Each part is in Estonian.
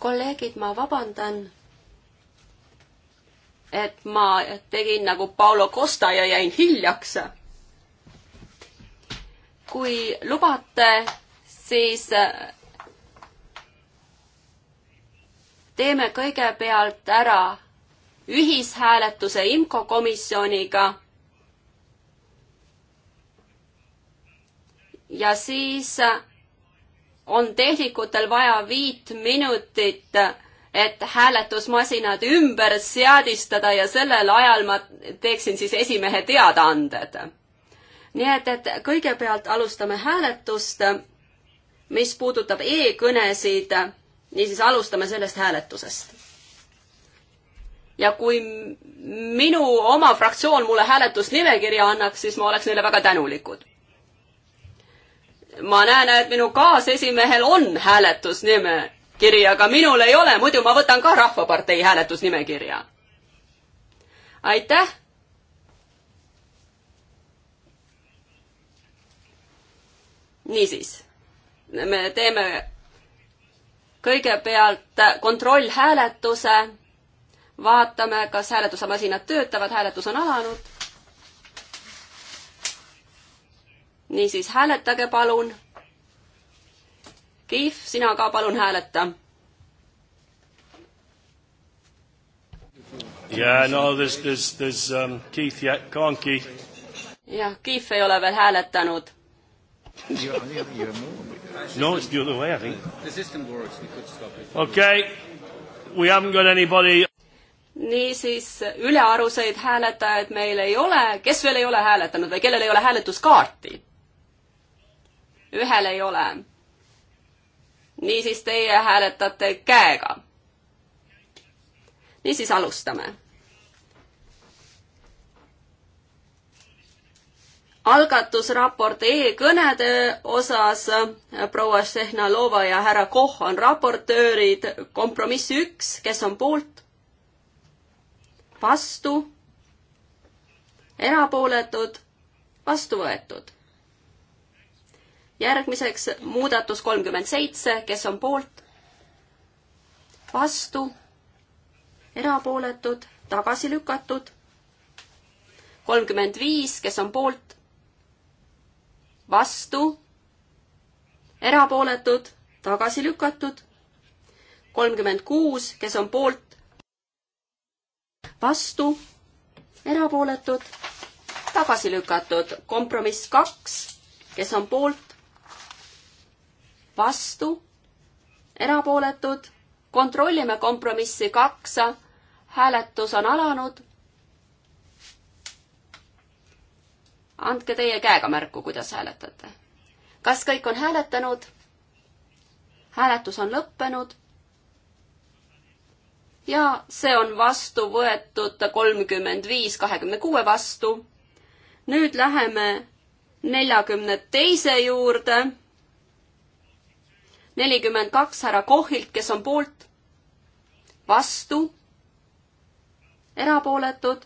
kolleegid, ma vabandan, et ma tegin nagu Paolo Costa ja jäin hiljaks. kui lubate, siis äh, teeme kõigepealt ära ühishääletuse IMCO komisjoniga. ja siis äh, on tehnikutel vaja viit minutit, et hääletusmasinad ümber seadistada ja sellel ajal ma teeksin siis esimehe teadaanded. nii et, et kõigepealt alustame hääletust, mis puudutab e-kõnesid, niisiis alustame sellest hääletusest ja kui minu oma fraktsioon mulle hääletusnimekirja annaks, siis ma oleks neile väga tänulikud ma näen, et minu kaasesimehel on hääletusnimekiri, aga minul ei ole, muidu ma võtan ka Rahvapartei hääletusnimekirja. aitäh. niisiis, me teeme kõigepealt kontrollhääletuse, vaatame, kas hääletusemasinad töötavad, hääletus on alanud niisiis, hääletage palun. Kihv, sina ka palun hääleta. Yeah, no there's, there's, there's um, Keith yet. Go on, Keith. jah, Keith ei ole veel hääletanud no, it's the other way, I think. The system works, we could stop it. Okay, we haven't got anybody. niisiis, ülearuseid hääletajaid meil ei ole, kes veel ei ole hääletanud või kellel ei ole hääletuskaarti? ühel ei ole. niisiis, teie hääletate käega. niisiis, alustame. algatusraport e-kõnede osas proua Šehnalova ja härra Koh on raportöörid, kompromiss üks, kes on poolt? vastu? erapooletud? vastu võetud järgmiseks muudatus kolmkümmend seitse, kes on poolt, vastu, erapooletud, tagasi lükatud, kolmkümmend viis, kes on poolt, vastu, erapooletud, tagasi lükatud, kolmkümmend kuus, kes on poolt, vastu, erapooletud, tagasi lükatud, kompromiss kaks, kes on poolt, vastu, erapooletud, kontrollime kompromissi kaks, hääletus on alanud. andke teie käega märku, kuidas hääletate. kas kõik on hääletanud? hääletus on lõppenud ja see on vastu võetud kolmkümmend viis kahekümne kuue vastu. nüüd läheme neljakümne teise juurde nelikümmend kaks härra Kohilt, kes on poolt, vastu, erapooletud.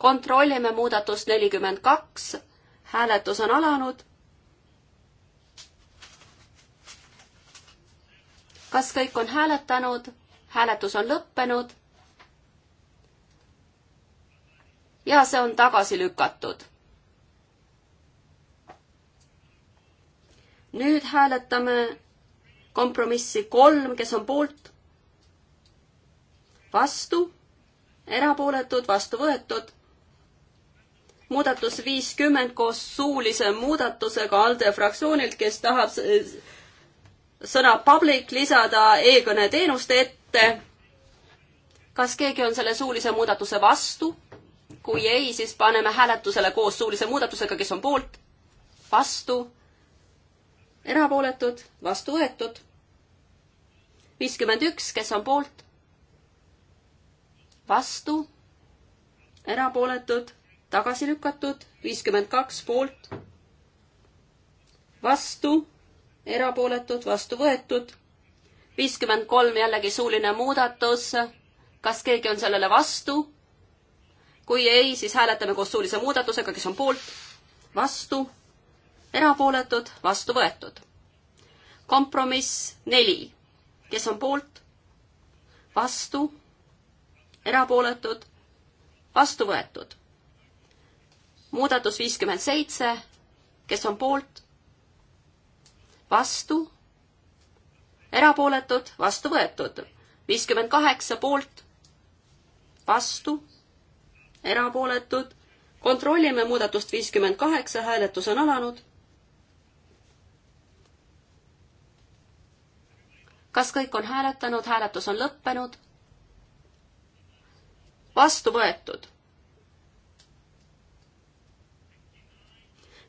kontrollime muudatust nelikümmend kaks. hääletus on alanud. kas kõik on hääletanud? hääletus on lõppenud. ja see on tagasi lükatud. nüüd hääletame kompromissi kolm, kes on poolt, vastu, erapooletud, vastu võetud. muudatus viiskümmend koos suulise muudatusega ALDE fraktsioonilt, kes tahab sõna public lisada e-kõneteenuste ette. kas keegi on selle suulise muudatuse vastu? kui ei, siis paneme hääletusele koos suulise muudatusega, kes on poolt, vastu erapooletud, vastu võetud. viiskümmend üks, kes on poolt? vastu, erapooletud, tagasi lükatud, viiskümmend kaks poolt, vastu, erapooletud, vastu võetud, viiskümmend kolm jällegi suuline muudatus. kas keegi on sellele vastu? kui ei, siis hääletame koos suulise muudatusega, kes on poolt, vastu erapooletud, vastu võetud. kompromiss neli, kes on poolt, vastu, erapooletud, vastu võetud. muudatus viiskümmend seitse, kes on poolt, vastu, erapooletud, vastu võetud. viiskümmend kaheksa poolt, vastu, erapooletud, kontrollime muudatust viiskümmend kaheksa, hääletus on alanud kas kõik on hääletanud, hääletus on lõppenud? vastu võetud.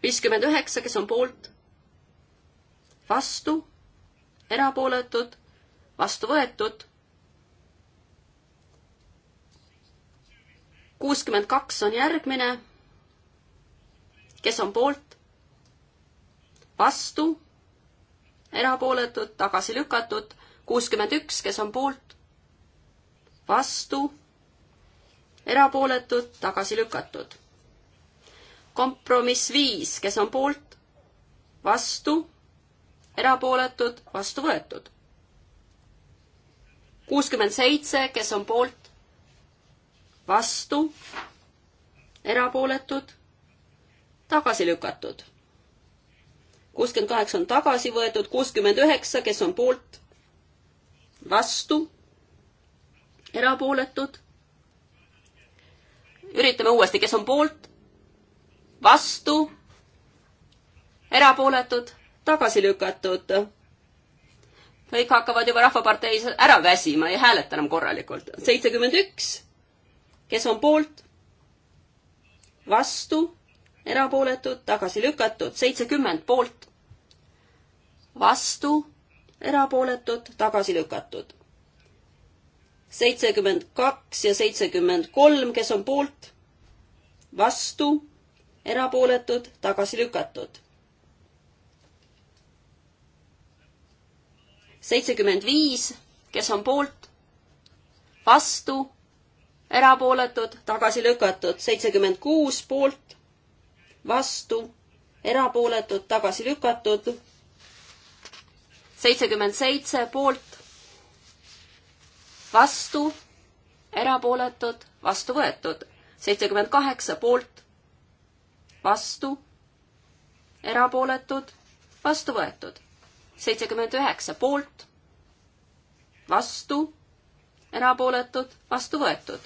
viiskümmend üheksa, kes on poolt, vastu, erapooletud, vastu võetud. kuuskümmend kaks on järgmine. kes on poolt, vastu erapooletud, tagasi lükatud, kuuskümmend üks, kes on poolt, vastu, erapooletud, tagasi lükatud. kompromiss viis, kes on poolt, vastu, erapooletud, vastu võetud. kuuskümmend seitse, kes on poolt, vastu, erapooletud, tagasi lükatud kuuskümmend kaheksa on tagasi võetud, kuuskümmend üheksa, kes on poolt, vastu, erapooletud. üritame uuesti, kes on poolt, vastu, erapooletud, tagasi lükatud. kõik hakkavad juba Rahvaparteis ära väsima, ei hääleta enam korralikult. seitsekümmend üks, kes on poolt, vastu erapooletud, tagasi lükatud, seitsekümmend poolt, vastu, erapooletud, tagasi lükatud. seitsekümmend kaks ja seitsekümmend kolm, kes on poolt, vastu, erapooletud, tagasi lükatud. seitsekümmend viis, kes on poolt, vastu, erapooletud, tagasi lükatud, seitsekümmend kuus poolt vastu, erapooletud, tagasi lükatud. seitsekümmend seitse poolt, vastu, erapooletud, vastu võetud. seitsekümmend kaheksa poolt, vastu, erapooletud, vastu võetud. seitsekümmend üheksa poolt, vastu, erapooletud, vastu võetud.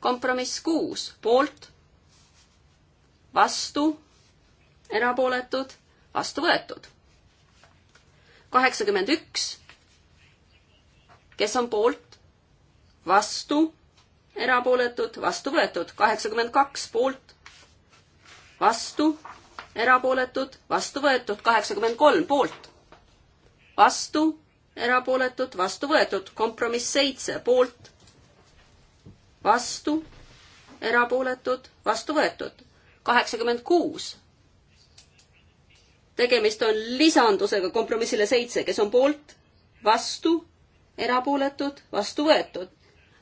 kompromiss kuus poolt vastu, erapooletud, vastu võetud. kaheksakümmend üks, kes on poolt, vastu, erapooletud, vastu võetud, kaheksakümmend kaks poolt, vastu, erapooletud, vastu võetud, kaheksakümmend kolm poolt, vastu, erapooletud, vastu võetud, kompromiss seitse poolt, vastu, erapooletud, vastu võetud kaheksakümmend kuus. tegemist on lisandusega kompromissile seitse, kes on poolt, vastu, erapooletud, vastu võetud.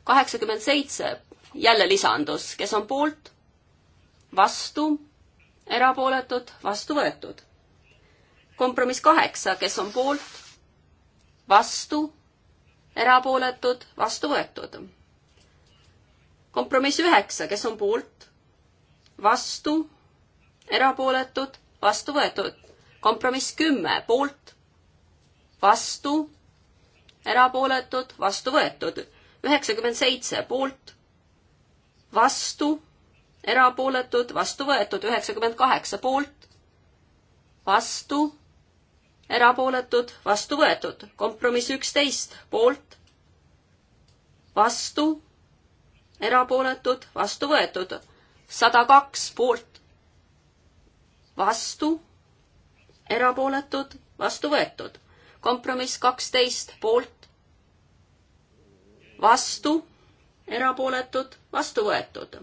kaheksakümmend seitse, jälle lisandus, kes on poolt, vastu, erapooletud, vastu võetud. kompromiss kaheksa, kes on poolt, vastu, erapooletud, vastu võetud. kompromiss üheksa, kes on poolt, vastu, erapooletud, vastu võetud. kompromiss kümme, poolt, vastu, erapooletud, vastu võetud. üheksakümmend seitse, poolt, vastu, erapooletud, vastu võetud. üheksakümmend kaheksa, poolt, vastu, erapooletud, vastu võetud. kompromiss üksteist, poolt, vastu, erapooletud, vastu võetud sada kaks poolt, vastu, erapooletud, vastu võetud. kompromiss kaksteist poolt, vastu, erapooletud, vastu võetud.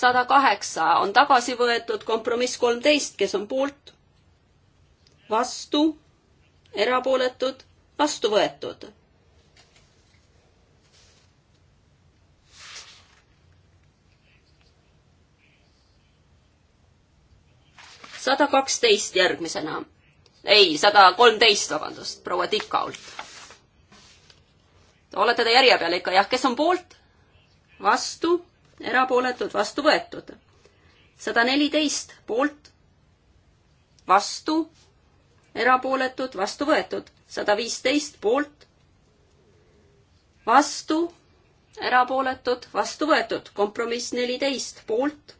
sada kaheksa on tagasi võetud, kompromiss kolmteist, kes on poolt, vastu, erapooletud, vastu võetud sada kaksteist järgmisena. ei, sada kolmteist, vabandust, proua Tikault. olete te järje peal ikka, jah, kes on poolt? vastu, erapooletud, vastu võetud. sada neliteist poolt, vastu, erapooletud, vastu võetud. sada viisteist poolt, vastu, erapooletud, vastu võetud. kompromiss neliteist poolt,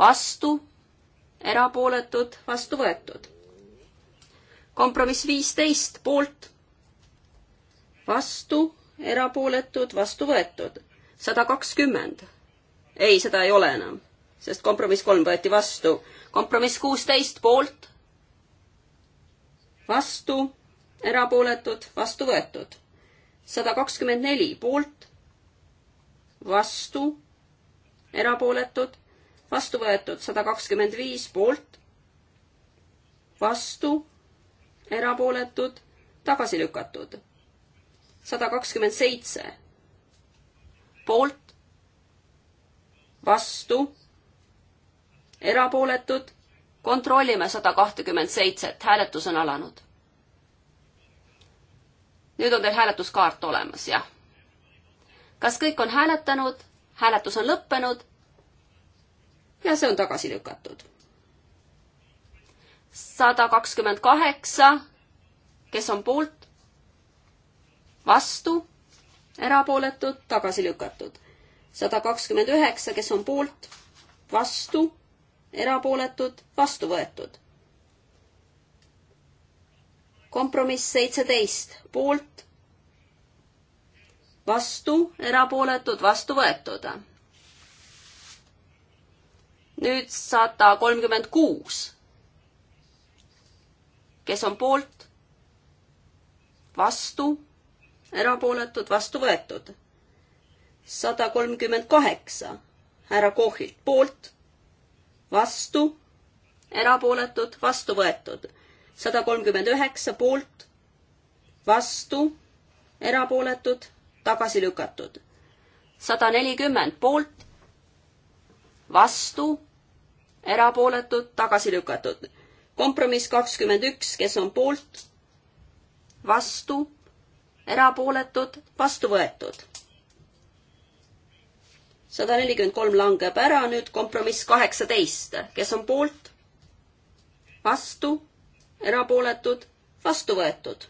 vastu, erapooletud, vastu võetud. kompromiss viisteist, poolt, vastu, erapooletud, vastu võetud. sada kakskümmend. ei, seda ei ole enam, sest kompromiss kolm võeti vastu. kompromiss kuusteist, poolt, vastu, erapooletud, vastu võetud. sada kakskümmend neli, poolt, vastu, erapooletud vastu võetud sada kakskümmend viis poolt, vastu, erapooletud, tagasi lükatud. sada kakskümmend seitse poolt, vastu, erapooletud, kontrollime sada kahtekümmend seitset, hääletus on alanud. nüüd on teil hääletuskaart olemas, jah. kas kõik on hääletanud? hääletus on lõppenud ja see on tagasi lükatud. sada kakskümmend kaheksa, kes on poolt, vastu, erapooletud, tagasi lükatud. sada kakskümmend üheksa, kes on poolt, vastu, erapooletud, vastu võetud. kompromiss seitseteist, poolt, vastu, erapooletud, vastu võetud nüüd sada kolmkümmend kuus. kes on poolt? vastu, erapooletud, vastu võetud. sada kolmkümmend kaheksa härra Kohilt poolt, vastu, erapooletud, vastu võetud. sada kolmkümmend üheksa poolt, vastu, erapooletud, tagasi lükatud. sada nelikümmend poolt, vastu erapooletud, tagasi lükatud. kompromiss kakskümmend üks, kes on poolt, vastu, erapooletud, vastu võetud. sada nelikümmend kolm langeb ära, nüüd kompromiss kaheksateist, kes on poolt, vastu, erapooletud, vastu võetud.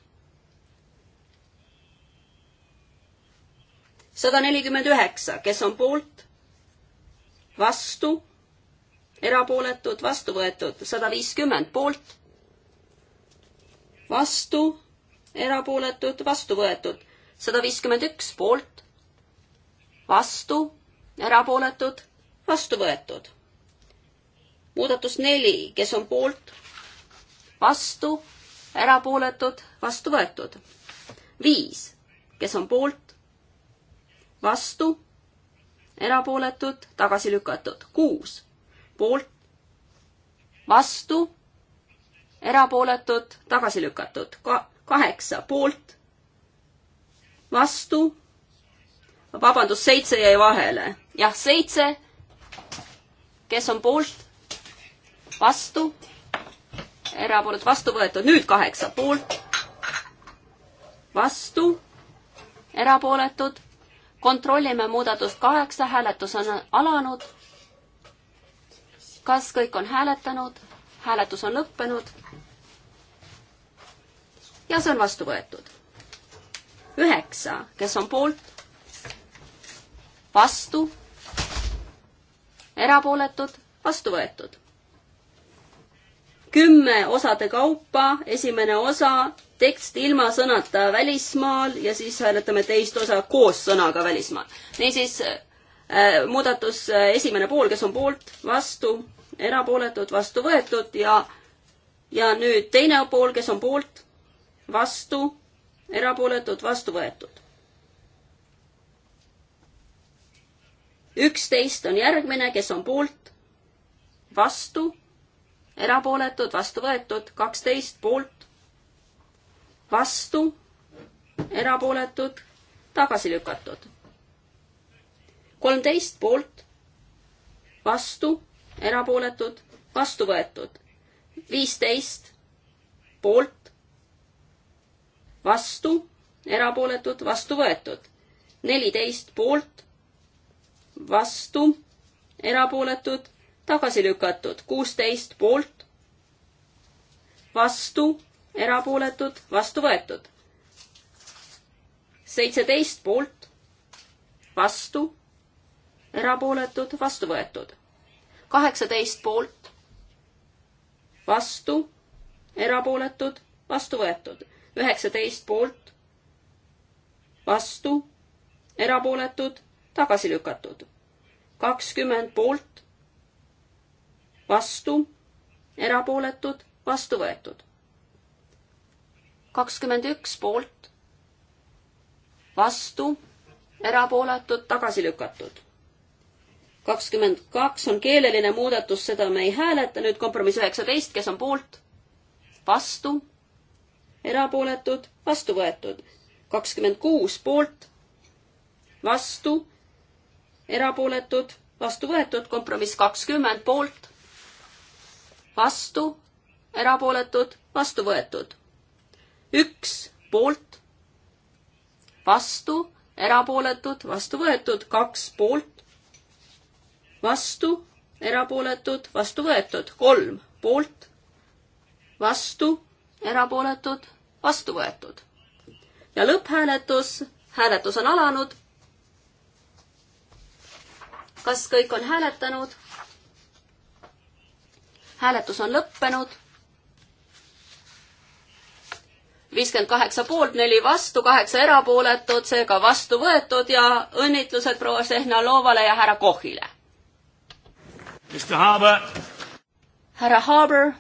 sada nelikümmend üheksa, kes on poolt, vastu erapooletud, vastu võetud sada viiskümmend poolt, vastu, erapooletud, vastu võetud sada viiskümmend üks poolt, vastu, erapooletud, vastu võetud. muudatus neli, kes on poolt, vastu, erapooletud, vastu võetud. viis, kes on poolt, vastu, erapooletud, tagasi lükatud. kuus poolt, vastu, erapooletud, tagasi lükatud, ka-, kaheksa poolt, vastu, vabandust, seitse jäi vahele. jah, seitse, kes on poolt, vastu, erapooletud, vastu võetud, nüüd kaheksa poolt, vastu, erapooletud, kontrollime muudatust kaheksa, hääletus on alanud kas kõik on hääletanud? hääletus on lõppenud. ja see on vastu võetud. üheksa, kes on poolt? vastu? erapooletud? vastu võetud. kümme osade kaupa, esimene osa, tekst ilma sõnata välismaal ja siis hääletame teist osa koos sõnaga välismaal. niisiis äh, muudatus äh, esimene pool, kes on poolt, vastu, erapooletud, vastu võetud ja, ja nüüd teine pool, kes on poolt, vastu, erapooletud, vastu võetud. üksteist on järgmine, kes on poolt, vastu, erapooletud, vastu võetud, kaksteist poolt, vastu, erapooletud, tagasi lükatud. kolmteist poolt, vastu, erapooletud, vastu võetud. viisteist poolt, vastu, erapooletud, vastu võetud. neliteist poolt, vastu, erapooletud, tagasi lükatud. kuusteist poolt, vastu, erapooletud, vastu võetud. seitseteist poolt, vastu, erapooletud, vastu võetud kaheksateist poolt, vastu, erapooletud, vastu võetud. üheksateist poolt, vastu, erapooletud, tagasi lükatud. kakskümmend poolt, vastu, erapooletud, vastu võetud. kakskümmend üks poolt, vastu, erapooletud, tagasi lükatud kakskümmend kaks on keeleline muudatus, seda me ei hääleta, nüüd kompromiss üheksateist, kes on poolt, vastu, erapooletud, vastu võetud. kakskümmend kuus poolt, vastu, erapooletud, vastu võetud, kompromiss kakskümmend poolt, vastu, erapooletud, vastu võetud. üks poolt, vastu, erapooletud, vastu võetud, kaks poolt, vastu, erapooletud, vastu võetud, kolm poolt, vastu, erapooletud, vastu võetud. ja lõpphääletus, hääletus on alanud. kas kõik on hääletanud? hääletus on lõppenud. viiskümmend kaheksa poolt, neli vastu, kaheksa erapooletut, seega vastu võetud ja õnnitlused proua Sehnalovale ja härra Kohile härra Harbour,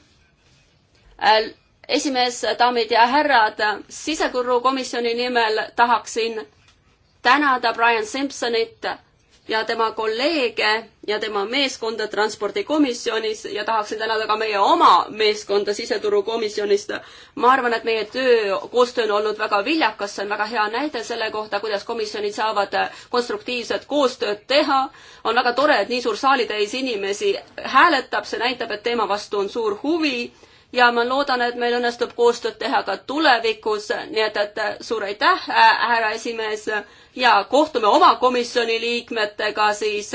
äh, esimees, daamid ja härrad, siseturukomisjoni nimel tahaksin tänada Brian Simpsonit ja tema kolleege ja tema meeskonda transpordikomisjonis ja tahaksin tänada ka meie oma meeskonda siseturukomisjonist. ma arvan, et meie töö, koostöö on olnud väga viljakas, see on väga hea näide selle kohta, kuidas komisjonid saavad konstruktiivset koostööd teha. on väga tore, et nii suur saalitäis inimesi hääletab, see näitab, et teema vastu on suur huvi ja ma loodan, et meil õnnestub koostööd teha ka tulevikus, nii et, et suur aitäh, härra esimees ja kohtume oma komisjoni liikmetega siis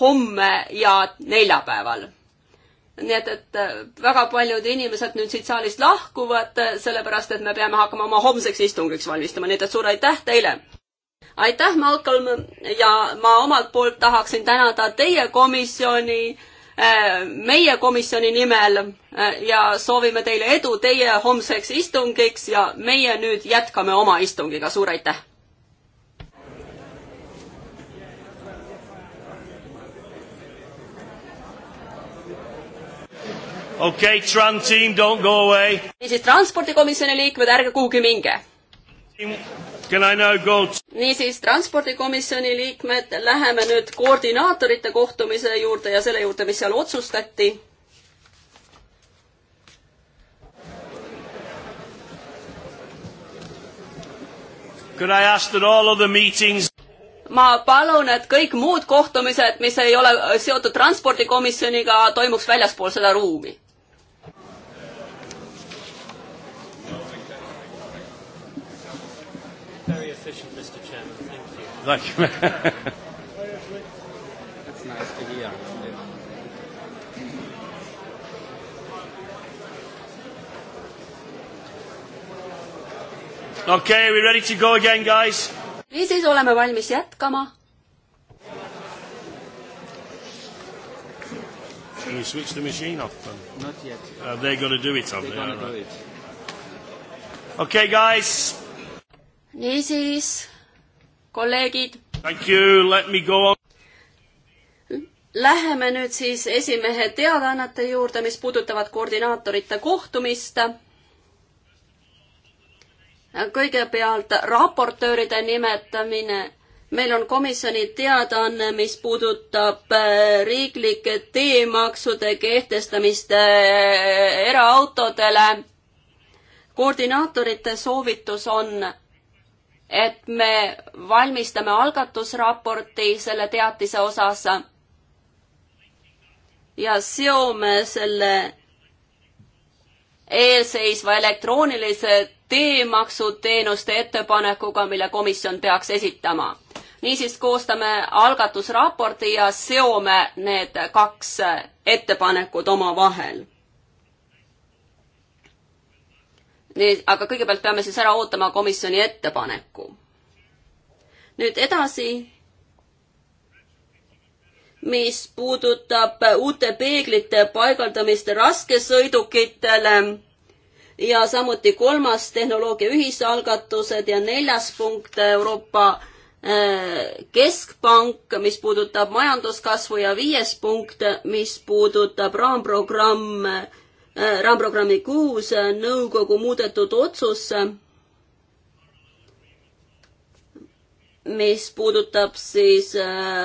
homme ja neljapäeval. nii et, et väga paljud inimesed nüüd siit saalist lahkuvad, sellepärast et me peame hakkama oma homseks istungiks valmistuma, nii et, et suur aitäh teile! aitäh, Malcolm, ja ma omalt poolt tahaksin tänada teie komisjoni Äh, meie komisjoni nimel äh, ja soovime teile edu teie homseks istungiks ja meie nüüd jätkame oma istungiga, suur aitäh! okei okay,, Tran team, don't go away. niisiis, transpordikomisjoni liikmed, ärge kuhugi minge niisiis, transpordikomisjoni liikmed, läheme nüüd koordinaatorite kohtumise juurde ja selle juurde, mis seal otsustati ma palun, et kõik muud kohtumised, mis ei ole seotud transpordikomisjoniga, toimuks väljaspool seda ruumi Thank you. That's nice to hear. Okay, we ready to go again, guys? niisiis oleme valmis jätkama. Can we switch the machine off then? Not yet. Uh, they're going to do it, aren't they? They're going to do it. Okay, guys. niisiis kolleegid. Läheme nüüd siis esimehe teadaannete juurde, mis puudutavad koordinaatorite kohtumist. kõigepealt raportööride nimetamine. meil on komisjoni teadaanne, mis puudutab äh, riiklike teemaksude kehtestamist äh, eraautodele. koordinaatorite soovitus on et me valmistame algatusraporti selle teatise osas ja seome selle eelseisva elektroonilise teemaksuteenuste ettepanekuga, mille komisjon peaks esitama. niisiis koostame algatusraporti ja seome need kaks ettepanekut omavahel nii, aga kõigepealt peame siis ära ootama komisjoni ettepaneku. nüüd edasi, mis puudutab uute peeglite paigaldamist raskesõidukitele ja samuti kolmas tehnoloogia ühisalgatused ja neljas punkt Euroopa eh, Keskpank, mis puudutab majanduskasvu ja viies punkt, mis puudutab raamprogramm Äh, raamprogrammi kuus äh, nõukogu muudetud otsus, äh, mis puudutab siis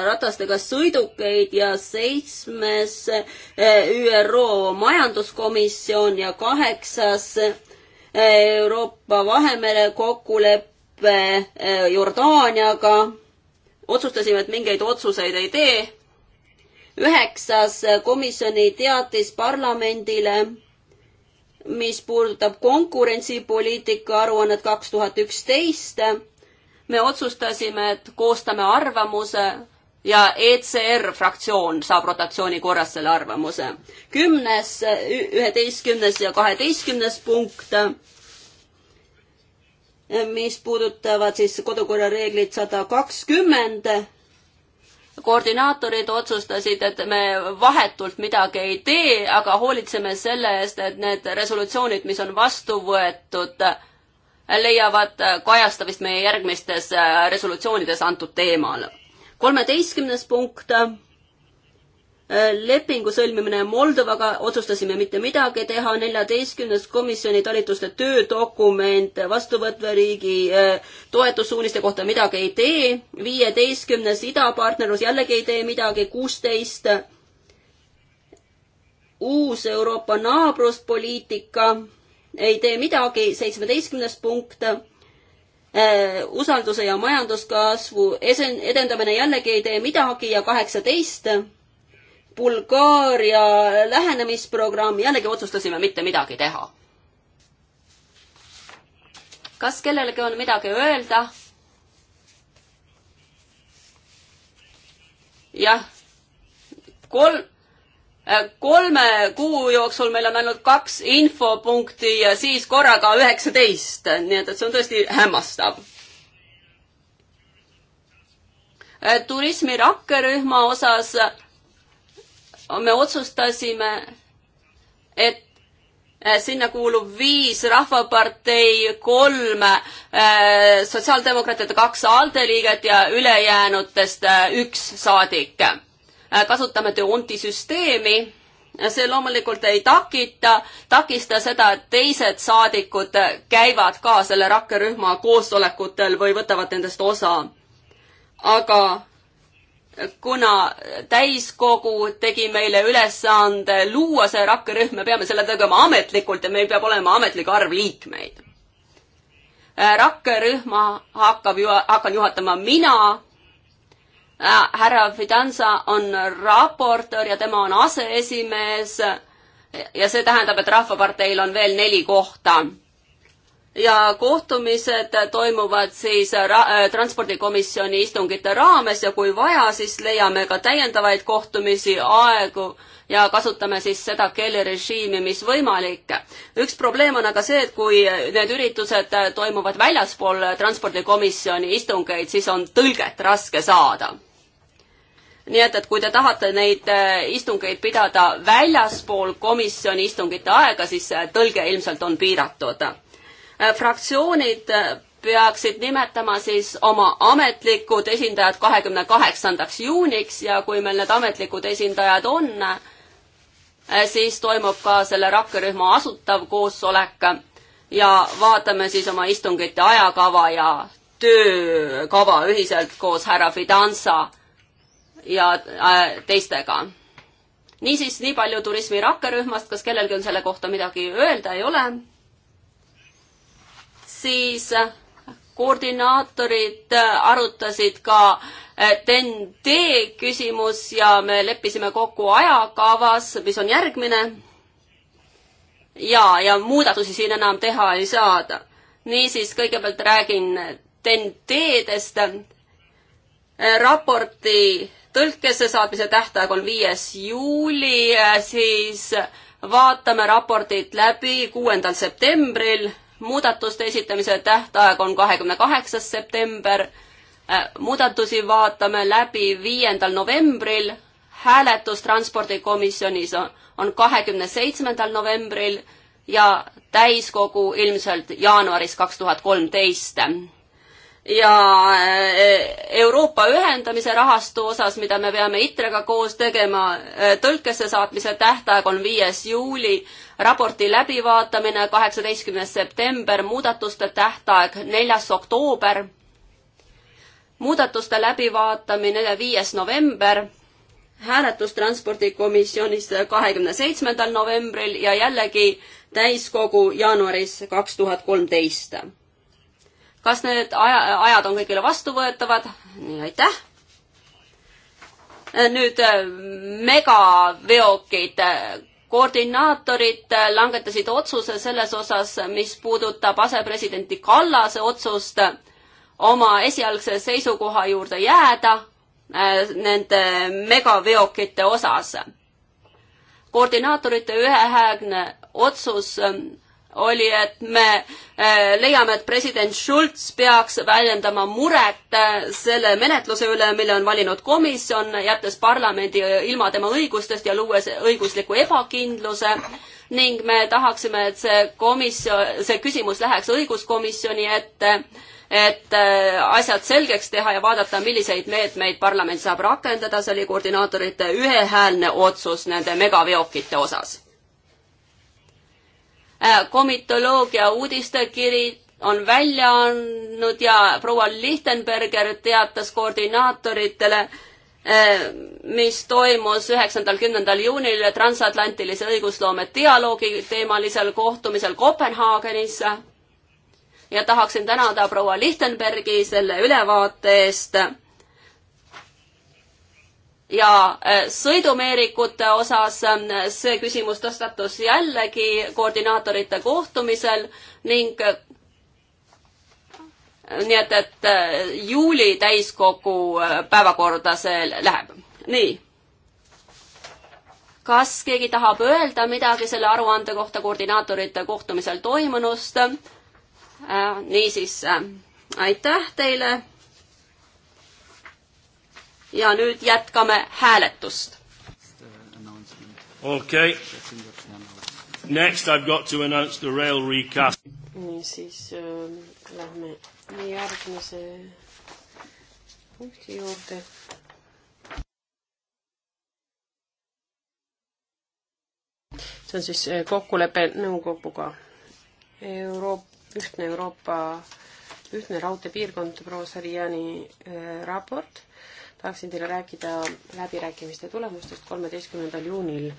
ratastega sõidukeid ja seitsmes ÜRO majanduskomisjon ja kaheksas Euroopa Vahemere kokkulepe Jordaaniaga. otsustasime, et mingeid otsuseid ei tee üheksas komisjoni teatis parlamendile, mis puudutab konkurentsipoliitika aruannet kaks tuhat üksteist. me otsustasime, et koostame arvamuse ja ECR fraktsioon saab rotatsiooni korras selle arvamuse. kümnes, üheteistkümnes ja kaheteistkümnes punkt, mis puudutavad siis kodukorra reeglit sada kakskümmend koordinaatorid otsustasid, et me vahetult midagi ei tee, aga hoolitseme selle eest, et need resolutsioonid, mis on vastu võetud, leiavad kajastamist meie järgmistes resolutsioonides antud teemal. kolmeteistkümnes punkt Äh, lepingu sõlmimine Moldovaga, otsustasime mitte midagi teha, neljateistkümnes komisjoni talituste töödokument vastuvõtva riigi äh, toetussuuniste kohta midagi ei tee, viieteistkümnes idapartnerlus jällegi ei tee midagi, kuusteist uus Euroopa naabruspoliitika ei tee midagi, seitsmeteistkümnes punkt äh, usalduse ja majanduskasvu esen-, edendamine jällegi ei tee midagi ja kaheksateist Bulgaaria lähenemisprogramm, jällegi otsustasime mitte midagi teha. kas kellelgi on midagi öelda? jah, kolm, äh, kolme kuu jooksul meil on ainult kaks infopunkti ja siis korraga üheksateist, nii et, et see on tõesti hämmastav. Äh, turismi rakkerühma osas me otsustasime, et eh, sinna kuulub viis Rahvapartei, kolm eh, sotsiaaldemokraatide, kaks ALDE liiget ja ülejäänutest eh, üks saadik. kasutame Deonti süsteemi. see loomulikult ei takita, takista seda, et teised saadikud käivad ka selle rakkerühma koosolekutel või võtavad nendest osa. aga kuna täiskogu tegi meile ülesande luua see rakkerühm, me peame selle tegema ametlikult ja meil peab olema ametlik arv liikmeid. Äh, rakkerühma hakkab ju, hakkan juhatama mina. Äh, härra Fidanza on raportöör ja tema on aseesimees. ja see tähendab, et Rahvaparteil on veel neli kohta ja kohtumised toimuvad siis ra-, äh, transpordikomisjoni istungite raames ja kui vaja, siis leiame ka täiendavaid kohtumisi, aegu ja kasutame siis seda keelerežiimi, mis võimalik. üks probleem on aga see, et kui need üritused toimuvad väljaspool transpordikomisjoni istungeid, siis on tõlget raske saada nii et, et kui te tahate neid äh, istungeid pidada väljaspool komisjoni istungite aega, siis äh, tõlge ilmselt on piiratud Äh, fraktsioonid äh, peaksid nimetama siis oma ametlikud esindajad kahekümne kaheksandaks juuniks ja kui meil need ametlikud esindajad on, äh, siis toimub ka selle rakkerühma asutav koosolek ja vaatame siis oma istungite ajakava ja töökava ühiselt koos härra Fidanza ja teistega. niisiis, nii palju turismi rakkerühmast, kas kellelgi on selle kohta midagi öelda, ei ole? siis koordinaatorid arutasid ka TEN-T eh, küsimus ja me leppisime kokku ajakavas, mis on järgmine. ja, ja muudatusi siin enam teha ei saada. niisiis, kõigepealt räägin TEN-T-dest. Eh, raporti tõlkesse saatmise tähtaeg on viies juuli, eh, siis vaatame raportit läbi kuuendal septembril muudatuste esitamise tähtaeg on kahekümne kaheksas september. Äh, muudatusi vaatame läbi viiendal novembril. hääletus transpordikomisjonis on kahekümne seitsmendal novembril ja täiskogu ilmselt jaanuaris kaks tuhat kolmteist ja e, Euroopa ühendamise rahastu osas, mida me peame ITRE-ga koos tegema, e, tõlkesse saatmise tähtaeg on viies juuli, raporti läbivaatamine kaheksateistkümnes september, muudatuste tähtaeg neljas oktoober, muudatuste läbivaatamine viies november, hääletus transpordikomisjonis kahekümne seitsmendal novembril ja jällegi täiskogu jaanuaris kaks tuhat kolmteist kas need aja, ajad on kõigile vastuvõetavad? nii, aitäh. nüüd äh, megaveokid. koordinaatorid äh, langetasid otsuse selles osas, mis puudutab asepresidenti Kallase otsust oma esialgse seisukoha juurde jääda äh, nende megaveokite osas koordinaatorite ühehäälne otsus oli, et me eh, leiame, et president Schulz peaks väljendama muret eh, selle menetluse üle, mille on valinud komisjon, jättes parlamendi ilma tema õigustest ja luues õigusliku ebakindluse ning me tahaksime, et see komisjon, see küsimus läheks õiguskomisjoni ette, et eh, asjad selgeks teha ja vaadata, milliseid meetmeid parlament saab rakendada, see oli koordinaatorite ühehäälne otsus nende megaveokite osas Äh, komitoloogia uudistekiri on välja andnud ja proua Lichtenberger teatas koordinaatoritele, äh, mis toimus üheksandal, kümnendal juunil transatlantilise õigusloome dialoogi teemalisel kohtumisel Kopenhaagenis. ja tahaksin tänada proua Lichtenbergi selle ülevaate eest ja e, sõidumeerikute osas e, see küsimus tõstatus jällegi koordinaatorite kohtumisel ning e, nii et, et juuli täiskogu päevakorda see läheb. nii. kas keegi tahab öelda midagi selle aruande kohta koordinaatorite kohtumisel toimunust? niisiis, aitäh teile ja nüüd jätkame hääletust. okei okay., next I have got to announce the rail recast. niisiis äh, lähme järgmise punkti juurde. see on siis äh, kokkulepe nõukoguga. Euroop-, ühtne Euroopa, ühtne raudteepiirkond, proua Sarjani äh, raport tahaksin teile rääkida läbirääkimiste tulemustest kolmeteistkümnendal juunil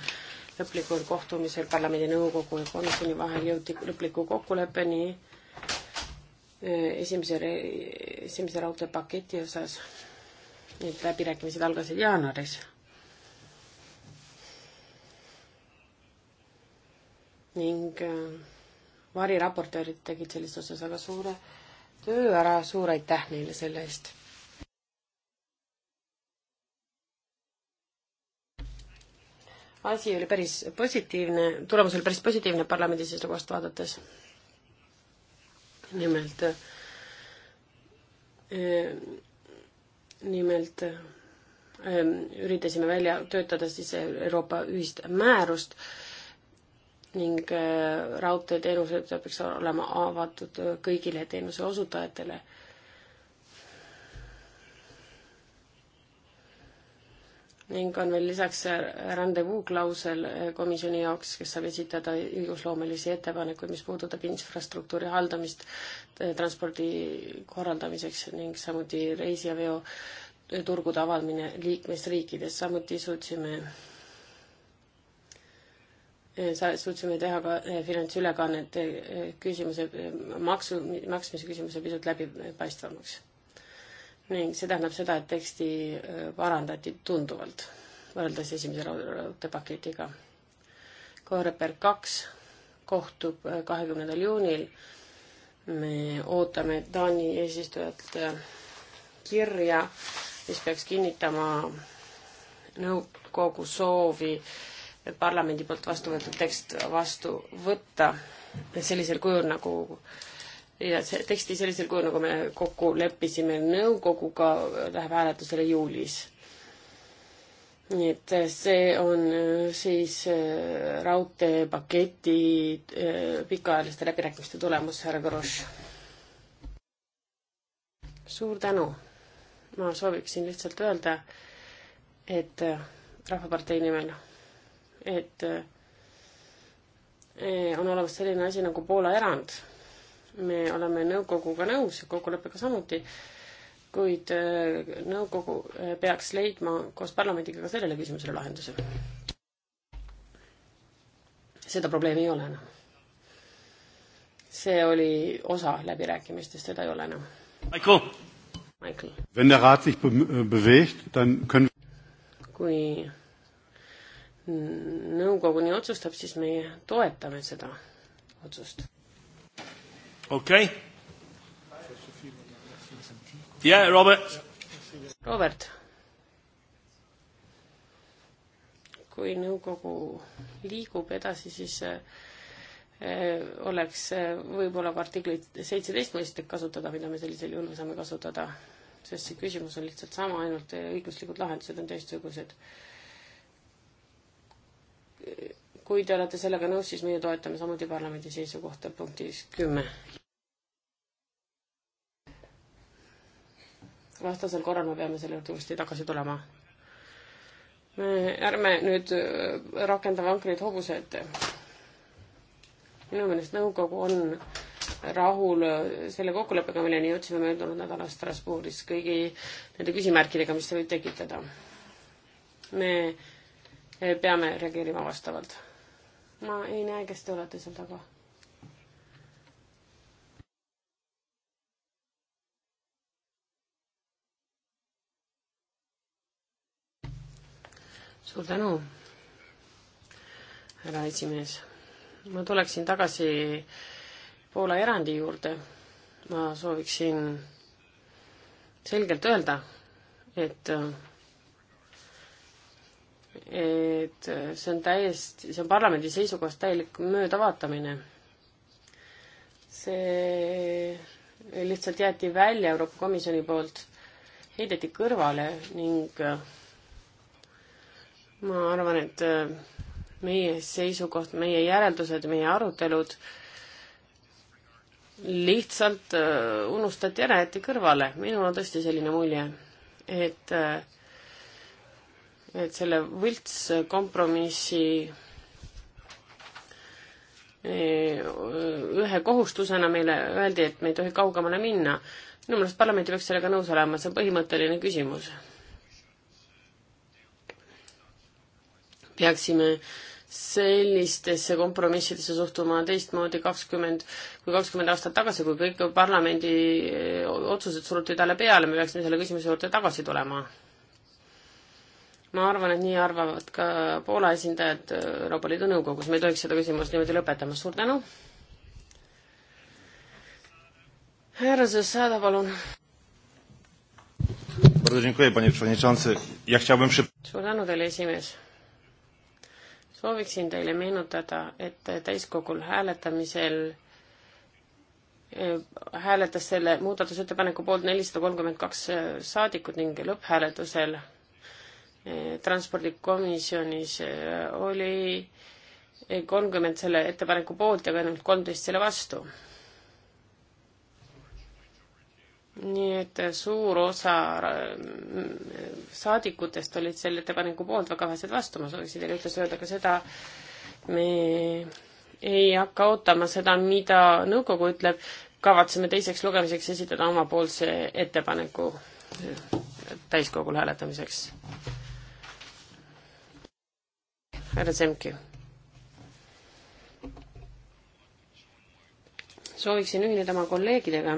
lõplikul kohtumisel parlamendi nõukogu ja komisjoni vahel jõuti lõpliku kokkuleppeni e, esimese, esimese raudteepaketi osas. Need läbirääkimised algasid jaanuaris. ning e, variraportöörid tegid selles osas väga suure töö ära, suur aitäh neile selle eest asi oli päris positiivne, tulemus oli päris positiivne parlamendi seisukohast vaadates. nimelt, eh, nimelt eh, üritasime välja töötada siis Euroopa ühist määrust ning eh, raudteeteenused peaks olema avatud kõigile teenuse osutajatele ning on veel lisaks rendezvous klausel komisjoni jaoks, kes saab esitada õigusloomelisi ettepanekuid, mis puudutab infrastruktuuri haldamist transpordi korraldamiseks ning samuti reisijaveo turgude avamine liikmesriikides, samuti suutsime suutsime teha ka finantsülekannete küsimuse, maksu, maksmise küsimuse pisut läbipaistvamaks ning see tähendab seda, et teksti äh, parandati tunduvalt võrreldes esimese raudteepaketiga. Koreper kaks kohtub äh, kahekümnendal juunil. me ootame Taani eesistujalt kirja, mis peaks kinnitama nõukogu soovi parlamendi poolt vastu võetud tekst vastu võtta sellisel kujul, nagu äh, ja see teksti sellisel kujul, nagu me kokku leppisime nõukoguga, läheb hääletusele juulis. nii et see on äh, siis äh, raudteepaketi äh, pikaajaliste läbirääkimiste tulemus, härra Grosch. suur tänu. ma sooviksin lihtsalt öelda, et Rahvapartei nimel, et on olemas selline asi nagu Poola erand me oleme nõukoguga nõus ja kokkuleppega samuti, kuid äh, nõukogu äh, peaks leidma koos parlamendiga ka sellele küsimusele lahenduse. seda probleemi ei ole enam. see oli osa läbirääkimistest, seda ei ole enam. Michael, Michael.. Wenn der Rat sich be bewegt, dann können kui nõukogu nii otsustab, siis meie toetame seda otsust okei okay.? jaa yeah,, Robert. Robert. kui nõukogu liigub edasi, siis eh, oleks eh, võib-olla ka artiklit seitseteist mõistet kasutada, mida me sellisel juhul saame kasutada, sest see küsimus on lihtsalt sama, ainult eh, õiguslikud lahendused on teistsugused. kui te olete sellega nõus, siis meie toetame samuti parlamendi seisukohta punktis kümme vastasel korral me peame selle juurde uuesti tagasi tulema. ärme nüüd äh, rakenda vankreid hobuse ette. minu meelest nõukogu on rahul äh, selle kokkuleppega, milleni jõudsime möödunud nädalal Strasbourgis kõigi nende küsimärkidega, mis see võib tekitada. me äh, peame reageerima vastavalt. ma ei näe, kes te olete seal taga suur tänu, härra esimees. ma tuleksin tagasi Poola erandi juurde. ma sooviksin selgelt öelda, et et see on täiesti, see on parlamendi seisukohast täielik möödavaatamine. see lihtsalt jäeti välja Euroopa Komisjoni poolt, heideti kõrvale ning ma arvan, et äh, meie seisukoht, meie järeldused, meie arutelud lihtsalt äh, unustati ära, jäeti kõrvale. minul on tõesti selline mulje, et, äh, et selle võltskompromissi ühe kohustusena meile öeldi, et me ei tohi kaugemale minna. minu meelest parlament ei peaks sellega nõus olema, see on põhimõtteline küsimus peaksime sellistesse kompromissidesse suhtuma teistmoodi kakskümmend, kui kakskümmend aastat tagasi, kui kõik parlamendi eh, otsused suruti talle peale, me peaksime selle küsimuse juurde tagasi tulema. ma arvan, et nii arvavad ka Poola esindajad eh, Euroopa Liidu Nõukogus, me ei tohiks seda küsimust niimoodi lõpetama, suur tänu. härra Zassada, palun. suur tänu teile, esimees sooviksin teile meenutada, et täiskogul hääletamisel eh, hääletas selle muudatusettepaneku poolt nelisada kolmkümmend kaks eh, saadikut ning lõpphääletusel eh, transpordikomisjonis oli kolmkümmend selle ettepaneku poolt ja ainult kolmteist selle vastu nii et suur osa äh, saadikutest olid selle ettepaneku poolt, väga vähesed vastu, ma soovisin teile ühtlasi öelda ka seda, me ei hakka ootama seda, mida nõukogu ütleb, kavatseme teiseks lugemiseks esitada omapoolse ettepaneku täiskogul hääletamiseks. härra Semki. sooviksin ühineda oma kolleegidega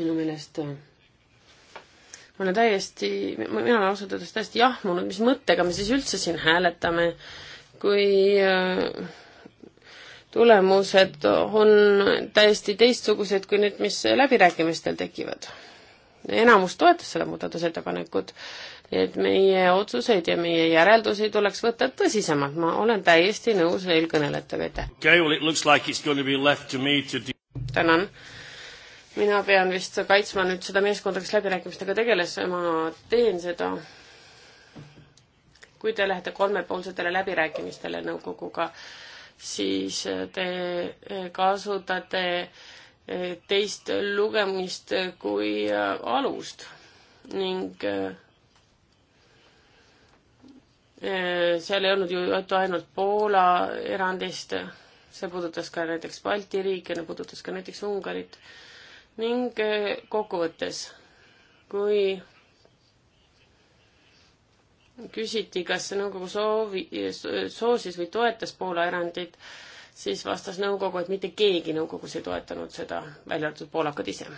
minu meelest äh, ma olen täiesti, mina olen ausalt öeldes täiesti jahmunud, mis mõttega me siis üldse siin hääletame, kui äh, tulemused on täiesti teistsugused kui need, mis läbirääkimistel tekivad. enamus toetas seda muudatusettepanekut, nii et meie otsuseid ja meie järeldusi tuleks võtta tõsisemalt, ma olen täiesti nõus eelkõnelejatega, aitäh. tänan mina pean vist kaitsma nüüd seda meeskonda, kes läbirääkimistega tegeles, ma teen seda. kui te lähete kolmepoolsetele läbirääkimistele nõukoguga, siis te kasutate teist lugemist kui alust ning eh, seal ei olnud ju juttu ainult Poola erandist, see puudutas ka näiteks Balti riike, puudutas ka näiteks Ungarit ning eh, kokkuvõttes, kui küsiti, kas nõukogu soovi, soosis või toetas Poola erandit, siis vastas nõukogu, et mitte keegi nõukogus ei toetanud seda, välja arvatud poolakad ise.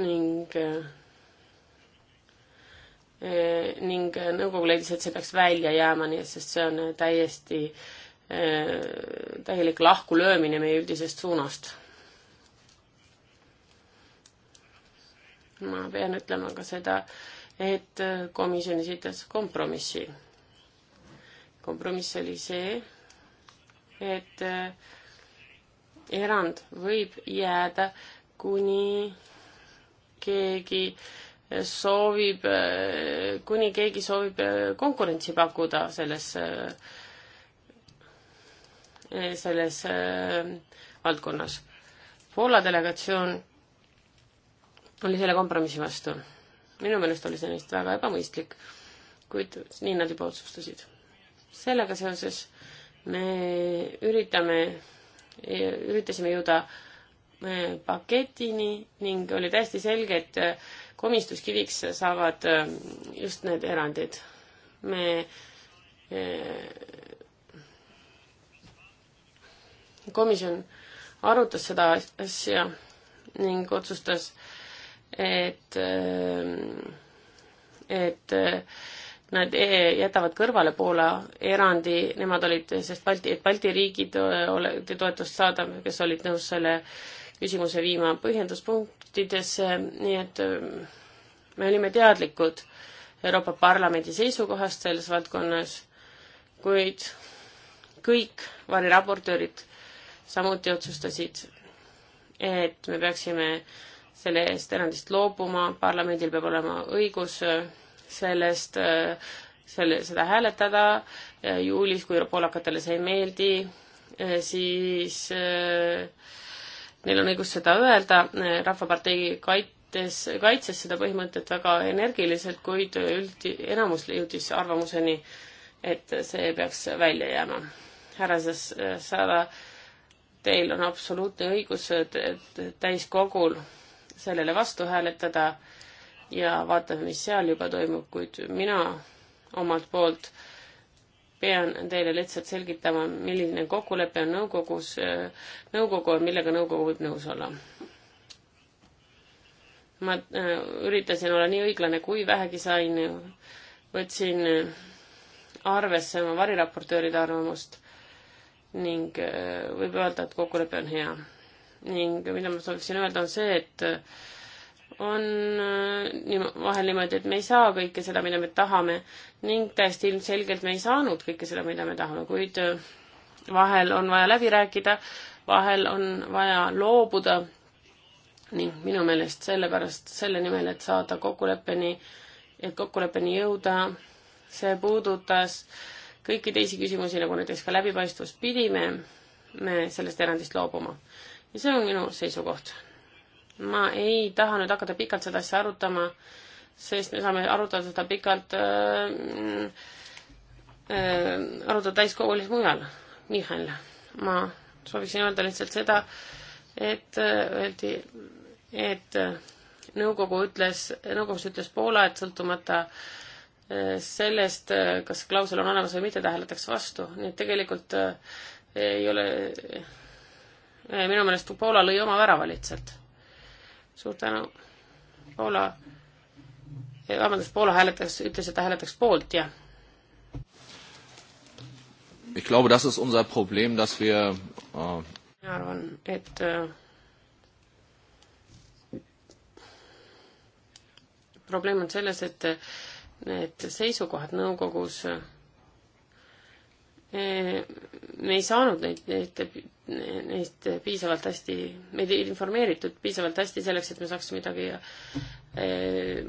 ning eh, eh, ning nõukogu leidis, et see peaks välja jääma, nii et, sest see on täiesti äh, Äh, täielik lahkulöömine meie üldisest suunast. ma pean ütlema ka seda, et komisjon esitas kompromissi. kompromiss oli see, et äh, erand võib jääda, kuni keegi soovib, äh, kuni keegi soovib konkurentsi pakkuda selles Eh, selles eh, valdkonnas. Poola delegatsioon oli selle kompromissi vastu. minu meelest oli see neist väga ebamõistlik, kuid nii nad juba otsustasid. sellega seoses me üritame, eh, üritasime jõuda paketini ning oli täiesti selge, et komistuskiviks saavad just need erandid. me komisjon arutas seda asja ning otsustas, et, ähm, et äh, nad äh, jätavad kõrvale Poola erandi, nemad olid, sest Balti, et Balti riigid äh, ole-, toetust saada, kes olid nõus selle küsimuse viima põhjenduspunktidesse, nii et me olime teadlikud Euroopa Parlamendi seisukohast selles valdkonnas, kuid kõik variraportöörid samuti otsustasid, et me peaksime sellest erandist loobuma, parlamendil peab olema õigus äh, sellest, äh, selle, seda hääletada äh, juulis, kui poolakatele see ei meeldi, siis neil on õigus seda öelda, Rahvapartei kaitses, kaitses seda põhimõtet väga energiliselt, kuid üld, enamus jõudis arvamuseni, et see peaks välja jääma. härra Sada Teil on absoluutne õigus täiskogul sellele vastu hääletada ja vaatame, mis seal juba toimub, kuid mina omalt poolt pean teile lihtsalt selgitama, milline kokkulepe on nõukogus, nõukogu, millega nõukogu võib nõus olla. ma äh, üritasin olla nii õiglane, kui vähegi sain, võtsin arvesse oma variraportööride arvamust ning äh, võib öelda, et kokkulepe on hea. ning mida ma sooviksin öelda, on see, et äh, on äh, vahel niimoodi, et me ei saa kõike seda, mida me tahame ning täiesti ilmselgelt me ei saanud kõike seda, mida me tahame, kuid vahel on vaja läbi rääkida, vahel on vaja loobuda ning minu meelest sellepärast, selle nimel, et saada kokkuleppeni, et kokkuleppeni jõuda, see puudutas äh, kõiki teisi küsimusi, nagu näiteks ka läbipaistvus, pidime me sellest erandist loobuma. ja see on minu seisukoht. ma ei taha nüüd hakata pikalt seda asja arutama, sest me saame arutada seda pikalt äh,, äh, arutada täiskogulis mujal. Mihhail, ma sooviksin öelda lihtsalt seda, et äh, öeldi, et äh, nõukogu ütles, nõukogus ütles Poola, et sõltumata äh, sellest, äh, kas klausel on olemas või mitte, täheldatakse vastu, nii et tegelikult äh, ei ole, äh, minu meelest Poola lõi oma värava lihtsalt. suur tänu. Poola, eh, vabandust, Poola hääletas, ütles, et ta hääletaks poolt, jah. Ich glaube, das ist unser Problem, dass wir äh mina arvan, et äh, probleem on selles, et äh, need seisukohad nõukogus, me ei saanud neid, neid, neist piisavalt hästi, meid ei informeeritud piisavalt hästi selleks, et me saaks midagi,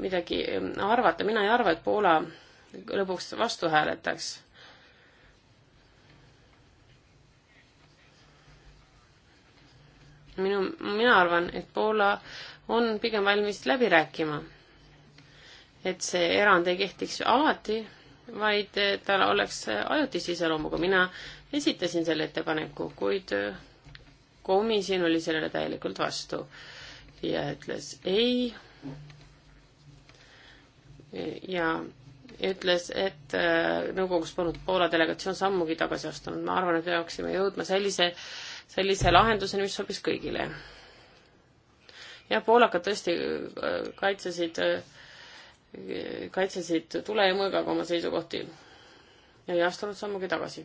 midagi arvata. mina ei arva, et Poola lõpuks vastu hääletaks minu, mina arvan, et Poola on pigem valmis läbi rääkima et see erand ei kehtiks alati, vaid eh, tal oleks ajutise iseloomuga. mina esitasin selle ettepaneku, kuid eh, komisjon oli sellele täielikult vastu ja ütles ei. ja ütles, et eh, nõukogus polnud Poola delegatsioon sammugi tagasi astunud. ma arvan, et me peaksime jõudma sellise, sellise lahenduseni, mis sobiks kõigile. ja poolakad tõesti kaitsesid äh, kaitsesid tule ja mõõgaga oma seisukohti ja ei astunud sammugi tagasi.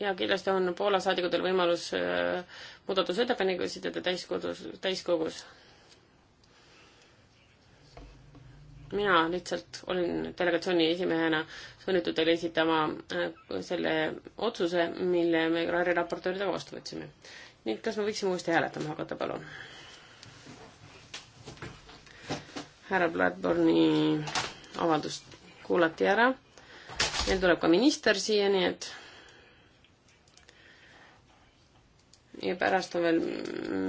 ja kindlasti on Poola saadikutel võimalus äh, muudatusettepanekuid esitada täiskogus, täiskogus. mina lihtsalt olin delegatsiooni esimehena sunnitud teile esitama äh, selle otsuse, mille me raportööridega vastu võtsime. nii et kas me võiksime uuesti hääletama hakata, palun? härra Bradburni avaldust kuulati ära. meil tuleb ka minister siia, nii et ja pärast on veel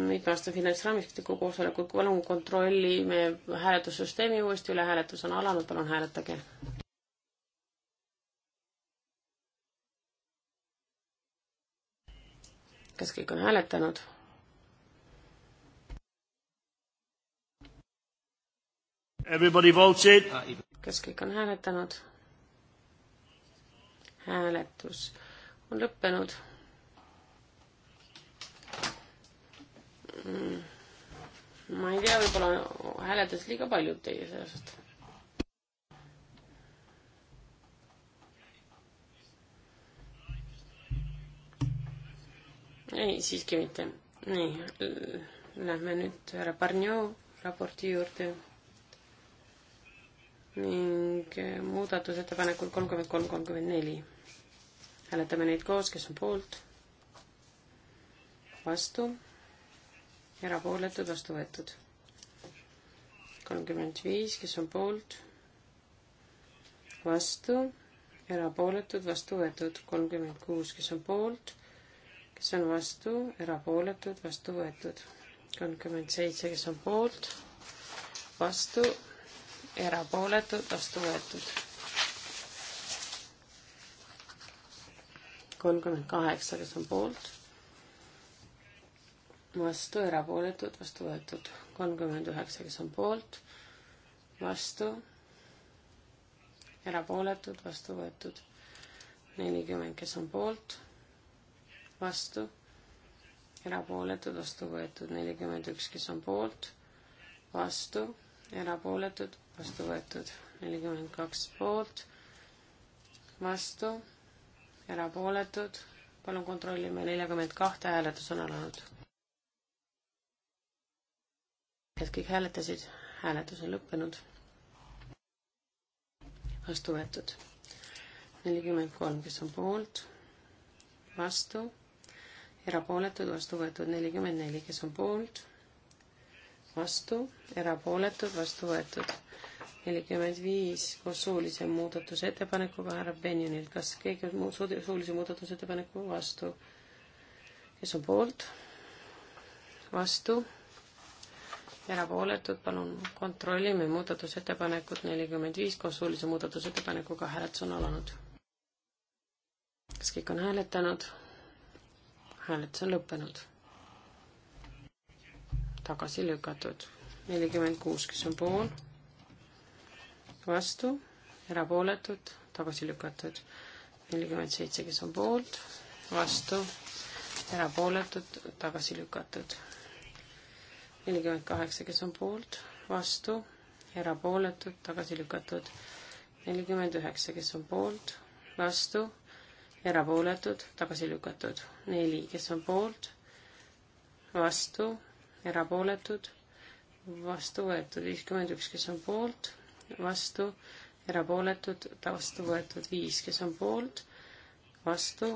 mitmeaastane finantsraamistiku koosolekut, palun kontrollime hääletussüsteemi uuesti üle, hääletus on alanud, palun hääletage. kas kõik on hääletanud? kas kõik on hääletanud? hääletus on lõppenud mm, ma ei tea, võib-olla hääletas liiga paljud teie seast. ei, siiski mitte. nii, lähme nüüd härra Barnio raporti juurde ning muudatusettepanekud kolmkümmend kolm, kolmkümmend neli. hääletame neid koos, kes on poolt, vastu, erapooletud, vastu võetud. kolmkümmend viis, kes on poolt, vastu, erapooletud, vastu võetud. kolmkümmend kuus, kes on poolt, kes on vastu, erapooletud, vastu võetud. kolmkümmend seitse, kes on poolt, vastu, erapooletud, vastu võetud. kolmkümmend kaheksa, kes on poolt, vastu, erapooletud, vastu võetud. kolmkümmend üheksa, kes on poolt, vastu, erapooletud, vastu võetud. nelikümmend, kes on poolt, vastu, erapooletud, vastu võetud. nelikümmend üks, kes on poolt, vastu, erapooletud vastu võetud nelikümmend kaks poolt, vastu, erapooletud, palun kontrollime, neljakümmend kahte hääletus on alanud. kas kõik hääletasid? hääletus on lõppenud. vastu võetud. nelikümmend kolm, kes on poolt, vastu, erapooletud, vastu võetud nelikümmend neli, kes on poolt, vastu, erapooletud, vastu võetud nelikümmend viis koos suulise muudatusettepanekuga härra Benjonilt. kas keegi on muud suulise muudatusettepaneku vastu? kes on poolt? vastu? erapooletud, palun kontrollime muudatusettepanekut nelikümmend viis koos suulise muudatusettepanekuga, hääletus on alanud. kas kõik on hääletanud? hääletus on lõppenud. tagasi lükatud nelikümmend kuus, kes on pool vastu, erapooletud, tagasi lükatud. nelikümmend seitse, kes on poolt, vastu, erapooletud, tagasi lükatud. nelikümmend kaheksa, kes on poolt, vastu, erapooletud, tagasi lükatud. nelikümmend üheksa, kes on poolt, vastu, erapooletud, tagasi lükatud. neli, kes on poolt, vastu, erapooletud, vastu võetud. viiskümmend üks, kes on poolt, vastu, erapooletud, vastu võetud viis, kes on poolt, vastu,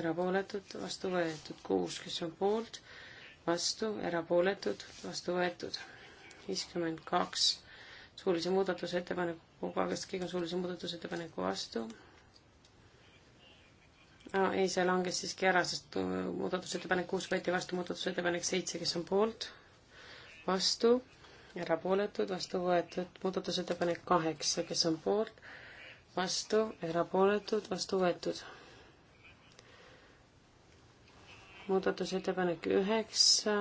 erapooletud, vastu võetud kuus, kes on poolt, vastu, erapooletud, vastu võetud viiskümmend kaks suulise muudatusettepanekuga, kas keegi on suulise muudatusettepaneku vastu? Ah, ei, see langes siiski ära, sest äh, muudatusettepanek kuus võeti vastu, muudatusettepanek seitse, kes on poolt, vastu, erapooletud, vastu võetud, muudatusettepanek kaheksa, kes on poolt, vastu, erapooletud, vastu võetud. muudatusettepanek üheksa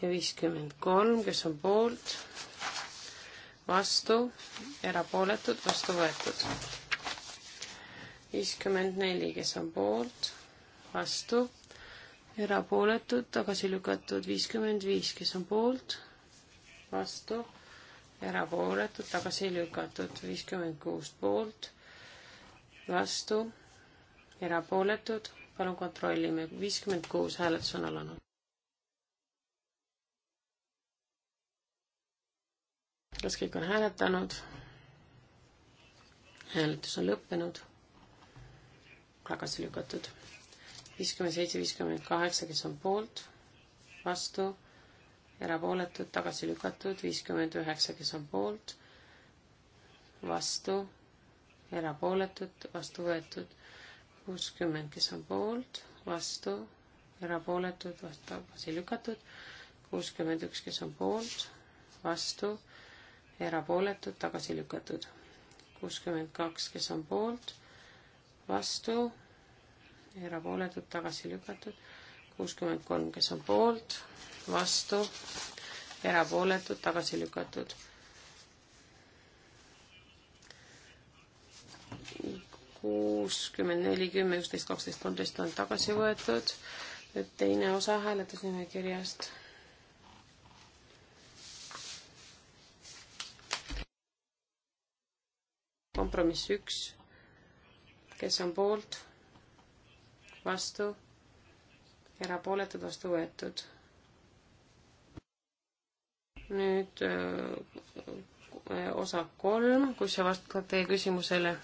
ja viiskümmend kolm, kes on poolt, vastu, erapooletud, vastu võetud. viiskümmend neli, kes on poolt, vastu, erapooletud, tagasi lükatud, viiskümmend viis, kes on poolt vastu, erapooletud, tagasi lükatud, viiskümmend kuus poolt, vastu, erapooletud, palun kontrollime, viiskümmend kuus hääletus on alanud. kas kõik on hääletanud? hääletus on lõppenud, tagasi lükatud, viiskümmend seitse, viiskümmend kaheksa, kes on poolt, vastu erapooletud, tagasi lükatud, viiskümmend üheksa, kes on poolt, vastu, erapooletud, vastu võetud, kuuskümmend, kes on poolt, vastu, erapooletud, vastu, tagasi lükatud, kuuskümmend üks, kes on poolt, vastu, erapooletud, tagasi lükatud, kuuskümmend kaks, kes on poolt, vastu, erapooletud, tagasi lükatud, kuuskümmend kolm, kes on poolt, vastu, erapooletud, tagasi lükatud. kuuskümmend neli, kümme, üksteist, kaksteist, kolmteist on tagasi võetud. nüüd teine osa hääletusnimekirjast kompromiss üks, kes on poolt, vastu, erapooletud, vastu võetud nüüd äh, osa kolm, kus sa vastad teie küsimusele.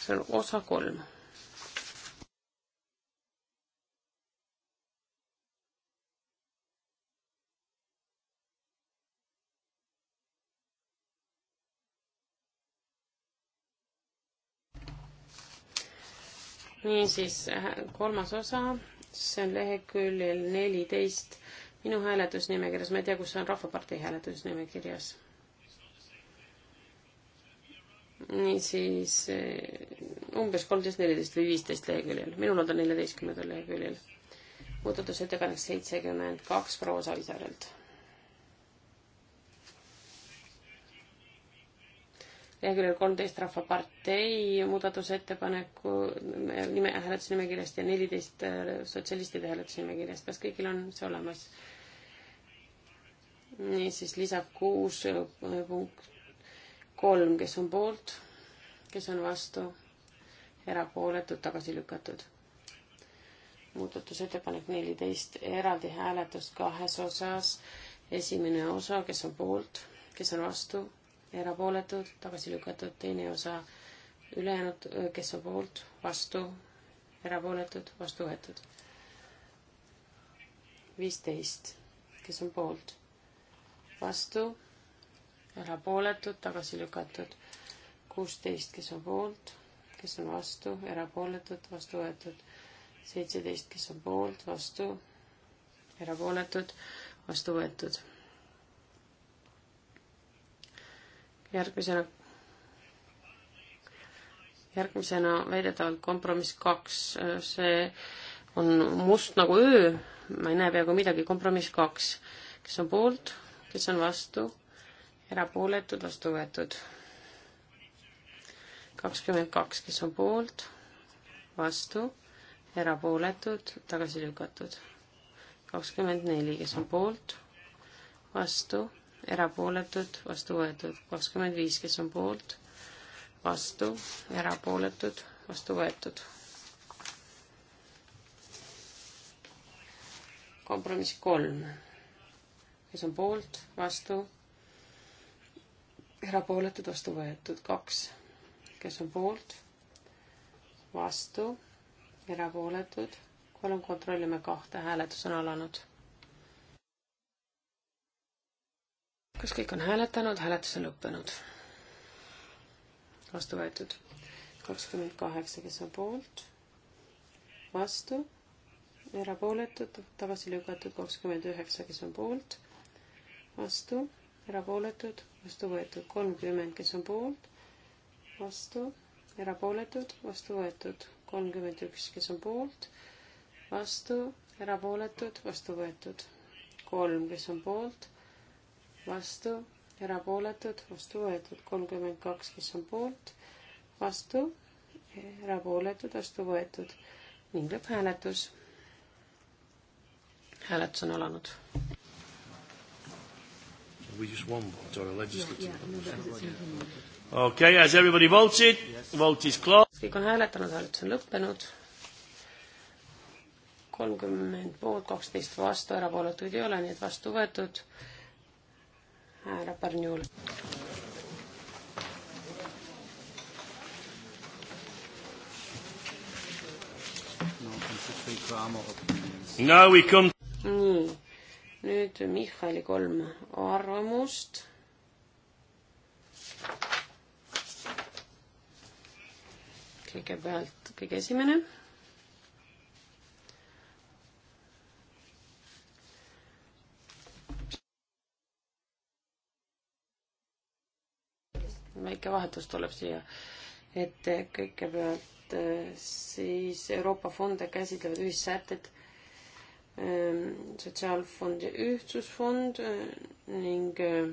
see on osa kolm. niisiis, äh, kolmas osa, see on leheküljel neliteist minu hääletusnimekirjas, ma ei tea, kus on Rahvapartei hääletusnimekirjas. niisiis eh, umbes kolmteist, neliteist või viisteist leheküljel, minul on ta neljateistkümnendal leheküljel. muudatusettepanek seitsekümmend kaks proua Savisaarelt leheküljel kolmteist Rahvapartei muudatusettepaneku nime, hääletusnimekirjast ja neliteist äh, sotsialistide hääletusnimekirjast. kas kõigil on see olemas? niisiis lisab kuus äh, punkt kolm, kes on poolt, kes on vastu, erapooletud, tagasi lükatud. muudatusettepanek neliteist, eraldi hääletus kahes osas. esimene osa, kes on poolt, kes on vastu erapooletud, tagasi lükatud, teine osa ülejäänud, kes on poolt, vastu, erapooletud, vastu võetud. viisteist, kes on poolt, vastu, erapooletud, tagasi lükatud. kuusteist, kes on poolt, kes on vastu, erapooletud, vastu võetud. seitseteist, kes on poolt, vastu, erapooletud, vastu võetud järgmisena, järgmisena väidetavalt kompromiss kaks, see on must nagu öö, ma ei näe peaaegu midagi, kompromiss kaks. kes on poolt, kes on vastu, erapooletud, vastu võetud. kakskümmend kaks, kes on poolt, vastu, erapooletud, tagasi lükatud. kakskümmend neli, kes on poolt, vastu erapooletud, vastu võetud. kakskümmend viis, kes on poolt, vastu, erapooletud, vastu võetud. kompromiss kolm, kes on poolt, vastu, erapooletud, vastu võetud. kaks, kes on poolt, vastu, erapooletud. kolm, kontrollime kahte, hääletus on alanud kas kõik on hääletanud, hääletus on lõppenud. vastu võetud kakskümmend kaheksa, kes on poolt, vastu, erapooletud, tagasi lükatud kakskümmend üheksa, kes on poolt, vastu, erapooletud, vastu võetud kolmkümmend, kes on poolt, vastu, erapooletud, vastu võetud kolmkümmend üks, kes on poolt, vastu, erapooletud, vastu võetud kolm, kes on poolt vastu, erapooletud, vastu võetud kolmkümmend kaks, kes on poolt, vastu, erapooletud, vastu võetud ning lõpphääletus. hääletus on alanud. We just one vote or a legislative yeah, yeah, okay, has everybody voted yes.? Vote is closed. kõik on hääletanud, hääletus on lõppenud kolmkümmend poolt, kaksteist vastu, erapooletuid ei ole, nii et vastu võetud härra Pärnul. nii, nüüd Michali kolm arvamust. kõigepealt kõige esimene väike vahetus tuleb siia. et kõigepealt äh, siis Euroopa fonde käsitlevad ühissätted, ähm, sotsiaalfond ja ühtsusfond äh, ning äh,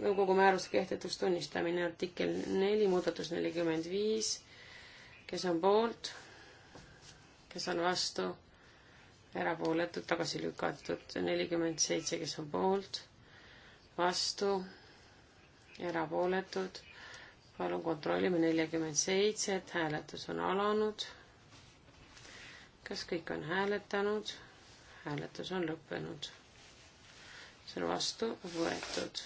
nõukogu määruse kehtetuks tunnistamine, artikkel neli, muudatus nelikümmend viis, kes on poolt, kes on vastu erapooletud, tagasi lükatud nelikümmend seitse, kes on poolt, vastu, erapooletud. palun kontrollime neljakümmend seitse, et hääletus on alanud. kas kõik on hääletanud? hääletus on lõppenud. see on vastu võetud.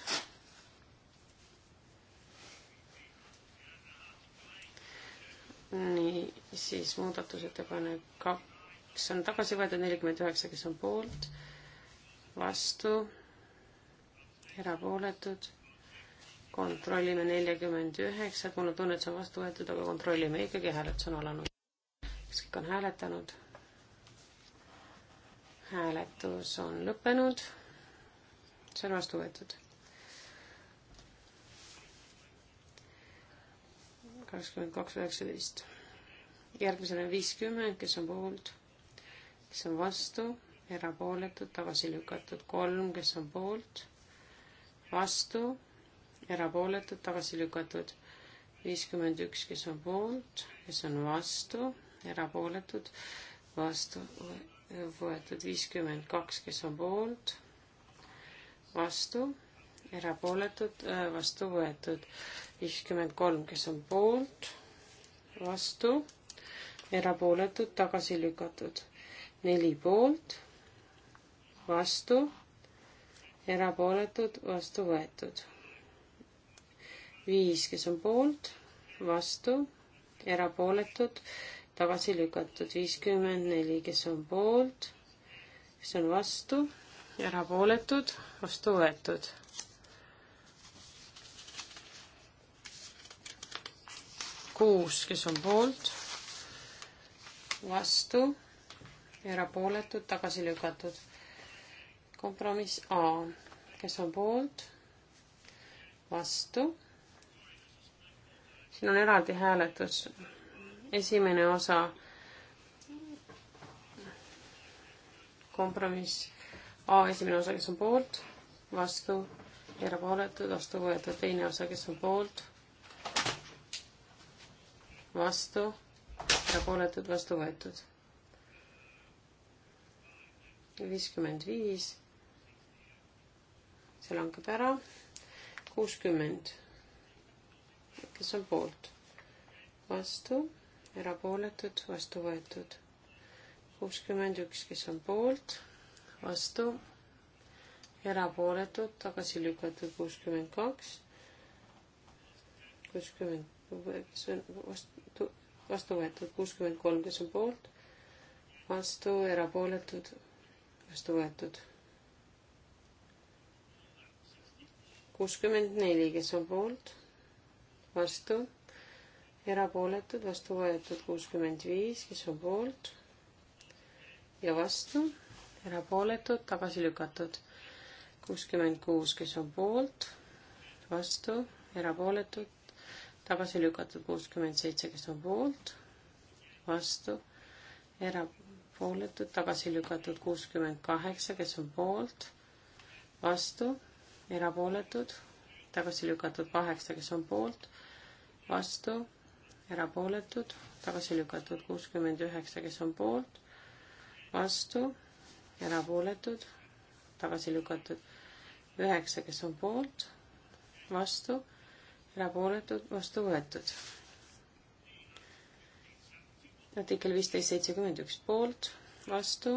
nii, siis muudatusettepanek kaks on tagasi võetud, nelikümmend üheksa, kes on poolt, vastu, erapooletud kontrollime neljakümmend üheksat, mul on tunne, et see on vastu võetud, aga kontrollime ikkagi, hääletus on alanud. kas kõik on hääletanud? hääletus on lõppenud. see on vastu võetud. kakskümmend kaks, üheksateist. järgmisena viiskümmend, kes on poolt, kes on vastu, erapooletud, tagasi lükatud, kolm, kes on poolt, vastu erapooletud, tagasi lükatud. viiskümmend üks, kes on poolt, kes on vastu, erapooletud, vastu võetud viiskümmend kaks, kes on poolt, vastu, erapooletud, vastu võetud viiskümmend kolm, kes on poolt, vastu, erapooletud, tagasi lükatud, neli poolt, vastu, erapooletud, vastu võetud viis, kes on poolt, vastu, erapooletud, tagasi lükatud. viiskümmend neli, kes on poolt, kes on vastu, erapooletud, vastu võetud. kuus, kes on poolt, vastu, erapooletud, tagasi lükatud. kompromiss A, kes on poolt, vastu siin on eraldi hääletus. esimene osa kompromiss A esimene osa, kes on poolt, vastu, erapooletud, vastu võetud, teine osa, kes on poolt, vastu, erapooletud, vastu võetud. viiskümmend viis, see langeb ära, kuuskümmend kes on poolt, vastu, erapooletud, vastu võetud. kuuskümmend üks, kes on poolt, vastu, erapooletud, tagasi lükatud kuuskümmend kaks, kuuskümmend, kes on vastu, vastu võetud kuuskümmend kolm, kes on poolt, vastu, erapooletud, vastu võetud kuuskümmend neli, kes on poolt, vastu, erapooletud, vastu võetud kuuskümmend viis, kes on poolt ja vastu, erapooletud, tagasi lükatud. kuuskümmend kuus, kes on poolt, vastu, erapooletud, tagasi lükatud. kuuskümmend seitse, kes on poolt, vastu, erapooletud, tagasi lükatud. kuuskümmend kaheksa, kes on poolt, vastu, erapooletud tagasi lükatud kaheksa, kes on poolt, vastu, erapooletud, tagasi lükatud kuuskümmend üheksa, kes on poolt, vastu, erapooletud, tagasi lükatud üheksa, kes on poolt, vastu, erapooletud, vastu võetud. artikkel viisteist seitsekümmend üks poolt, vastu,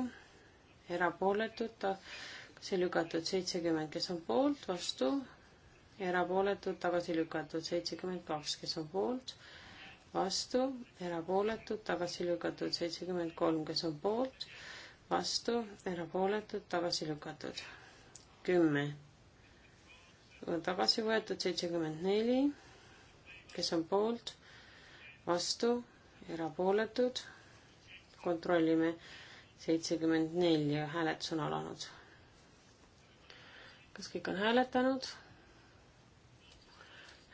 erapooletud, see lükatud seitsekümmend, kes on poolt, vastu, erapooletud, tagasi lükatud seitsekümmend kaks, kes on poolt, vastu, erapooletud, tagasi lükatud seitsekümmend kolm, kes on poolt, vastu, erapooletud, tagasi lükatud kümme. tagasi võetud seitsekümmend neli, kes on poolt, vastu, erapooletud, kontrollime seitsekümmend neli ja hääletus on alanud. kas kõik on hääletanud?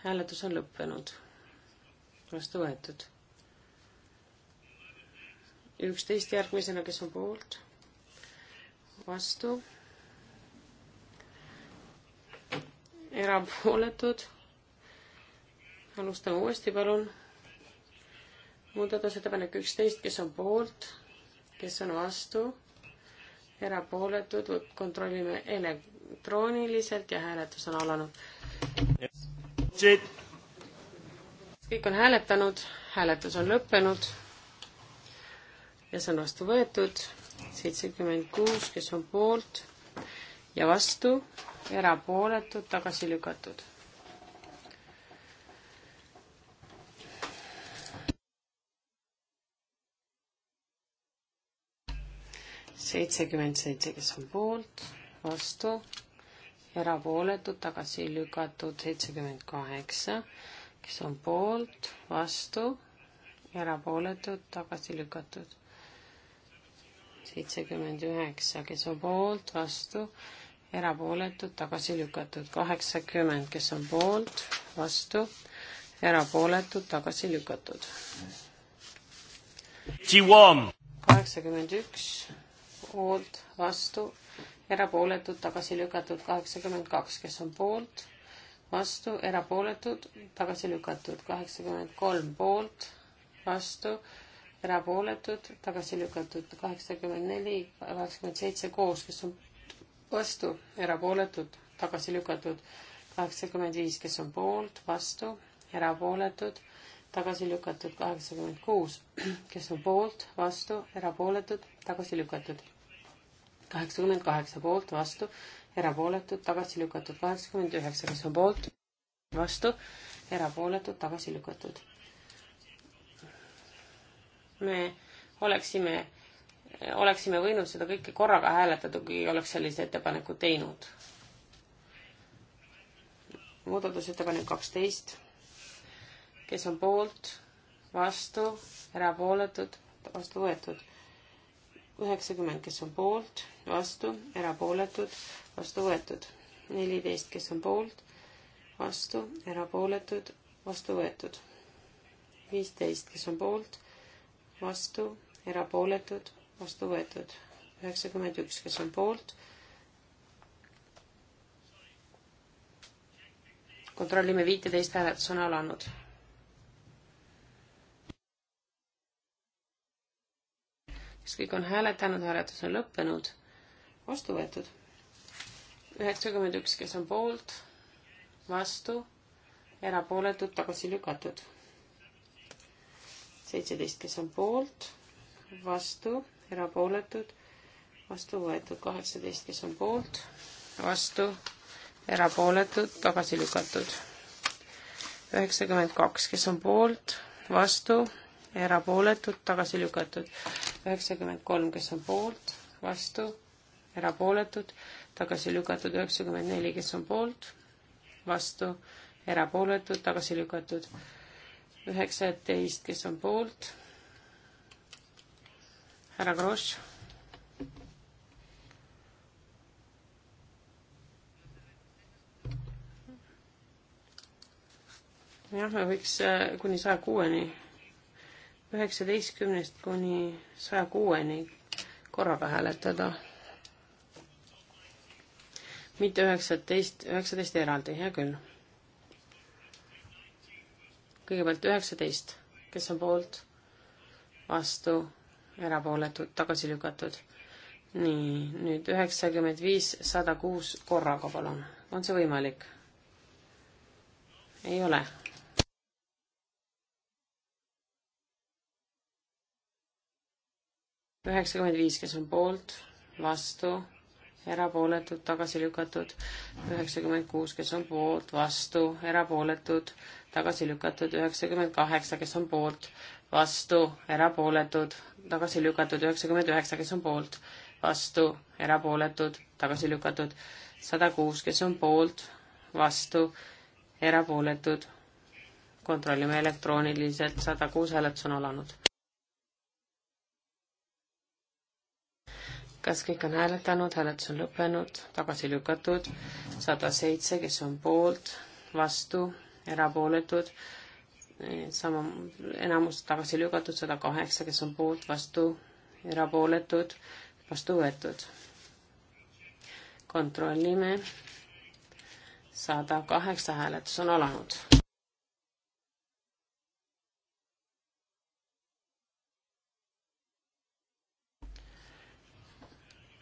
hääletus on lõppenud. vastu võetud. üksteist järgmisena, kes on poolt? vastu. erapooletud. alustame uuesti, palun. muudatusettepanek üksteist, kes on poolt, kes on vastu? erapooletud, kontrollime elektrooniliselt ja hääletus on alanud kõik on hääletanud, hääletus on lõppenud ja see on vastu võetud, seitsekümmend kuus, kes on poolt ja vastu, erapooletud, tagasi lükatud. seitsekümmend seitse, kes on poolt, vastu erapooletud, tagasi lükatud seitsekümmend kaheksa, kes on poolt, vastu, erapooletud, tagasi lükatud. seitsekümmend üheksa, kes on poolt, vastu, erapooletud, tagasi lükatud. kaheksakümmend, kes on poolt, vastu, erapooletud, tagasi lükatud. kaheksakümmend üks, poolt, vastu erapooletud, tagasi lükatud kaheksakümmend kaks, kes on poolt, vastu, erapooletud, tagasi lükatud kaheksakümmend kolm poolt, vastu, erapooletud, tagasi lükatud kaheksakümmend neli, kaheksakümmend seitse koos, kes on vastu, erapooletud, tagasi lükatud kaheksakümmend viis, kes on poolt, vastu, erapooletud, tagasi lükatud kaheksakümmend kuus, kes on poolt, vastu, erapooletud, tagasi lükatud kaheksakümmend kaheksa poolt, vastu, erapooletud, tagasi lükatud. kaheksakümmend üheksa, kes on poolt, vastu, erapooletud, tagasi lükatud. me oleksime, oleksime võinud seda kõike korraga hääletada, kui oleks sellise ettepaneku teinud. muudatusettepanek kaksteist, kes on poolt, vastu, erapooletud, vastu võetud üheksakümmend, kes on poolt, vastu, erapooletud, vastu võetud. neliteist, kes on poolt, vastu, erapooletud, vastu võetud. viisteist, kes on poolt, vastu, erapooletud, vastu võetud. üheksakümmend üks, kes on poolt. kontrollime viiteist hääletus on alanud kas kõik on hääletanud, hääletus on lõppenud, vastu võetud. üheksakümmend üks, kes on poolt, vastu, erapooletud, tagasi lükatud. seitseteist, kes on poolt, vastu, erapooletud, vastu võetud. kaheksateist, kes on poolt, vastu, erapooletud, tagasi lükatud. üheksakümmend kaks, kes on poolt, vastu, erapooletud, tagasi lükatud üheksakümmend kolm, kes on poolt, vastu, erapooletud, tagasi lükatud üheksakümmend neli, kes on poolt, vastu, erapooletud, tagasi lükatud üheksateist, kes on poolt. härra Grosch. jah, me võiks äh, kuni saja kuueni üheksateistkümnest kuni saja kuueni korraga hääletada. mitte üheksateist, üheksateist eraldi, hea küll. kõigepealt üheksateist, kes on poolt, vastu, erapooletud, tagasi lükatud. nii, nüüd üheksakümmend viis, sada kuus korraga, palun. on see võimalik? ei ole üheksakümmend viis, kes on poolt, vastu, erapooletud, tagasi lükatud. üheksakümmend kuus, kes on poolt, vastu, erapooletud, tagasi lükatud. üheksakümmend kaheksa, kes on poolt, vastu, erapooletud, tagasi lükatud. üheksakümmend üheksa, kes on poolt, vastu, erapooletud, tagasi lükatud. sada kuus, kes on poolt, vastu, erapooletud. kontrollime elektrooniliselt, sada kuus hääletus on alanud kas kõik on hääletanud, hääletus on lõppenud, tagasi lükatud, sada seitse, kes on poolt, vastu, erapooletud, sama, enamus tagasi lükatud, sada kaheksa, kes on poolt, vastu, erapooletud, vastu võetud. kontrollime, sada kaheksa hääletus on alanud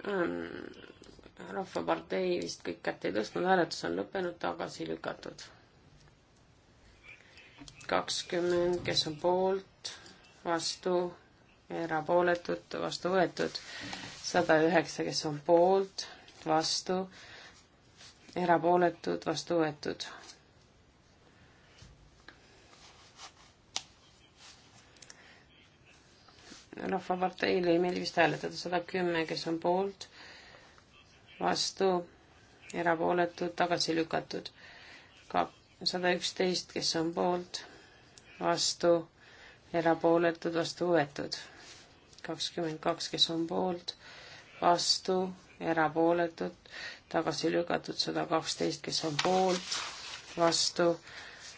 Ähm, rahvapartei vist kõik kätt ei tõstnud, hääletus on lõppenud, tagasi lükatud. kakskümmend, kes on poolt, vastu, erapooletud, vastu võetud. sada üheksa, kes on poolt, vastu, erapooletud, vastu võetud rahvaparteile ei meeldi vist hääletada, sada kümme, kes on poolt, vastu, erapooletud, tagasi lükatud. ka sada üksteist, kes on poolt, vastu, erapooletud, vastu võetud. kakskümmend kaks, kes on poolt, vastu, erapooletud, tagasi lükatud, sada kaksteist, kes on poolt, vastu,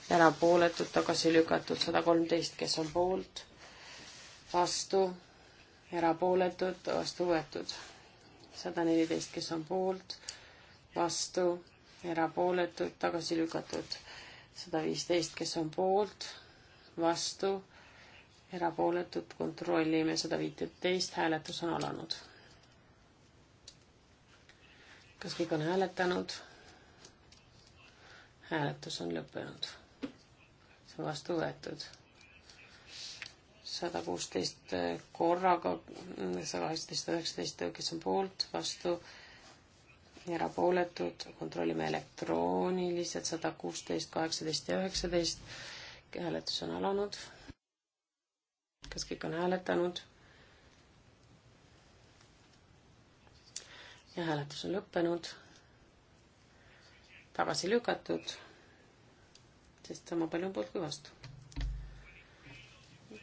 erapooletud, tagasi lükatud, sada kolmteist, kes on poolt vastu, erapooletud, vastu võetud. sada neliteist, kes on poolt, vastu, erapooletud, tagasi lükatud. sada viisteist, kes on poolt, vastu, erapooletud, kontrollime sada viiteist, hääletus on alanud. kas kõik on hääletanud? hääletus on lõppenud. see on vastu võetud sada kuusteist korraga, sada kaheksateist, sada üheksateist, kes on poolt, vastu, erapooletud, kontrollime elektrooniliselt, sada kuusteist, kaheksateist ja üheksateist. hääletus on alanud. kas kõik on hääletanud? ja hääletus on lõppenud. tagasi lükatud, sest sama palju on poolt kui vastu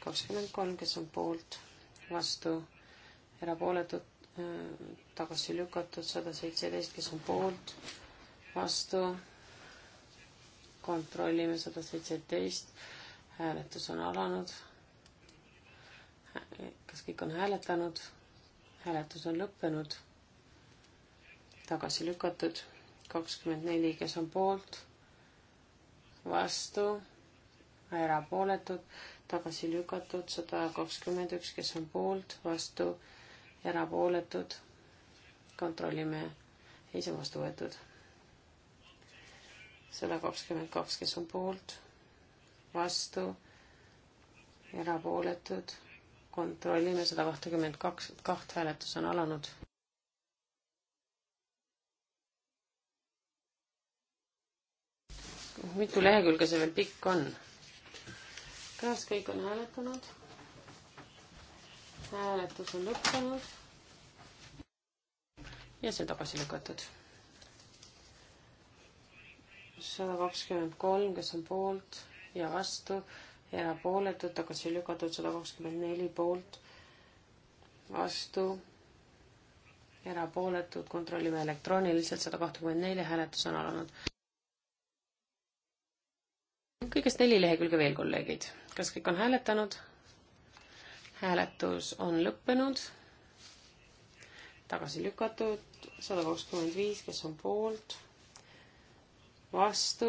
kakskümmend kolm, kes on poolt, vastu, erapooletud, tagasi lükatud, sada seitseteist, kes on poolt, vastu, kontrollime sada seitseteist, hääletus on alanud. kas kõik on hääletanud? hääletus on lõppenud. tagasi lükatud, kakskümmend neli, kes on poolt, vastu, erapooletud tagasi lükatud, sada kakskümmend üks, kes on poolt, vastu, erapooletud, kontrollime, ei, see on vastu võetud. sada kakskümmend kaks, kes on poolt, vastu, erapooletud, kontrollime, sada kahtekümmend kaks, kaht hääletus on alanud. mitu lehekülge see veel pikk on? kas kõik on hääletanud? hääletus on lõppenud. ja see on tagasi lükatud. sada kakskümmend kolm, kes on poolt ja vastu, erapooletud, tagasi lükatud, sada kakskümmend neli poolt, vastu, erapooletud, kontrollime elektrooniliselt, sada kahtekümmend neli, hääletus on alanud kõigest neli lehekülge veel, kolleegid. kas kõik on hääletanud? hääletus on lõppenud. tagasi lükatud, sada kakskümmend viis, kes on poolt, vastu,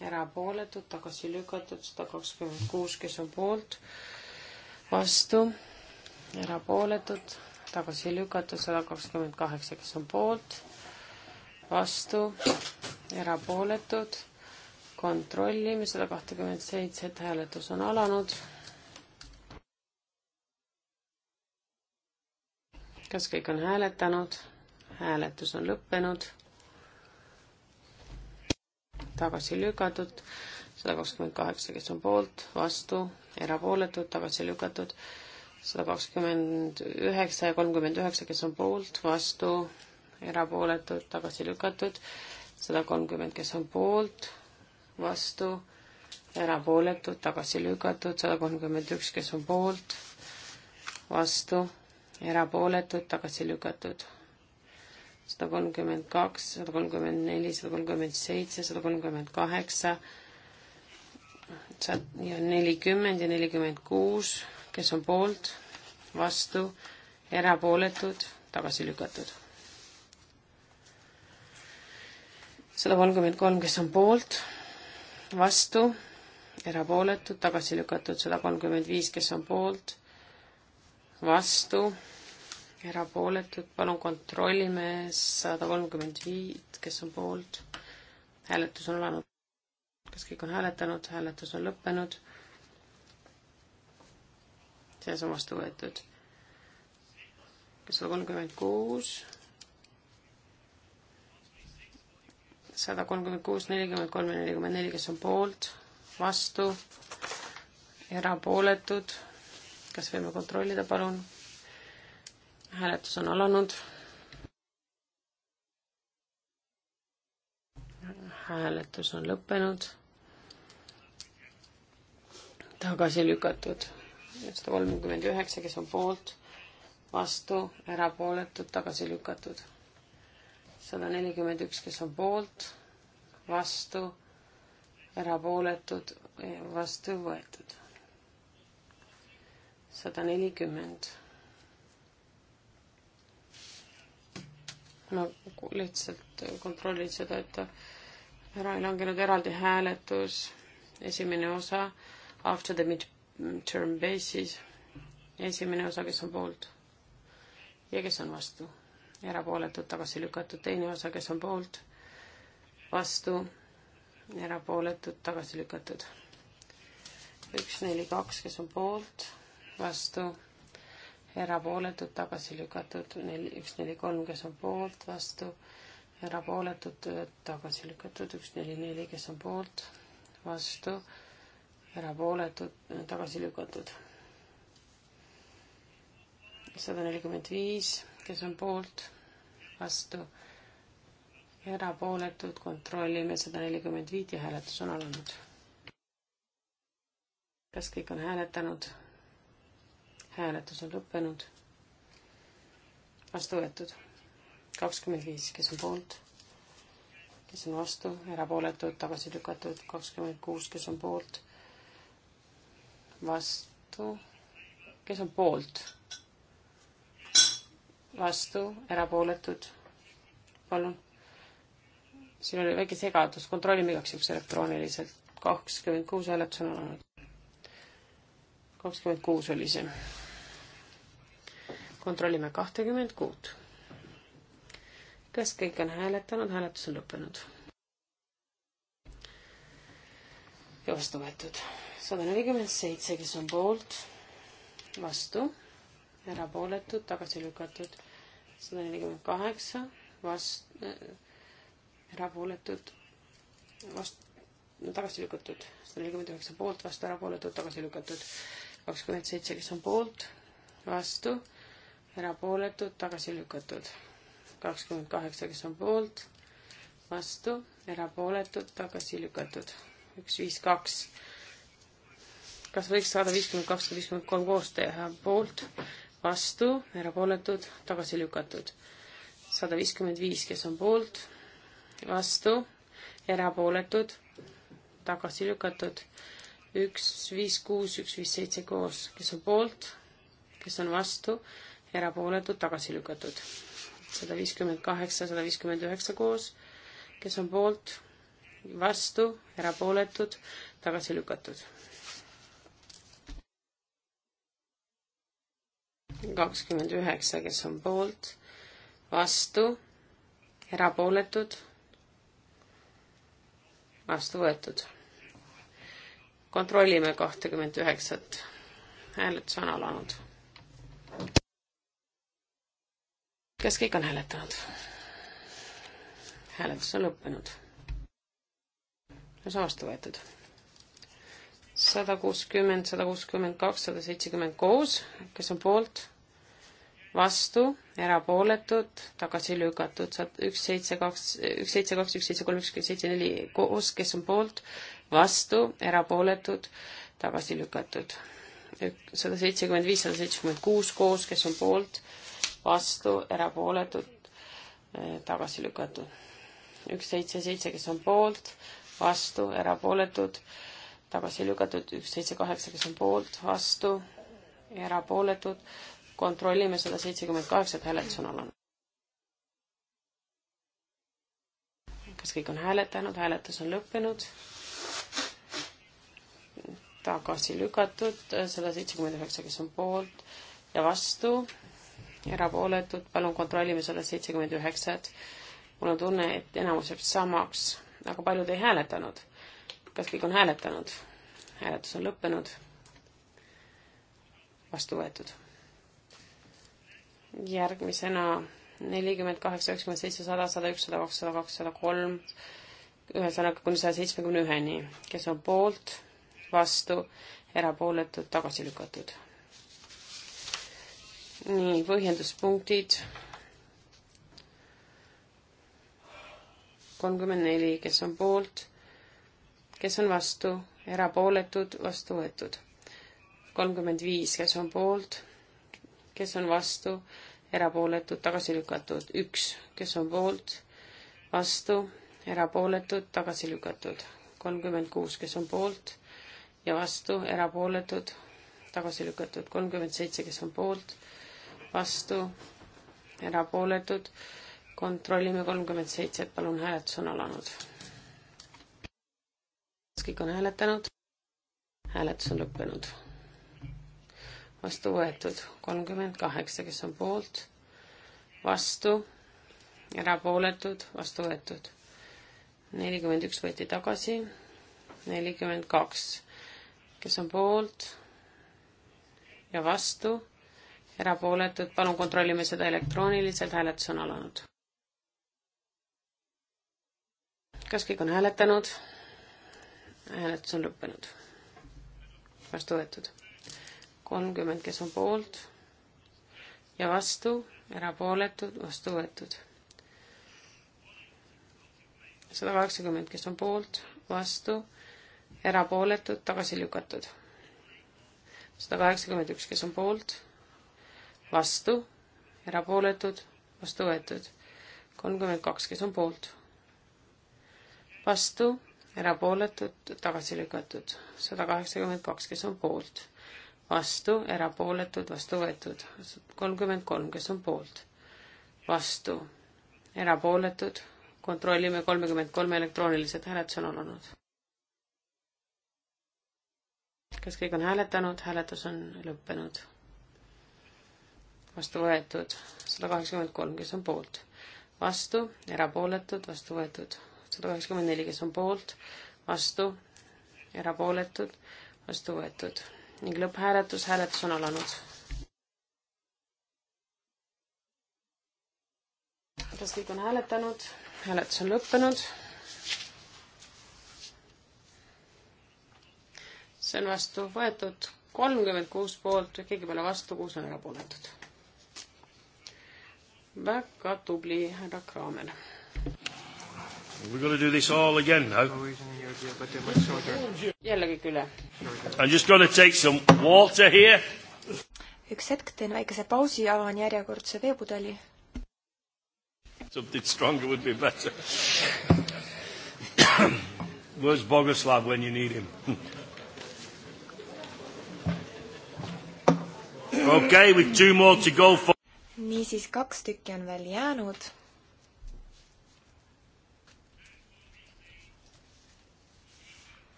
erapooletud, tagasi lükatud, sada kakskümmend kuus, kes on poolt, vastu, erapooletud, tagasi lükatud, sada kakskümmend kaheksa, kes on poolt, vastu, erapooletud kontrollime sada kahtekümmet seitse, et hääletus on alanud. kas kõik on hääletanud? hääletus on lõppenud. tagasi lükatud sada kakskümmend kaheksa, kes on poolt, vastu, erapooletud, tagasi lükatud sada kakskümmend üheksa ja kolmkümmend üheksa, kes on poolt, vastu, erapooletud, tagasi lükatud sada kolmkümmend, kes on poolt vastu, erapooletud, tagasi lükatud, sada kolmkümmend üks, kes on poolt, vastu, erapooletud, tagasi lükatud. sada kolmkümmend kaks, sada kolmkümmend neli, sada kolmkümmend seitse, sada kolmkümmend kaheksa, ja nelikümmend ja nelikümmend kuus, kes on poolt, vastu, erapooletud, tagasi lükatud. sada kolmkümmend kolm, kes on poolt vastu, erapooletud, tagasi lükatud sada kolmkümmend viis, kes on poolt, vastu, erapooletud, palun kontrollime sada kolmkümmend viit, kes on poolt. hääletus on alanud. kas kõik on hääletanud, hääletus on lõppenud? see on vastu võetud. sada kolmkümmend kuus sada kolmkümmend kuus, nelikümmend kolm ja nelikümmend neli, kes on poolt, vastu, erapooletud. kas võime kontrollida, palun? hääletus on alanud. hääletus on lõppenud. tagasi lükatud sada kolmkümmend üheksa, kes on poolt, vastu, erapooletud, tagasi lükatud sada nelikümmend üks, kes on poolt, vastu, erapooletud, vastu võetud. sada nelikümmend. ma lihtsalt kontrollin seda, et ära ei langenud eraldi hääletus, esimene osa after the mid-term basis, esimene osa, kes on poolt ja kes on vastu erapooletud, tagasi lükatud, teine osa, kes on poolt, vastu, erapooletud, tagasi lükatud. üks, neli, kaks, kes on poolt, vastu, erapooletud, tagasi lükatud, neli, üks, neli, kolm, kes on poolt, vastu, erapooletud, tagasi lükatud, üks, neli, neli, kes on poolt, vastu, erapooletud, tagasi lükatud. sada nelikümmend viis kes on poolt, vastu ja erapooletud, kontrollime sada nelikümmend viit ja hääletus on alanud. kas kõik on hääletanud? hääletus on lõppenud. vastu võetud kakskümmend viis, kes on poolt, kes on vastu, erapooletud, tagasi lükatud, kakskümmend kuus, kes on poolt, vastu, kes on poolt, vastu, erapooletud. palun. siin oli väike segadus, kontrollime igaks juhuks elektrooniliselt. kakskümmend kuus hääletus on olnud. kakskümmend kuus oli see. kontrollime kahtekümmend kuut. kas kõik on hääletanud, hääletus on lõppenud? ja vastu võetud. sada nelikümmend seitse, kes on poolt, vastu erapooletud, tagasi lükatud. sada nelikümmend kaheksa, vast- äh,, erapooletud, vast-, tagasi lükatud. sada nelikümmend üheksa poolt, vastu, erapooletud, tagasi lükatud. kakskümmend seitse, kes on poolt, vastu, erapooletud, tagasi lükatud. kakskümmend kaheksa, kes on poolt, vastu, erapooletud, tagasi lükatud. üks, viis, kaks kas võiks saada viiskümmend kaks või viiskümmend kolm koos teha poolt, vastu, erapooletud, tagasi lükatud. sada viiskümmend viis, kes on poolt, vastu, erapooletud, tagasi lükatud. üks, viis, kuus, üks, viis, seitse koos, kes on poolt, kes on vastu, erapooletud, tagasi lükatud. sada viiskümmend kaheksa, sada viiskümmend üheksa koos, kes on poolt, vastu, erapooletud, tagasi lükatud kakskümmend üheksa, kes on poolt, vastu, erapooletud, vastu võetud. kontrollime kahtekümmet üheksat. hääletus on alanud. kas kõik on hääletanud? hääletus on lõppenud. see on vastu võetud sada kuuskümmend, sada kuuskümmend kaks, sada seitsekümmend koos, kes on poolt, vastu, erapooletud, tagasi lükatud, üks, seitse, kaks, üks, seitse, kaks, üks, seitse, kolm, üks, seitse, neli koos, kes on poolt, vastu, erapooletud, tagasi lükatud. sada seitsekümmend viis, sada seitsekümmend kuus koos, kes on poolt, vastu, erapooletud, eh, tagasi lükatud. üks, seitse, seitse, kes on poolt, vastu, erapooletud, tagasi lükatud, üks, seitse, kaheksa, kes on poolt, vastu, erapooletud, kontrollime sada seitsekümmend kaheksa, et hääletus on alanud. kas kõik on hääletanud, hääletus on lõppenud? tagasi lükatud, äh, sada seitsekümmend üheksa, kes on poolt ja vastu, erapooletud, palun kontrollime sada seitsekümmend üheksat. mul on tunne, et enamus jääb samaks, aga paljud ei hääletanud. kas kõik on hääletanud? hääletus on lõppenud. vastu võetud järgmisena nelikümmend kaheksa, üheksakümmend seitse, sada, sada üks, sada kaks, sada kaks, sada kolm, ühesõnaga kuni saja seitsmekümne üheni, kes on poolt, vastu, erapooletud, tagasi lükatud. nii, põhjenduspunktid. kolmkümmend neli, kes on poolt, kes on vastu, erapooletud, vastu võetud. kolmkümmend viis, kes on poolt kes on vastu, erapooletud, tagasi lükatud, üks, kes on poolt, vastu, erapooletud, tagasi lükatud, kolmkümmend kuus, kes on poolt ja vastu, erapooletud, tagasi lükatud, kolmkümmend seitse, kes on poolt, vastu, erapooletud, kontrollime kolmkümmend seitse, et palun, hääletus on alanud. kas kõik on hääletanud? hääletus on lõppenud vastu võetud, kolmkümmend kaheksa, kes on poolt, vastu, erapooletud, vastu võetud. nelikümmend üks võeti tagasi, nelikümmend kaks, kes on poolt ja vastu, erapooletud, palun kontrollime seda elektrooniliselt, hääletus on alanud. kas kõik on hääletanud? hääletus on lõppenud. vastu võetud kolmkümmend, kes on poolt ja vastu, erapooletud, vastu võetud. sada kaheksakümmend, kes on poolt, vastu, erapooletud, tagasi lükatud. sada kaheksakümmend üks, kes on poolt, vastu, erapooletud, vastu võetud. kolmkümmend kaks, kes on poolt, vastu, erapooletud, tagasi lükatud. sada kaheksakümmend kaks, kes on poolt vastu, erapooletud, vastu võetud. kolmkümmend kolm, kes on poolt, vastu, erapooletud, kontrollime kolmekümmend kolm elektroonilised hääletus on alanud. kas kõik on hääletanud, hääletus on lõppenud. vastu võetud sada kaheksakümmend kolm, kes on poolt, vastu, erapooletud, vastu võetud sada kaheksakümmend neli, kes on poolt, vastu, erapooletud, vastu võetud ning lõpphääletus, hääletus on alanud. kas kõik on hääletanud? hääletus on lõppenud. see on vastu võetud kolmkümmend kuus poolt, keegi pole vastu, kuus on erapooletud. väga tubli härra Kraamer. We're going to do this all again now. jällegi üle. I m just going to take some water here. üks hetk, teen väikese pausi, avan järjekordse veepudeli. Something stronger would be better. Where's Bogoslav when you need him? okay, with two more to go for. niisiis, kaks tükki on veel jäänud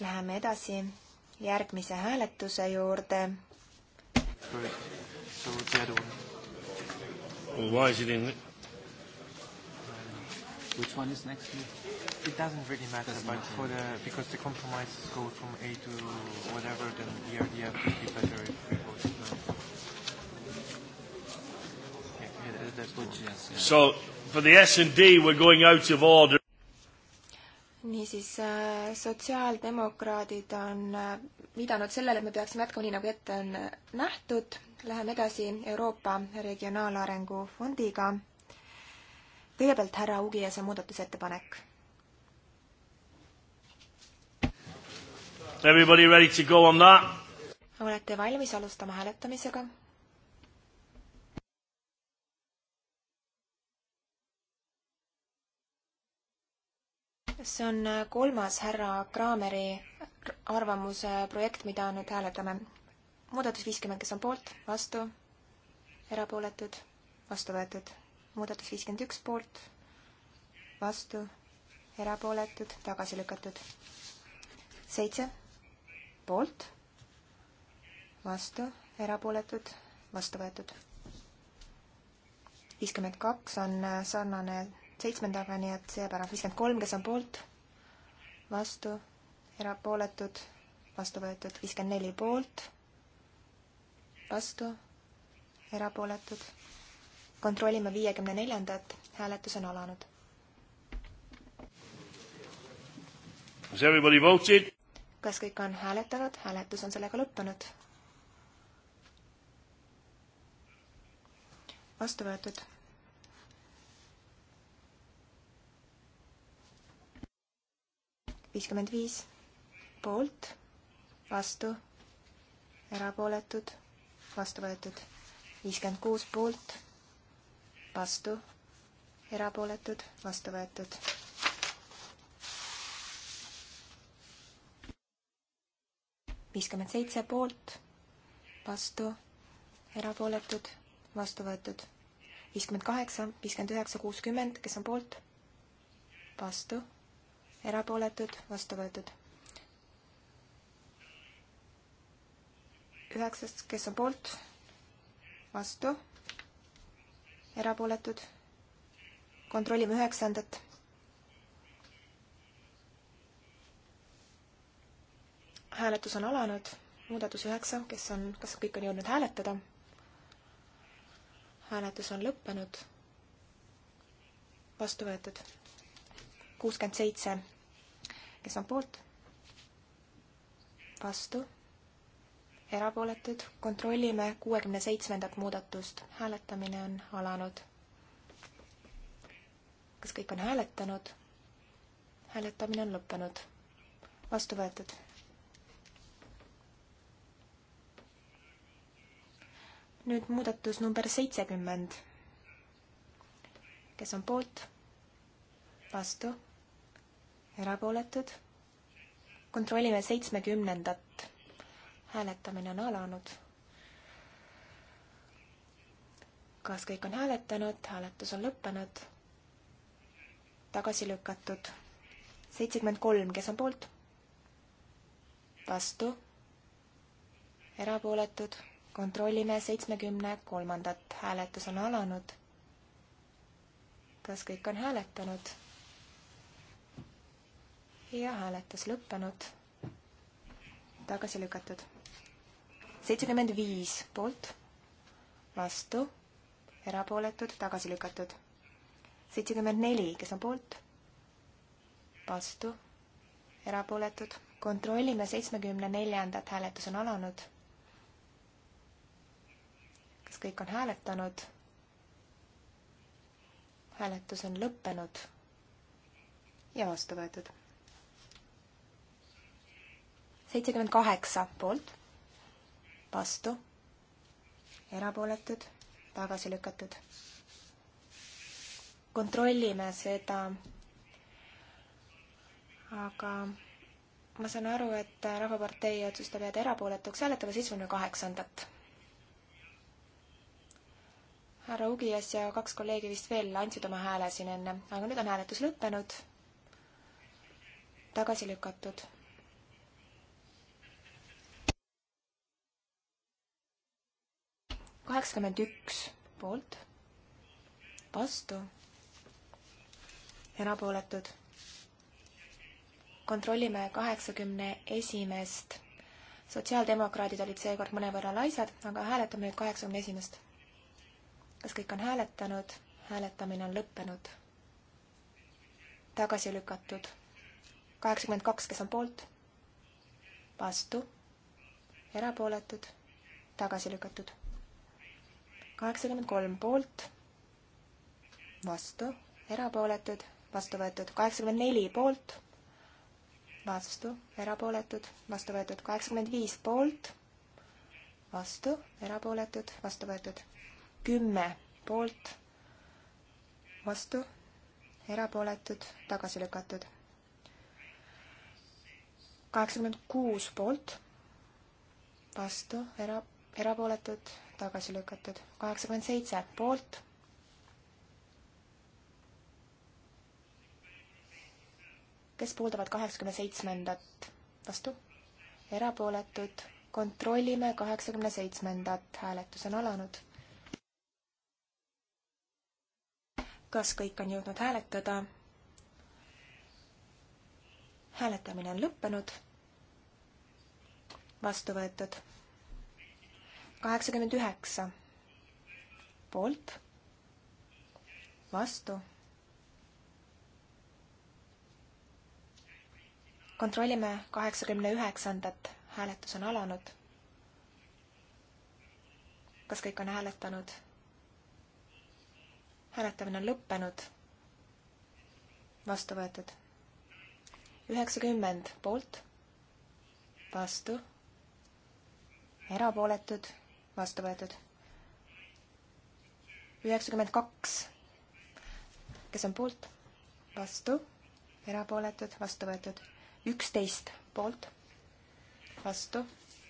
Läheme edasi järgmise hääletuse juurde. Why is it in Which one is next? It doesn't really matter, doesn't but matter. for the because the compromises go from A to whatever, then the idea would be better if we vote no. Yeah, yeah, that's what yes, yeah. So for the S and D, we're going out of order niisiis, äh, sotsiaaldemokraadid on äh, viidanud sellele, et me peaksime jätkama nii, nagu ette on äh, nähtud. Läheme edasi Euroopa Regionaalarengu Fondiga. kõigepealt härra Ugiase muudatusettepanek. Everybody ready to go on that? olete valmis alustama hääletamisega? see on äh, kolmas härra Kraameri arvamuse projekt, mida nüüd hääletame. muudatus viiskümmend, kes on poolt, vastu, erapooletud, vastu võetud. muudatus viiskümmend üks poolt, vastu, erapooletud, tagasi lükatud. seitse, poolt, vastu, erapooletud, vastu võetud. viiskümmend kaks on äh, sarnane seitsmendaga, nii et see paragrahv viiskümmend kolm, kes on poolt, vastu, erapooletud, vastu võetud, viiskümmend neli poolt, vastu, erapooletud. kontrollime viiekümne neljandat, hääletus on alanud. kas kõik on hääletanud, hääletus on sellega lõppenud? vastu võetud viiskümmend viis poolt, vastu, erapooletud, vastu võetud. viiskümmend kuus poolt, vastu, erapooletud, vastu võetud. viiskümmend seitse poolt, vastu, erapooletud, vastu võetud. viiskümmend kaheksa, viiskümmend üheksa, kuuskümmend, kes on poolt? vastu erapooletud, vastu võetud. üheksas, kes on poolt, vastu, erapooletud. kontrollime üheksandat. hääletus on alanud, muudatus üheksa, kes on, kas kõik on jõudnud hääletada? hääletus on lõppenud, vastu võetud kuuskümmend seitse, kes on poolt, vastu, erapooletud, kontrollime kuuekümne seitsmendat muudatust, hääletamine on alanud. kas kõik on hääletanud? hääletamine on lõppenud, vastu võetud nüüd muudatus number seitsekümmend. kes on poolt? vastu? erapooletud. kontrollime seitsmekümnendat. hääletamine on alanud. kas kõik on hääletanud, hääletus on lõppenud? tagasi lükatud. seitsekümmend kolm, kes on poolt? vastu? erapooletud? kontrollime seitsmekümne kolmandat, hääletus on alanud. kas kõik on hääletanud? ja hääletus lõppenud. tagasi lükatud. seitsekümmend viis poolt, vastu, erapooletud, tagasi lükatud. seitsekümmend neli, kes on poolt, vastu, erapooletud. kontrollime seitsmekümne neljandat, hääletus on alanud. kas kõik on hääletanud? hääletus on lõppenud ja vastu võetud seitsekümmend kaheksa poolt, vastu, erapooletud, tagasi lükatud. kontrollime seda. aga ma saan aru, et Rahvapartei otsustab jääda erapooletuks, hääletame seitsmekümne kaheksandat. härra Ugias ja kaks kolleegi vist veel andsid oma hääle siin enne, aga nüüd on hääletus lõppenud. tagasi lükatud kaheksakümmend üks poolt, vastu, erapooletud. kontrollime kaheksakümne esimest. sotsiaaldemokraadid olid seekord mõnevõrra laisad, aga hääletame nüüd kaheksakümne esimest. kas kõik on hääletanud? hääletamine on lõppenud. tagasi lükatud. kaheksakümmend kaks, kes on poolt? vastu, erapooletud, tagasi lükatud kaheksakümmend kolm poolt, vastu, erapooletud, vastu võetud kaheksakümmend neli poolt, vastu, erapooletud, vastu võetud kaheksakümmend viis poolt, vastu, erapooletud, vastu võetud kümme poolt, vastu, erapooletud, tagasi lükatud. kaheksakümmend kuus poolt, vastu, era-, erapooletud, tagasi lükatud. kaheksakümmend seitse poolt. kes pooldavad kaheksakümne seitsmendat? vastu? erapooletud. kontrollime kaheksakümne seitsmendat. hääletus on alanud. kas kõik on jõudnud hääletada? hääletamine on lõppenud. vastu võetud kaheksakümmend üheksa poolt, vastu. kontrollime kaheksakümne üheksandat, hääletus on alanud. kas kõik on hääletanud? hääletamine on lõppenud. vastu võetud. üheksakümmend poolt, vastu, erapooletud vastu võetud. üheksakümmend kaks, kes on poolt, vastu, erapooletud, vastu võetud. üksteist poolt, vastu,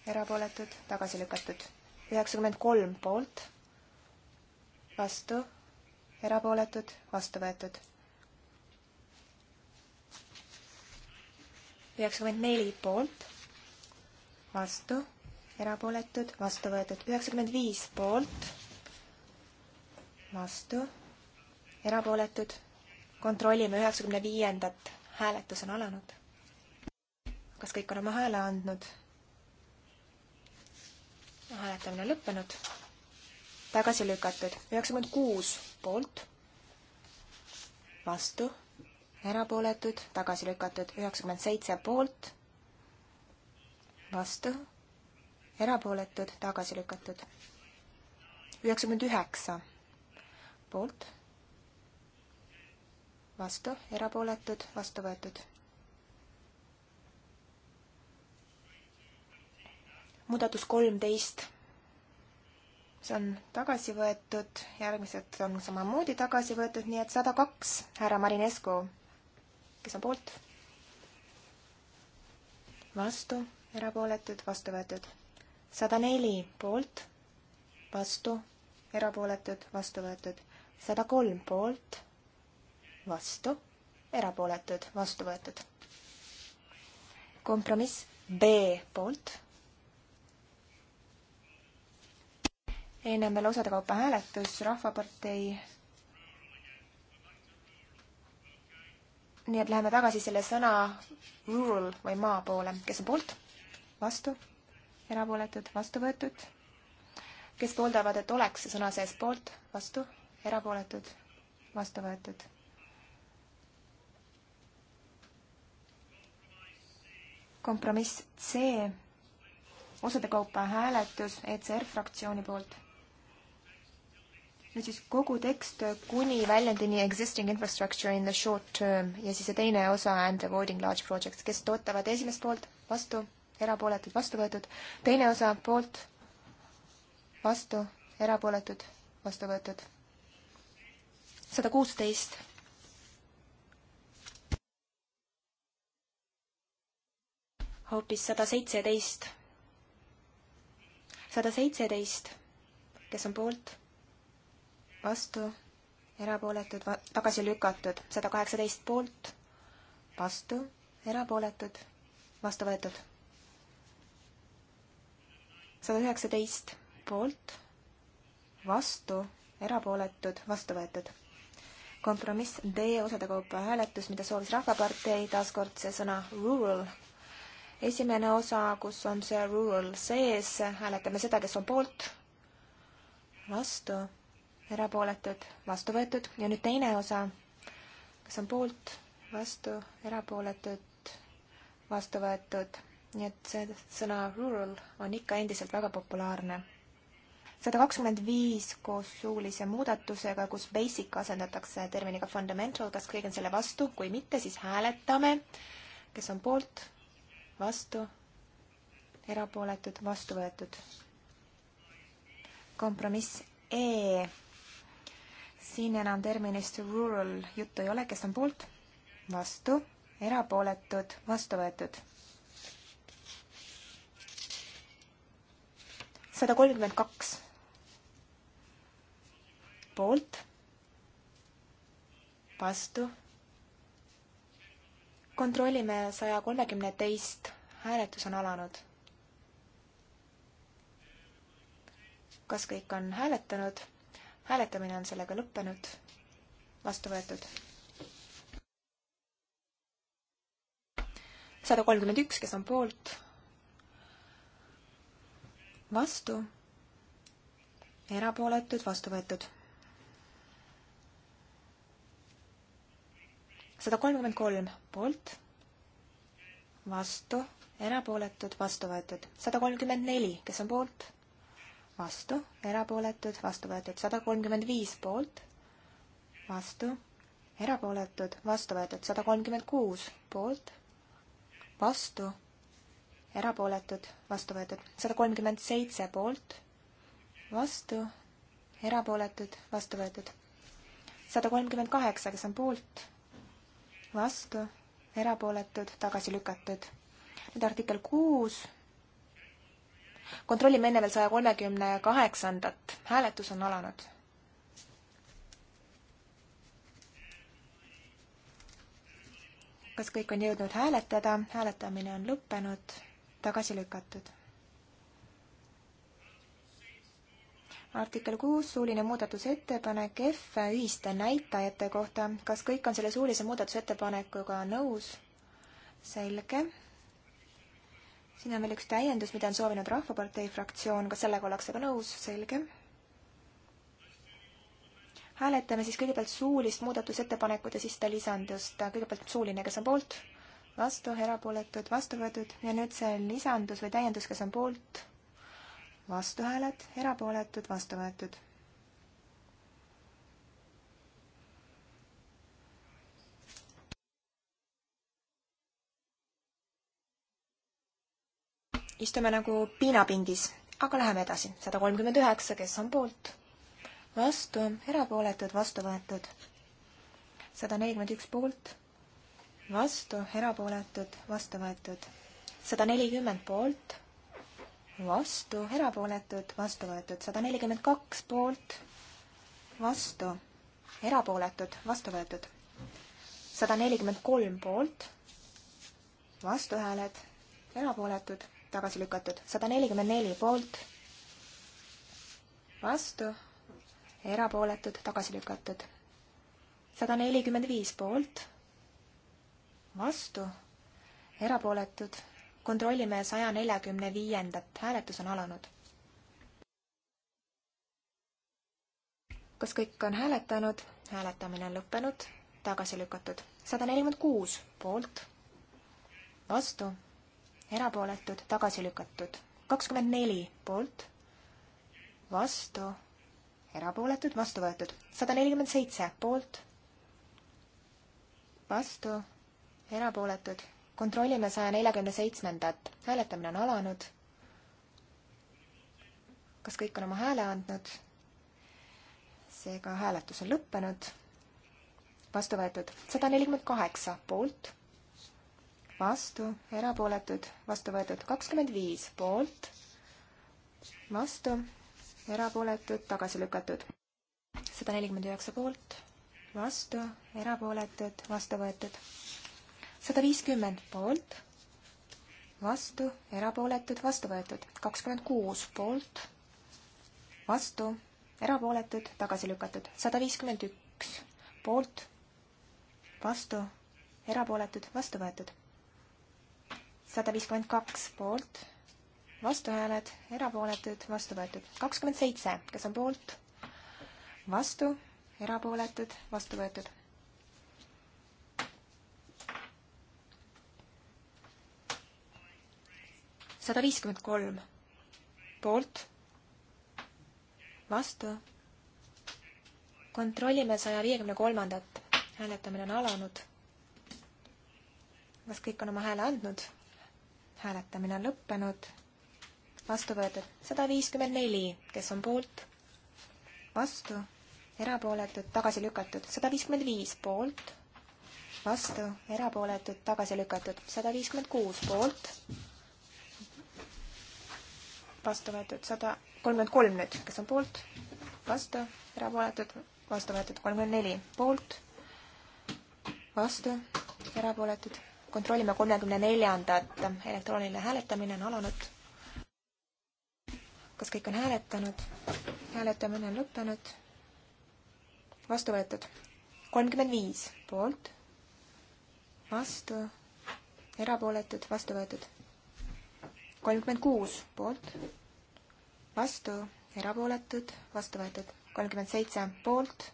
erapooletud, tagasi lükatud. üheksakümmend kolm poolt, vastu, erapooletud, vastu võetud. üheksakümmend neli poolt, vastu erapooletud, vastu võetud üheksakümmend viis poolt, vastu, erapooletud. kontrollime üheksakümne viiendat, hääletus on alanud. kas kõik on oma hääle andnud? hääletamine on lõppenud. tagasi lükatud üheksakümmend kuus poolt, vastu, erapooletud, tagasi lükatud üheksakümmend seitse poolt, vastu erapooletud, tagasi lükatud. üheksakümmend üheksa poolt, vastu, erapooletud, vastu võetud. muudatus kolmteist, see on tagasi võetud, järgmised on samamoodi tagasi võetud, nii et sada kaks härra Marinescu, kes on poolt, vastu, erapooletud, vastu võetud sada neli poolt, vastu, erapooletud, vastu võetud. sada kolm poolt, vastu, erapooletud, vastu võetud. kompromiss B poolt. enne on veel osade kaupa hääletus, Rahvapartei nii et läheme tagasi selle sõna rural või maa poole, kes on poolt, vastu, erapooletud, vastu võetud. kes pooldavad, et oleks sõna sees poolt, vastu, erapooletud, vastu võetud. kompromiss C, osade kaupa hääletus ECR fraktsiooni poolt. nüüd siis kogu tekst kuni väljendini existing infrastructure in the short term ja siis see teine osa and avoiding large projects, kes toetavad esimest poolt, vastu erapooletud, vastu võetud. teine osa poolt, vastu, erapooletud, vastu võetud. sada kuusteist. hoopis sada seitseteist. sada seitseteist, kes on poolt, vastu, erapooletud, tagasi lükatud, sada kaheksateist poolt, vastu, erapooletud, vastu võetud sada üheksateist poolt, vastu, erapooletud, vastu võetud. kompromiss D osade kaupa hääletus, mida soovis Rahvapartei, taaskord see sõna rural. esimene osa, kus on see rural sees, hääletame seda, kes on poolt, vastu, erapooletud, vastu võetud ja nüüd teine osa, kes on poolt, vastu, erapooletud, vastu võetud nii et see sõna rural on ikka endiselt väga populaarne. sada kakskümmend viis koos suulise muudatusega, kus basic asendatakse terminiga fundamental, kas keegi on selle vastu, kui mitte, siis hääletame. kes on poolt, vastu, erapooletud, vastu võetud. kompromiss E. siin enam terminist rural juttu ei ole, kes on poolt, vastu, erapooletud, vastu võetud sada kolmkümmend kaks poolt, vastu. kontrollime saja kolmekümne teist, hääletus on alanud. kas kõik on hääletanud? hääletamine on sellega lõppenud, vastu võetud. sada kolmkümmend üks, kes on poolt vastu, erapooletud, vastu võetud. sada kolmkümmend kolm poolt, vastu, erapooletud, vastu võetud. sada kolmkümmend neli, kes on poolt, vastu, erapooletud, vastu võetud. sada kolmkümmend viis poolt, vastu, erapooletud, vastu võetud. sada kolmkümmend kuus poolt, vastu erapooletud, vastu võetud. sada kolmkümmend seitse poolt, vastu, erapooletud, vastu võetud. sada kolmkümmend kaheksa, kes on poolt, vastu, erapooletud, tagasi lükatud. nüüd artikkel kuus. kontrollime enne veel saja kolmekümne kaheksandat. hääletus on alanud kas kõik on jõudnud hääletada, hääletamine on lõppenud tagasi lükatud. artikkel kuus, suuline muudatusettepanek F ühiste näitajate kohta. kas kõik on selle suulise muudatusettepanekuga nõus? selge. siin on veel üks täiendus, mida on soovinud Rahvapartei fraktsioon. kas sellega ollakse ka nõus? selge. hääletame siis kõigepealt suulist muudatusettepanekut ja siis ta lisandust. kõigepealt suuline, kes on poolt? vastu, erapooletud, vastu võetud ja nüüd see lisandus või täiendus, kes on poolt, vastuhääled, erapooletud, vastu võetud. istume nagu piinapingis, aga läheme edasi. sada kolmkümmend üheksa, kes on poolt, vastu, erapooletud, vastu võetud. sada nelikümmend üks poolt vastu, erapooletud, vastu võetud. sada nelikümmend poolt, vastu, erapooletud, vastu võetud. sada nelikümmend kaks poolt, vastu, erapooletud, vastu võetud. sada nelikümmend kolm poolt, vastuhääled, erapooletud, tagasi lükatud. sada nelikümmend neli poolt, vastu, erapooletud, tagasi lükatud. sada nelikümmend viis poolt vastu, erapooletud. kontrollime saja neljakümne viiendat, hääletus on alanud. kas kõik on hääletanud? hääletamine on lõppenud, tagasi lükatud. sada nelikümmend kuus poolt, vastu, erapooletud, tagasi lükatud. kakskümmend neli poolt, vastu, erapooletud, vastu võetud. sada nelikümmend seitse poolt, vastu erapooletud. kontrollime saja neljakümne seitsmendat. hääletamine on alanud. kas kõik on oma hääle andnud? seega hääletus on lõppenud. vastu võetud sada nelikümmend kaheksa poolt, vastu, erapooletud, vastu võetud kakskümmend viis poolt, vastu, erapooletud, tagasi lükatud sada nelikümmend üheksa poolt, vastu, erapooletud, vastu võetud sada viiskümmend poolt, vastu, erapooletud, vastu võetud. kakskümmend kuus poolt, vastu, erapooletud, tagasi lükatud. sada viiskümmend üks poolt, vastu, erapooletud, vastu võetud. sada viiskümmend kaks poolt, vastuhääled, erapooletud, vastu võetud. kakskümmend seitse, kes on poolt, vastu, erapooletud, vastu võetud sada viiskümmend kolm poolt, vastu. kontrollime saja viiekümne kolmandat. hääletamine on alanud. kas kõik on oma hääle andnud? hääletamine on lõppenud. vastu võetud sada viiskümmend neli, kes on poolt, vastu, erapooletud, tagasi lükatud, sada viiskümmend viis poolt, vastu, erapooletud, tagasi lükatud, sada viiskümmend kuus poolt vastu võetud sada kolmkümmend kolm nüüd, kes on poolt, vastu, erapooletud, vastu võetud kolmkümmend neli, poolt, vastu, erapooletud. kontrollime kolmekümne neljandat, elektrooniline hääletamine on alanud. kas kõik on hääletanud? hääletamine on lõppenud. vastu võetud kolmkümmend viis poolt, vastu, erapooletud, vastu võetud kolmkümmend kuus poolt, vastu, erapooletud, vastu võetud kolmkümmend seitse poolt,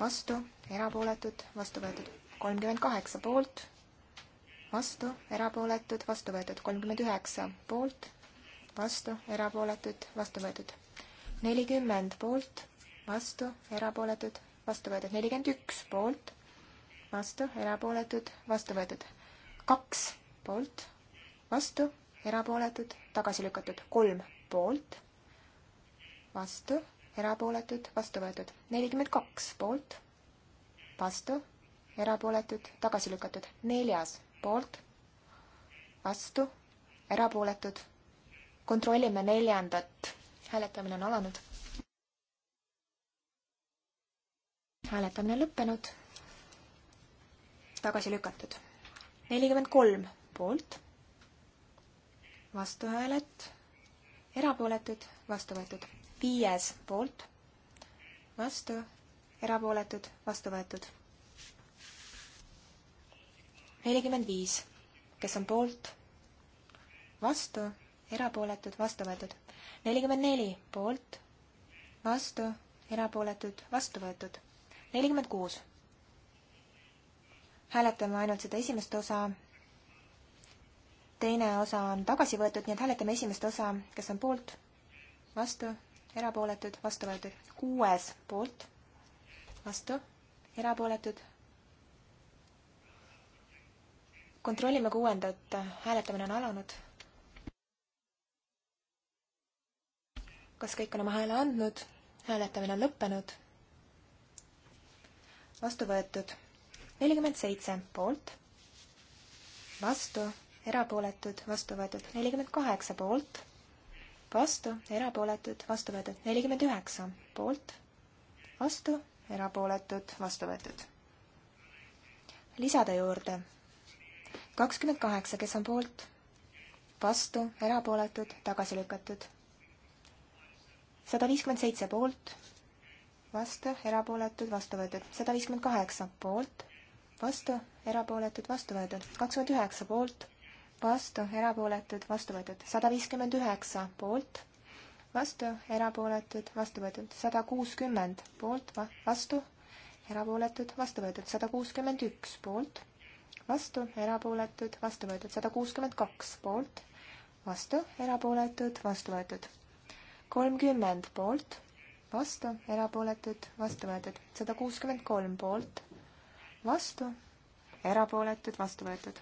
vastu, erapooletud, vastu võetud kolmkümmend kaheksa poolt, vastu, erapooletud, vastu võetud kolmkümmend üheksa poolt, vastu, erapooletud, vastu võetud nelikümmend poolt, vastu, erapooletud, vastu võetud nelikümmend üks poolt, vastu, erapooletud, vastu võetud kaks poolt, vastu, erapooletud, tagasi lükatud kolm poolt, vastu, erapooletud, vastu võetud. nelikümmend kaks poolt, vastu, erapooletud, tagasi lükatud. neljas poolt, vastu, erapooletud. kontrollime neljandat. hääletamine on alanud. hääletamine lõppenud. tagasi lükatud. nelikümmend kolm poolt, vastuhääled erapooletud, vastu võetud. viies poolt, vastu, erapooletud, vastu võetud. nelikümmend viis, kes on poolt, vastu, erapooletud, vastu võetud. nelikümmend neli poolt, vastu, erapooletud, vastu võetud. nelikümmend kuus hääletame ainult seda esimest osa teine osa on tagasi võetud, nii et hääletame esimest osa, kes on poolt, vastu, erapooletud, vastu võetud. kuues poolt, vastu, erapooletud. kontrollime kuuendat, hääletamine on alanud. kas kõik on oma hääle andnud? hääletamine on lõppenud vastu võetud nelikümmend seitse poolt, vastu, erapooletud, vastu võetud nelikümmend kaheksa poolt, vastu, erapooletud, vastu võetud nelikümmend üheksa poolt, vastu, erapooletud, vastu võetud. lisade juurde kakskümmend kaheksa, kes on poolt, vastu, erapooletud, tagasi lükatud. sada viiskümmend seitse poolt, vastu, erapooletud, vastu võetud, sada viiskümmend kaheksa poolt, vastu, erapooletud, vastu võetud, kakskümmend üheksa poolt vastu, erapooletud, vastu võetud. sada viiskümmend üheksa poolt, vastu, erapooletud, vastu võetud. sada kuuskümmend poolt, vastu, erapooletud, vastu võetud. sada kuuskümmend üks poolt, vastu, erapooletud, vastu võetud. sada kuuskümmend kaks poolt, vastu, erapooletud, vastu võetud. kolmkümmend poolt vastu, erapooletud, vastu võetud, sada kuuskümmend kolm poolt, vastu, erapooletud, vastu võetud,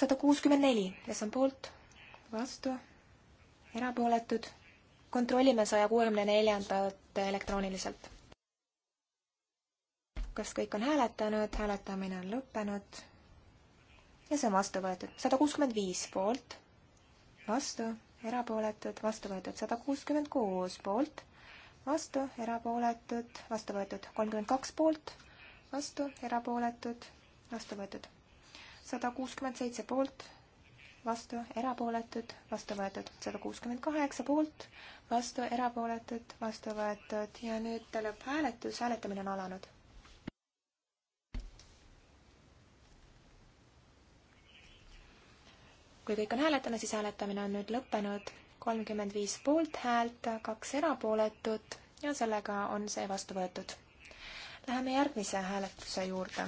sada kuuskümmend neli, kes on poolt, vastu, erapooletud. kontrollime saja kuuekümne neljandat elektrooniliselt. kas kõik on hääletanud, hääletamine on lõppenud ja see on vastu võetud. sada kuuskümmend viis poolt, vastu, erapooletud, vastu võetud. sada kuuskümmend kuus poolt, vastu, erapooletud, vastu võetud. kolmkümmend kaks poolt, vastu, erapooletud, vastu võetud sada kuuskümmend seitse poolt, vastu, erapooletud, vastu võetud, sada kuuskümmend kaheksa poolt, vastu, erapooletud, vastu võetud ja nüüd lõpphääletus, hääletamine on alanud. kui kõik on hääletanud, siis hääletamine on nüüd lõppenud, kolmkümmend viis poolthäält, kaks erapooletut ja sellega on see vastu võetud. Läheme järgmise hääletuse juurde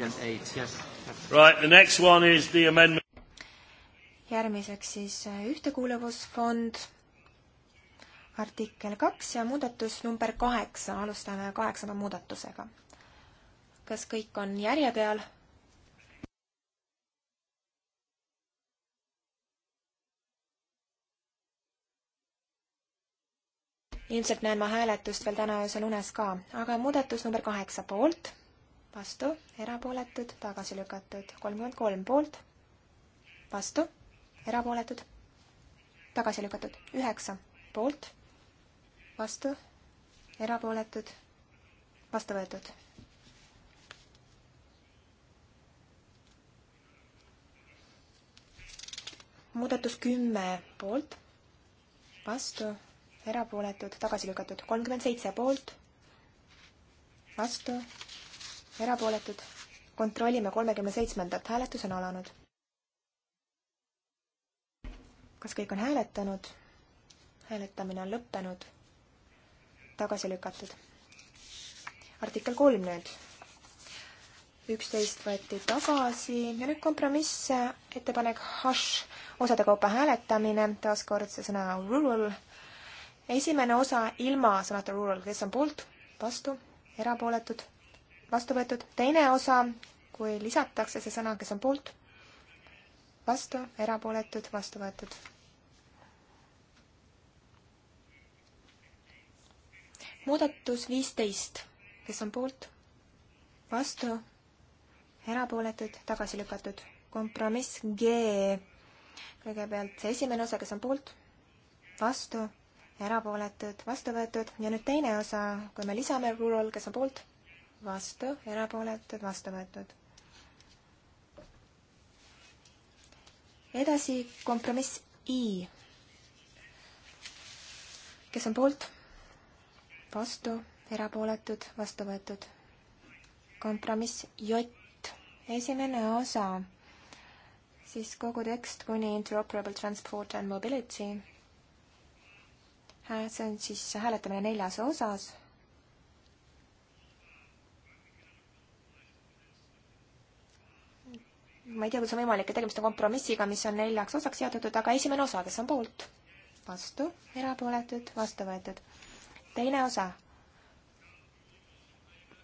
Right, the next one is the amendment. järgmiseks siis äh, ühtekuuluvusfond, artikkel kaks ja muudatus number kaheksa, alustame kaheksanda muudatusega. kas kõik on järje peal? ilmselt näen ma hääletust veel täna öösel unes ka, aga muudatus number kaheksa poolt vastu, erapooletud, tagasi lükatud, kolmkümmend kolm poolt, vastu, erapooletud, tagasi lükatud, üheksa poolt, vastu, erapooletud, vastu võetud. muudatus kümme poolt, vastu, erapooletud, tagasi lükatud, kolmkümmend seitse poolt, vastu, erapooletud. kontrollime kolmekümne seitsmendat, hääletus on alanud. kas kõik on hääletanud? hääletamine on lõppenud. tagasi lükatud. artikkel kolm nüüd. üksteist võeti tagasi ja nüüd kompromiss, ettepanek hash, osade kaupa hääletamine, taaskord see sõna rural. esimene osa ilma sõnata rural, kes on poolt, vastu, erapooletud vastu võetud. teine osa, kui lisatakse see sõna, kes on poolt, vastu, erapooletud, vastu võetud. muudatus viisteist, kes on poolt, vastu, erapooletud, tagasi lükatud. kompromiss G. kõigepealt see esimene osa, kes on poolt, vastu, erapooletud, vastu võetud ja nüüd teine osa, kui me lisame rural, kes on poolt vastu, erapooletud, vastu võetud. edasi kompromiss I. kes on poolt? vastu, erapooletud, vastu võetud. kompromiss J, esimene osa, siis kogu tekst kuni interoperable transport and mobility. see on siis hääletamine neljas osas ma ei tea, kuidas on võimalik, et tegemist on kompromissiga, mis on neljaks osaks jaotatud, aga esimene osa, kes on poolt? vastu, erapooletud, vastu võetud. teine osa.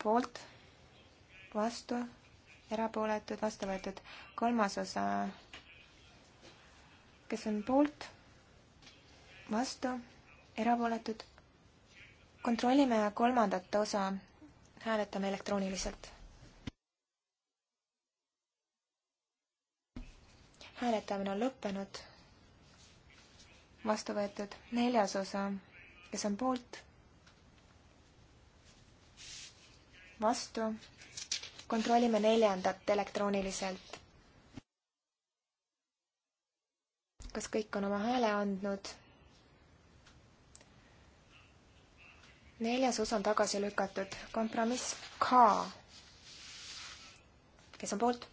poolt, vastu, erapooletud, vastu võetud. kolmas osa. kes on poolt? vastu, erapooletud. kontrollime kolmandat osa. hääletame elektrooniliselt hääletamine on lõppenud. vastu võetud neljas osa, kes on poolt? vastu. kontrollime neljandat elektrooniliselt. kas kõik on oma hääle andnud? neljas osa on tagasi lükatud. kompromiss K. kes on poolt?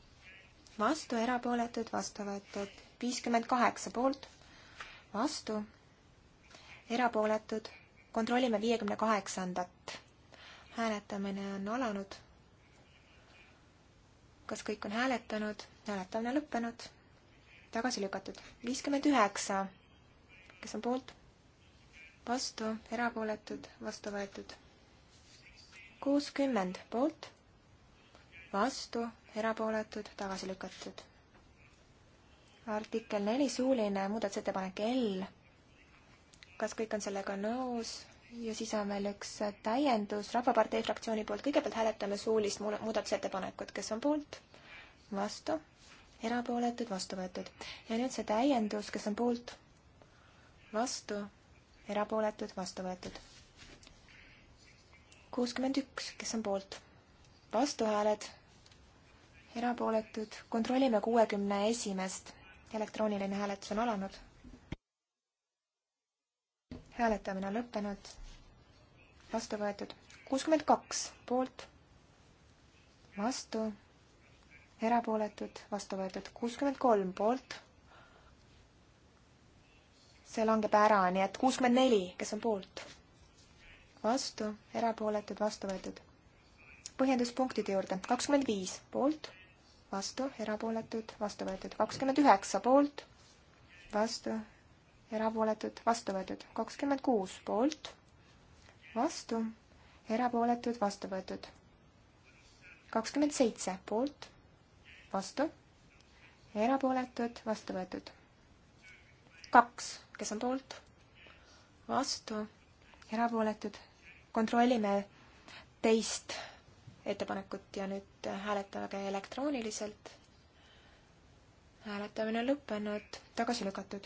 vastu, erapooletud, vastu võetud. viiskümmend kaheksa poolt, vastu, erapooletud. kontrollime viiekümne kaheksandat. hääletamine on alanud. kas kõik on hääletanud? hääletamine lõppenud. tagasi lükatud. viiskümmend üheksa. kes on poolt? vastu, erapooletud, vastu võetud. kuuskümmend poolt vastu, erapooletud, tagasi lükatud. artikkel neli, suuline muudatusettepanek L. kas kõik on sellega nõus? ja siis on veel üks täiendus Rahvapartei fraktsiooni poolt. kõigepealt hääletame suulist muudatusettepanekut, kes on poolt, vastu, erapooletud, vastu võetud. ja nüüd see täiendus, kes on poolt, vastu, erapooletud, vastu võetud. kuuskümmend üks, kes on poolt vastuhääled, erapooletud, kontrollime kuuekümne esimest. elektrooniline hääletus on alanud. hääletamine on lõppenud, vastu võetud kuuskümmend kaks poolt, vastu erapooletud, vastu võetud kuuskümmend kolm poolt. see langeb ära, nii et kuuskümmend neli, kes on poolt? vastu, erapooletud, vastu võetud põhjenduspunktide juurde. kakskümmend viis poolt, vastu, erapooletud, vastu võetud. kakskümmend üheksa poolt, vastu, erapooletud, vastu võetud. kakskümmend kuus poolt, vastu, erapooletud, vastu võetud. kakskümmend seitse poolt, vastu, erapooletud, vastu võetud. kaks, kes on poolt, vastu, erapooletud, kontrollime teist ettepanekut ja nüüd hääletage elektrooniliselt. hääletamine on lõppenud, tagasi lükatud.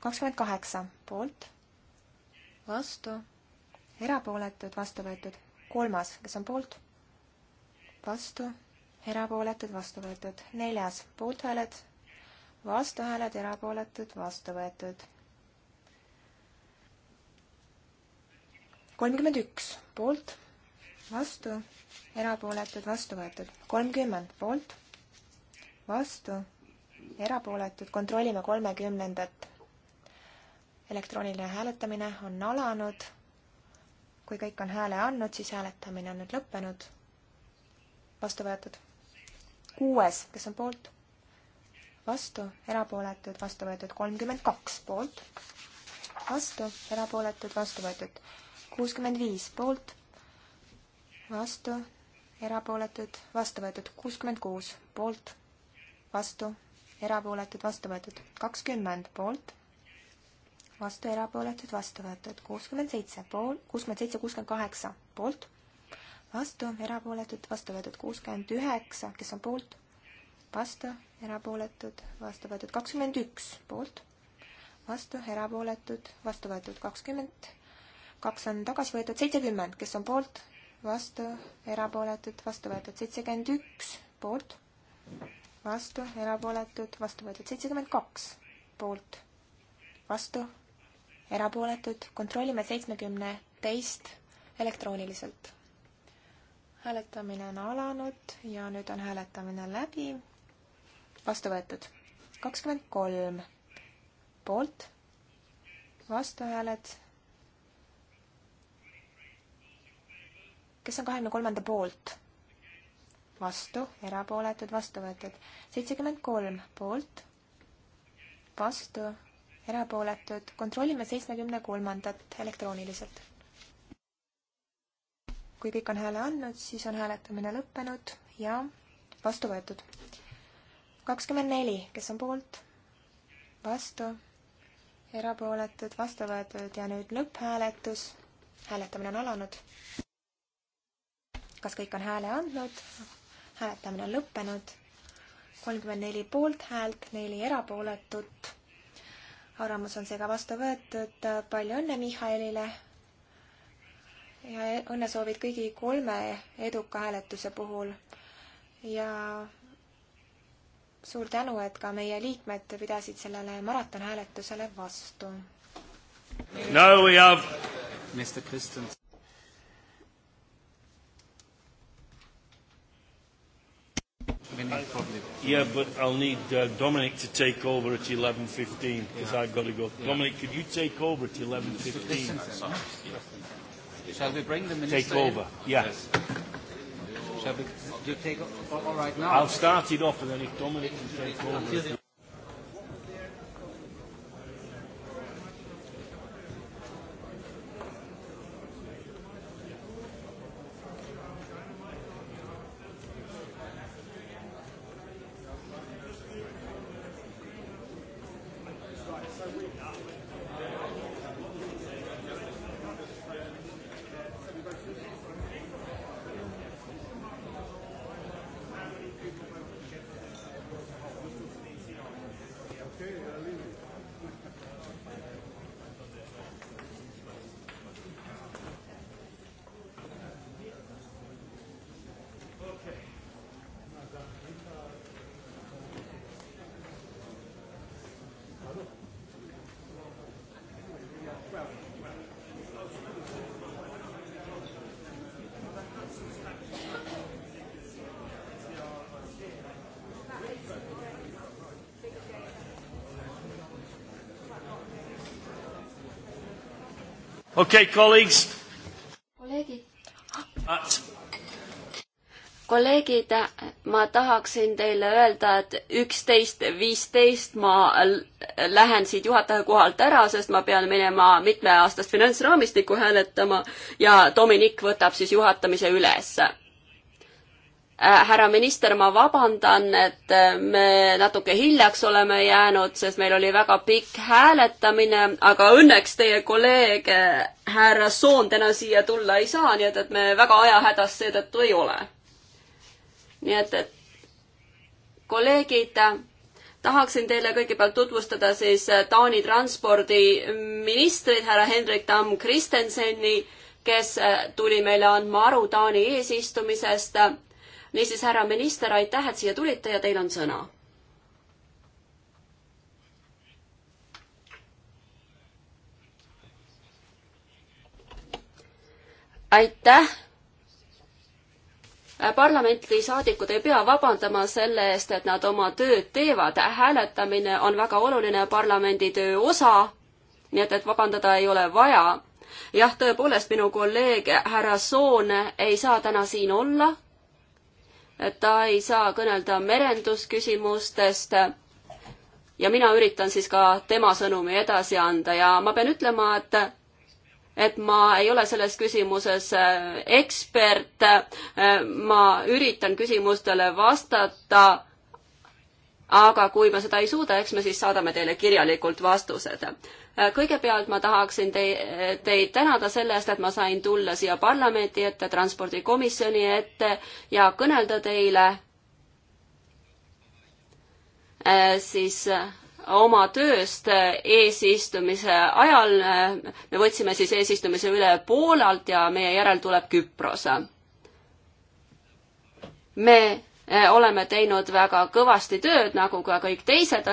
kakskümmend kaheksa poolt, vastu, erapooletud, vastu võetud. kolmas, kes on poolt? vastu, erapooletud, vastu võetud. neljas, poolthääled, vastuhääled, erapooletud, vastu võetud. kolmkümmend üks poolt vastu, erapooletud, vastu võetud. kolmkümmend poolt, vastu, erapooletud, kontrollime kolmekümnendat. elektrooniline hääletamine on alanud. kui kõik on hääle andnud, siis hääletamine on nüüd lõppenud. vastu võetud. kuues, kes on poolt? vastu, erapooletud, vastu võetud kolmkümmend kaks poolt, vastu, erapooletud, vastu võetud kuuskümmend viis poolt vastu, erapooletud, vastu võetud kuuskümmend kuus, poolt, vastu, erapooletud, vastu võetud kakskümmend, poolt, vastu, erapooletud, vastu võetud kuuskümmend seitse, pool, kuuskümmend seitse, kuuskümmend kaheksa, poolt, vastu, erapooletud, vastu võetud kuuskümmend üheksa, kes on poolt, vastu, erapooletud, vastu võetud kakskümmend üks, poolt, vastu, erapooletud, vastu võetud kakskümmend kaks on tagasi võetud seitsekümmend, kes on poolt, vastu, erapooletud, vastu võetud seitsekümmend üks poolt, vastu, erapooletud, vastu võetud seitsekümmend kaks poolt, vastu, erapooletud, kontrollime seitsmekümne teist elektrooniliselt. hääletamine on alanud ja nüüd on hääletamine läbi. vastu võetud kakskümmend kolm poolt, vastuhääled kes on kahekümne kolmanda poolt? vastu, erapooletud, vastu võetud. seitsekümmend kolm poolt, vastu, erapooletud. kontrollime seitsmekümne kolmandat elektrooniliselt. kui kõik on hääle andnud, siis on hääletamine lõppenud ja vastu võetud. kakskümmend neli, kes on poolt, vastu, erapooletud, vastu võetud ja nüüd lõpphääletus. hääletamine on alanud kas kõik on hääle andnud? hääletamine on lõppenud. kolmkümmend neli poolthäält, neli erapooletut. arvamus on seega vastu võetud. palju õnne Mihhailile ja õnnesoovid kõigi kolme eduka hääletuse puhul. ja suur tänu, et ka meie liikmed pidasid sellele maratonhääletusele vastu. Now we have Mr Kristjan. Yeah, but I'll need uh, Dominic to take over at 11.15 because yeah. I've got to go. Yeah. Dominic, could you take over at 11.15? Shall we bring the minister Take over, in? yeah. Yes. Shall we do you take over? All right, now. I'll start it off and then if Dominic can take over. okei okay,, kolleegid. kolleegid. kolleegid, ma tahaksin teile öelda, et üksteist viisteist ma lähen siit juhataja kohalt ära, sest ma pean minema mitmeaastast finantsraamistikku hääletama ja Dominik võtab siis juhatamise üles Äh, härra minister, ma vabandan, et äh, me natuke hiljaks oleme jäänud, sest meil oli väga pikk hääletamine, aga õnneks teie kolleeg äh, härra Soon täna siia tulla ei saa, nii et, et me väga ajahädas seetõttu ei ole. nii et, et kolleegid, tahaksin teile kõigepealt tutvustada siis Taani transpordiministrit, härra Hendrik Tamm Kristenseni, kes tuli meile andma aru Taani eesistumisest niisiis, härra minister, aitäh, et siia tulite ja teil on sõna. aitäh parlamenti saadikud ei pea vabandama selle eest, et nad oma tööd teevad. hääletamine on väga oluline parlamendi töö osa, nii et, et vabandada ei ole vaja. jah, tõepoolest, minu kolleeg härra Soon ei saa täna siin olla ta ei saa kõnelda merendusküsimustest ja mina üritan siis ka tema sõnumi edasi anda ja ma pean ütlema, et et ma ei ole selles küsimuses äh, ekspert, äh, ma üritan küsimustele vastata, aga kui ma seda ei suuda, eks me siis saadame teile kirjalikult vastused kõigepealt ma tahaksin te, teid tänada selle eest, et ma sain tulla siia parlamendi ette, transpordikomisjoni ette ja kõnelda teile äh, siis äh, oma tööst äh, eesistumise ajal. me võtsime siis eesistumise üle Poolalt ja meie järel tuleb Küpros. me oleme teinud väga kõvasti tööd, nagu ka kõik teised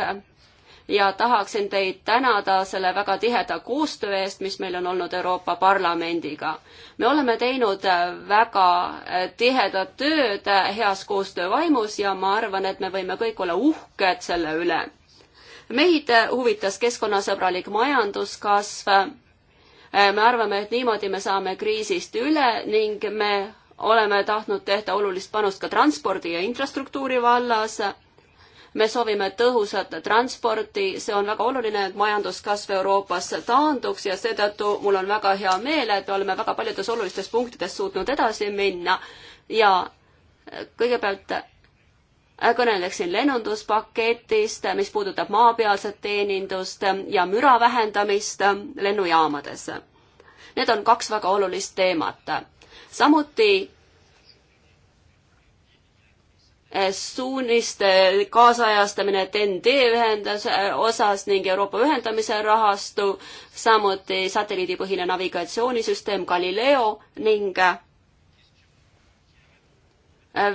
ja tahaksin teid tänada selle väga tiheda koostöö eest, mis meil on olnud Euroopa Parlamendiga. me oleme teinud äh, väga äh, tihedat tööd äh, heas koostöövaimus ja ma arvan, et me võime kõik olla uhked selle üle. meid huvitas keskkonnasõbralik majanduskasv. me arvame, et niimoodi me saame kriisist üle ning me oleme tahtnud teha olulist panust ka transpordi ja infrastruktuuri vallas me soovime tõhusat transporti, see on väga oluline, et majanduskasv Euroopas taanduks ja seetõttu mul on väga hea meel, et me oleme väga paljudes olulistes punktides suutnud edasi minna ja kõigepealt äh, kõneleksin lennunduspaketist, mis puudutab maapealset teenindust ja müra vähendamist lennujaamades. Need on kaks väga olulist teemat. samuti suuniste kaasajastamine TEN-T ühenduse osas ning Euroopa ühendamise rahastu, samuti satelliidipõhine navigatsioonisüsteem Galileo ning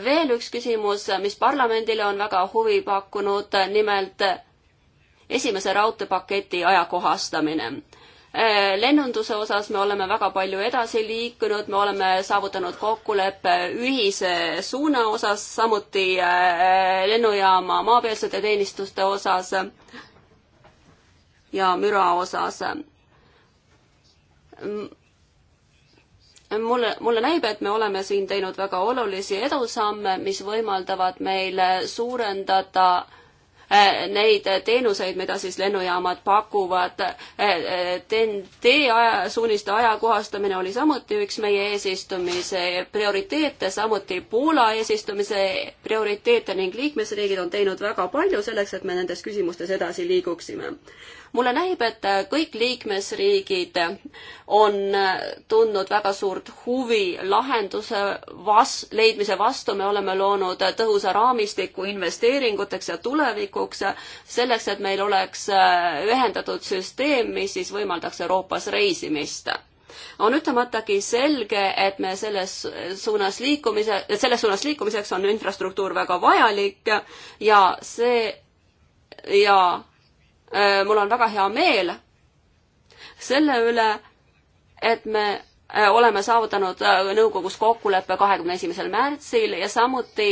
veel üks küsimus, mis parlamendile on väga huvi pakkunud, nimelt esimese raudteepaketi ajakohastamine Äh, lennunduse osas me oleme väga palju edasi liikunud, me oleme saavutanud kokkuleppe ühise suuna osas, samuti äh, lennujaama maapealsete teenistuste osas ja müra osas. mulle, mulle näib, et me oleme siin teinud väga olulisi edusamme, mis võimaldavad meil suurendada Äh, neid teenuseid, mida siis lennujaamad pakuvad. TNT äh, äh, aja, suuniste ajakohastamine oli samuti üks meie eesistumise prioriteete, samuti Poola eesistumise prioriteete ning liikmesriigid on teinud väga palju selleks, et me nendes küsimustes edasi liiguksime mulle näib, et kõik liikmesriigid on tundnud väga suurt huvi lahenduse vas-, leidmise vastu, me oleme loonud tõhusa raamistiku investeeringuteks ja tulevikuks, selleks, et meil oleks ühendatud süsteem, mis siis võimaldaks Euroopas reisimist on ütlematagi selge, et me selles suunas liikumise, selles suunas liikumiseks on infrastruktuur väga vajalik ja see ja Äh, mul on väga hea meel selle üle, et me äh, oleme saavutanud äh, nõukogus kokkuleppe kahekümne esimesel märtsil ja samuti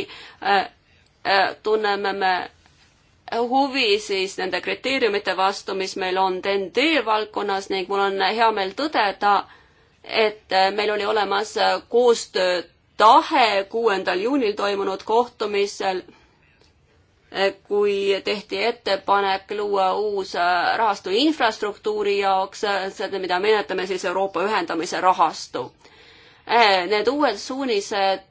tunneme me huvi siis nende kriteeriumite vastu, mis meil on TNT valdkonnas ning mul on hea meel tõdeda, et meil oli olemas koostöötahe kuuendal juunil toimunud kohtumisel kui tehti ettepanek luua uus rahastu infrastruktuuri jaoks, seda, mida meenutame siis Euroopa ühendamise rahastu. Need uued suunised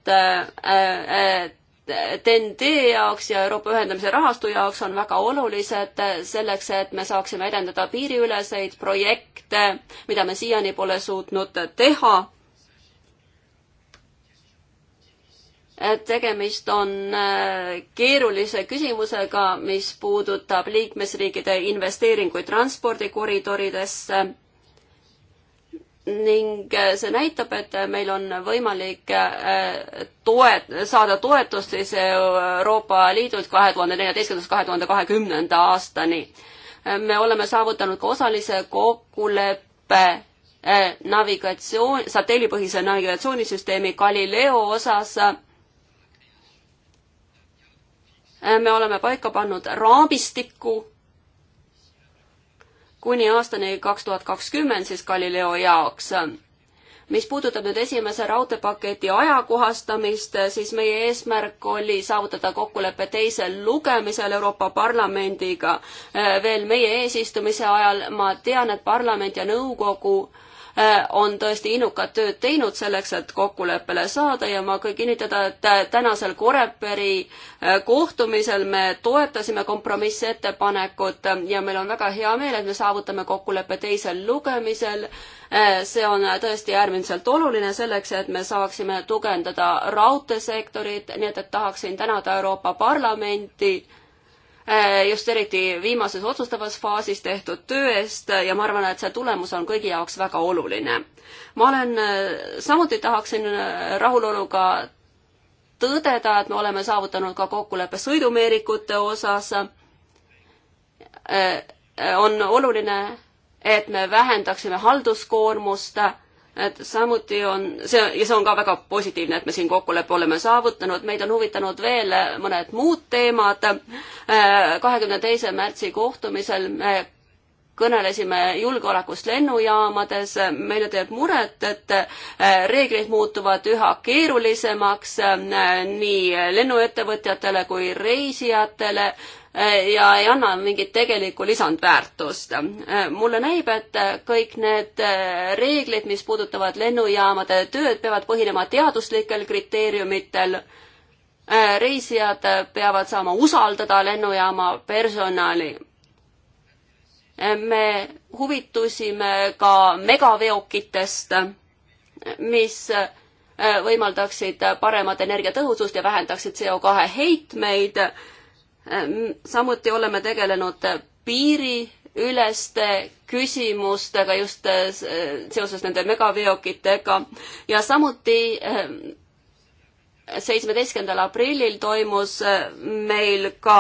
TNT jaoks ja Euroopa ühendamise rahastu jaoks on väga olulised selleks, et me saaksime edendada piiriüleseid projekte, mida me siiani pole suutnud teha tegemist on äh, keerulise küsimusega, mis puudutab liikmesriikide investeeringuid transpordikoridoridesse ning äh, see näitab, et meil on võimalik äh, toet-, saada toetust siis Euroopa Liidult kahe tuhande neljateistkümnendast kahe tuhande kahekümnenda aastani. me oleme saavutanud ka osalise kokkuleppe navigatsioon, satelliipõhise navigatsioonisüsteemi Galileo osas Äh, me oleme paika pannud raamistiku kuni aastani kaks tuhat kakskümmend siis Galileo jaoks. mis puudutab nüüd esimese raudteepaketi ajakohastamist, siis meie eesmärk oli saavutada kokkulepe teisel lugemisel Euroopa Parlamendiga äh, veel meie eesistumise ajal. ma tean, et parlament ja nõukogu äh, Äh, on tõesti innukat tööd teinud selleks, et kokkuleppele saada ja ma võin kinnitada, et äh, tänasel Coreperi äh, kohtumisel me toetasime kompromissettepanekut ja meil on väga hea meel, et me saavutame kokkuleppe teisel lugemisel. see on tõesti äärmiselt oluline selleks, et me saaksime tugevdada raudteesektorit, nii et, et tahaksin tänada Euroopa Parlamenti Äh, just eriti viimases otsustavas faasis tehtud töö eest ja ma arvan, et see tulemus on kõigi jaoks väga oluline. ma olen, äh, samuti tahaksin äh, rahuloluga tõdeda, et me oleme saavutanud ka kokkuleppe sõidumeerikute osas. on oluline, et me vähendaksime halduskoormust et samuti on see ja see on ka väga positiivne, et me siin kokkuleppe oleme saavutanud, meid on huvitanud veel mõned muud teemad. Äh, kahekümne teise märtsi kohtumisel me kõnelesime julgeolekust lennujaamades, meile teeb muret, et äh, reeglid muutuvad üha keerulisemaks äh, nii lennuettevõtjatele kui reisijatele. Eh, ja ei anna mingit tegelikku lisandväärtust. Eh, mulle näib, et eh, kõik need reeglid, mis puudutavad lennujaamade tööd, peavad põhinema teaduslikel kriteeriumitel. reisijad peavad saama usaldada lennujaama personali. me huvitusime ka megaveokitest, mis võimaldaksid paremat energiatõhusust ja vähendaksid CO2 heitmeid Ehm, samuti oleme tegelenud piiriüleste küsimustega just eh, eh, seoses nende megaveokitega ja samuti ehm, seitsmeteistkümnendal aprillil toimus eh, meil ka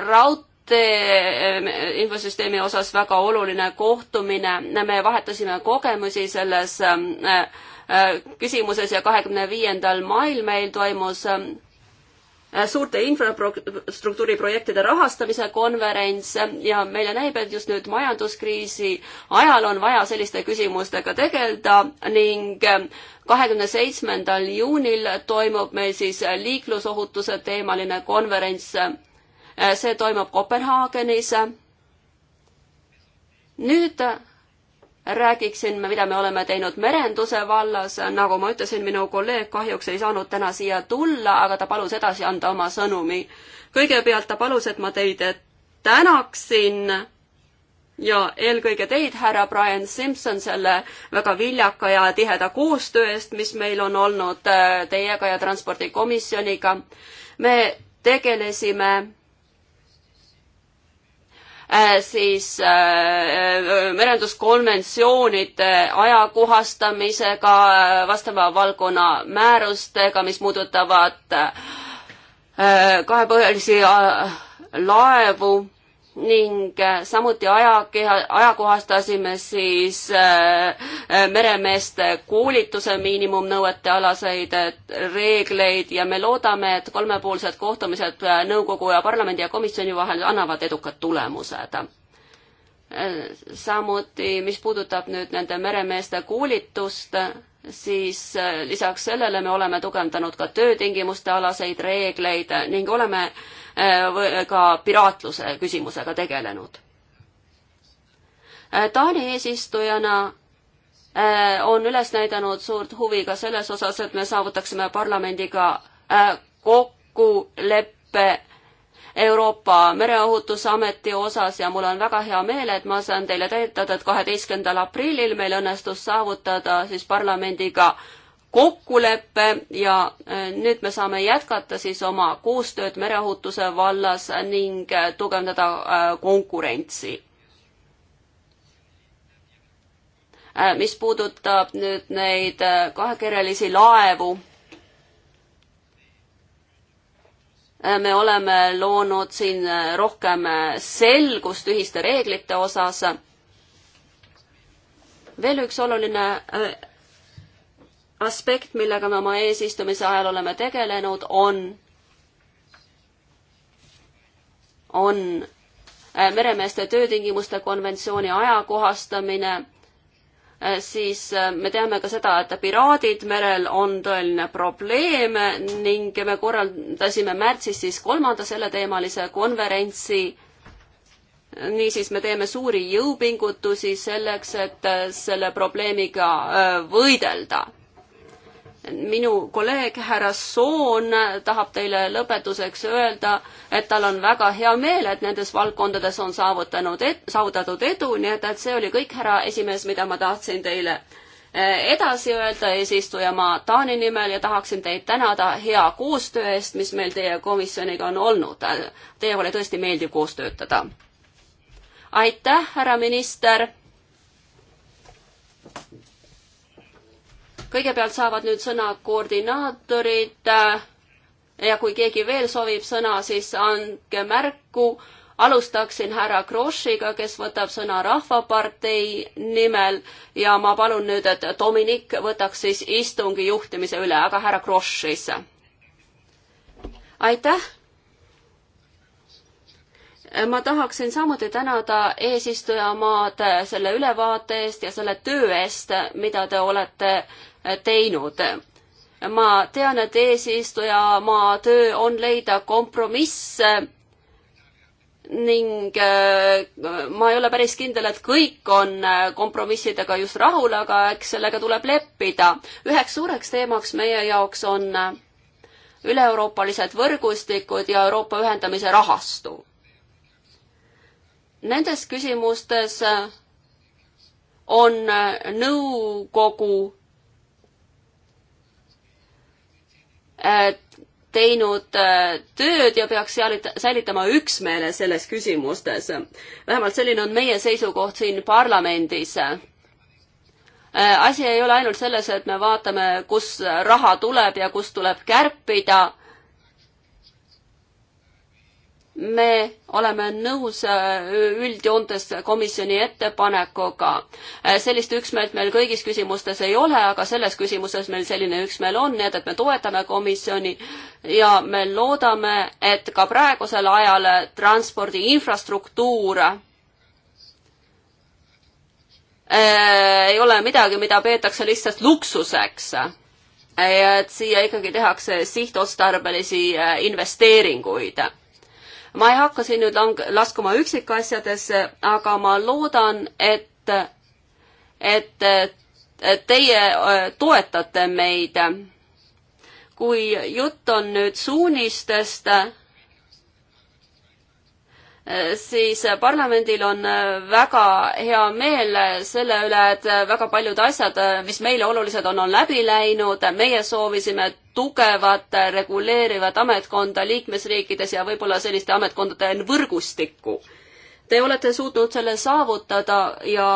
raud-, ehm, infosüsteemi osas väga oluline kohtumine, me vahetasime kogemusi selles küsimuses ja kahekümne viiendal mail meil toimus Äh, suurte infrastruktuuriprojektide rahastamise konverents ja meile näib, et just nüüd majanduskriisi ajal on vaja selliste küsimustega tegeleda ning äh, kahekümne seitsmendal juunil toimub meil siis liiklusohutuse teemaline konverents. Äh, see toimub Kopenhaagenis. nüüd räägiksin, mida me oleme teinud merenduse vallas, nagu ma ütlesin, minu kolleeg kahjuks ei saanud täna siia tulla, aga ta palus edasi anda oma sõnumi. kõigepealt ta palus, et ma teid tänaksin ja eelkõige teid, härra Brian Simson, selle väga viljaka ja tiheda koostöö eest, mis meil on olnud äh, teiega ja transpordikomisjoniga. me tegelesime Äh, siis äh, äh, merenduskonventsioonide ajakohastamisega, vastava valdkonna määrustega, mis puudutavad kahepõhjalisi laevu ning äh, samuti ajakeha, ajakohastasime siis äh, äh, meremeeste koolituse miinimumnõuete alaseid reegleid ja me loodame, et kolmepoolsed kohtumised nõukogu ja parlamendi ja komisjoni vahel annavad edukad tulemused samuti, mis puudutab nüüd nende meremeeste koolitust, siis äh, lisaks sellele me oleme tugevdanud ka töötingimuste alaseid reegleid ning oleme äh, ka piraatluse küsimusega tegelenud. Äh, Taani eesistujana on üles näidanud suurt huvi ka selles osas, et me saavutaksime parlamendiga kokkuleppe Euroopa Mereohutusameti osas ja mul on väga hea meel, et ma saan teile teatada, et kaheteistkümnendal aprillil meil õnnestus saavutada siis parlamendiga kokkulepe ja äh, nüüd me saame jätkata siis oma koostööd mereohutuse vallas ning äh, tugevdada äh, konkurentsi. mis puudutab nüüd neid kahekirjalisi laevu me oleme loonud siin äh, rohkem äh, selgust ühiste reeglite osas. veel üks oluline äh, aspekt, millega me oma eesistumise ajal oleme tegelenud, on, on meremeeste töötingimuste konventsiooni ajakohastamine Äh, siis äh, me teame ka seda, et piraadid merel on tõeline probleem ning me korraldasime märtsis siis kolmanda selleteemalise konverentsi. niisiis me teeme suuri jõupingutusi selleks, et äh, selle probleemiga võidelda minu kolleeg härra Soon tahab teile lõpetuseks öelda, et tal on väga hea meel, et nendes valdkondades on saavutanud, saavutatud edu, nii et, et see oli kõik, härra esimees, mida ma tahtsin teile eh, edasi öelda eesistuja maa Taani nimel ja tahaksin teid tänada hea koostöö eest, mis meil teie komisjoniga on olnud. Teiega oli tõesti meeldiv koos töötada. aitäh, härra minister! kõigepealt saavad nüüd sõna koordinaatorid äh, ja kui keegi veel soovib sõna, siis andke märku. alustaksin härra Krossiga, kes võtab sõna Rahvapartei nimel ja ma palun nüüd, et Dominik võtaks siis istungi juhtimise üle, aga härra Kross siis. aitäh ma tahaksin samuti tänada eesistujamaad selle ülevaate eest ja selle töö eest, mida te olete teinud. ma tean, et eesistuja maa töö on leida kompromiss ning äh, ma ei ole päris kindel, et kõik on äh, kompromissidega just rahul, aga eks sellega tuleb leppida. üheks suureks teemaks meie jaoks on äh, üle-euroopalised võrgustikud ja Euroopa ühendamise rahastu. Nendes küsimustes on nõukogu Äh, teinud äh, tööd ja peaks säilitama üksmeele selles küsimustes. vähemalt selline on meie seisukoht siin parlamendis. Äh, asi ei ole ainult selles, et me vaatame, kus raha tuleb ja kust tuleb kärpida me oleme nõus äh, üldjoontes komisjoni ettepanekuga. Äh, sellist üksmeelt meil kõigis küsimustes ei ole, aga selles küsimuses meil selline üksmeel on, nii et, et me toetame komisjoni ja me loodame, et ka praegusel ajal transpordi infrastruktuur äh, ei ole midagi, mida peetakse lihtsalt luksuseks. et siia ikkagi tehakse sihtotstarbelisi investeeringuid ma ei hakka siin nüüd lang-, laskuma üksikasjadesse, aga ma loodan, et, et, et teie äh, toetate meid. kui jutt on nüüd suunistest, äh, siis parlamendil on äh, väga hea meel selle üle, et väga paljud asjad, mis meile olulised on, on läbi läinud. meie soovisime tugevat äh, reguleerivat ametkonda liikmesriikides ja võib-olla selliste ametkondade võrgustikku. Te olete suutnud selle saavutada ja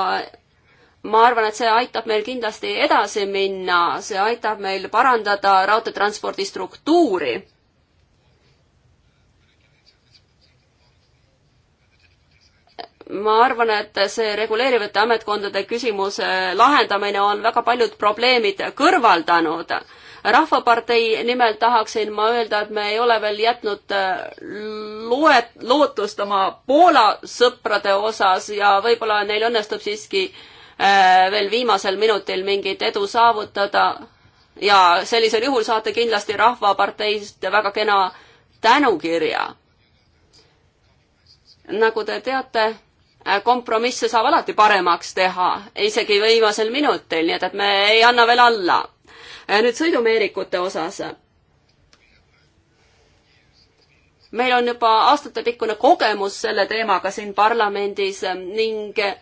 ma arvan, et see aitab meil kindlasti edasi minna, see aitab meil parandada raudteetranspordi struktuuri ma arvan, et see reguleerivate ametkondade küsimuse lahendamine on väga paljud probleemid kõrvaldanud rahvapartei nimel tahaksin ma öelda, et me ei ole veel jätnud äh, loet-, lootust oma Poola sõprade osas ja võib-olla neil õnnestub siiski äh, veel viimasel minutil mingit edu saavutada. ja sellisel juhul saate kindlasti Rahvaparteist väga kena tänukirja. nagu te teate, äh, kompromisse saab alati paremaks teha, isegi viimasel minutil, nii et, et me ei anna veel alla Äh, nüüd sõidumeerikute osas. meil on juba aastatepikkune kogemus selle teemaga siin parlamendis äh, ning äh,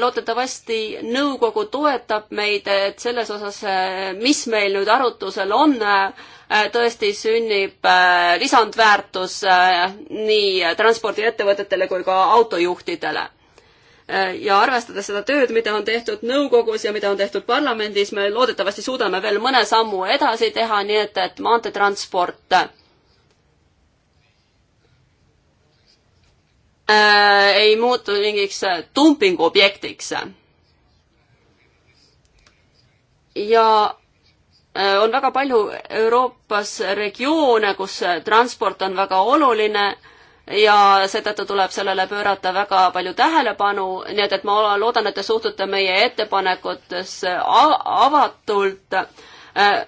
loodetavasti nõukogu toetab meid, et selles osas, mis meil nüüd arutusel on, tõesti sünnib lisandväärtus nii transpordiettevõtetele kui ka autojuhtidele Äh, ja arvestades seda tööd, mida on tehtud nõukogus ja mida on tehtud parlamendis, me loodetavasti suudame veel mõne sammu edasi teha, nii et, et maanteetransport äh, ei muutu mingiks dumpinguobjektiks. ja äh, on väga palju Euroopas regioone, kus transport on väga oluline ja seetõttu tuleb sellele pöörata väga palju tähelepanu, nii et, et ma loodan, et te suhtute meie ettepanekutesse avatult. Avatult. Äh,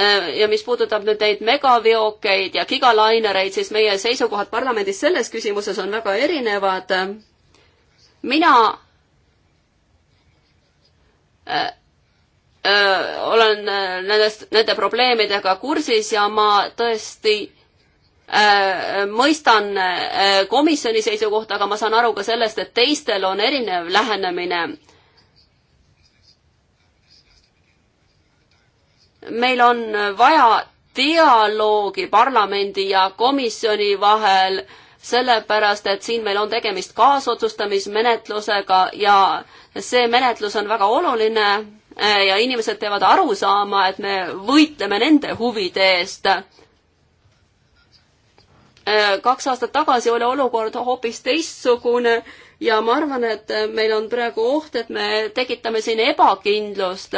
äh, ja mis puudutab nüüd neid megaveokeid ja gigalainereid, siis meie seisukohad parlamendis selles küsimuses on väga erinevad. mina öö, äh, olen nendest, nende probleemidega kursis ja ma tõesti Äh, mõistan äh, komisjoni seisukohta, aga ma saan aru ka sellest, et teistel on erinev lähenemine. meil on vaja dialoogi parlamendi ja komisjoni vahel, sellepärast et siin meil on tegemist kaasotsustamismenetlusega ja see menetlus on väga oluline äh, ja inimesed peavad aru saama, et me võitleme nende huvide eest Äh, kaks aastat tagasi oli olukord hoopis teistsugune ja ma arvan, et meil on praegu oht, et me tekitame siin ebakindlust.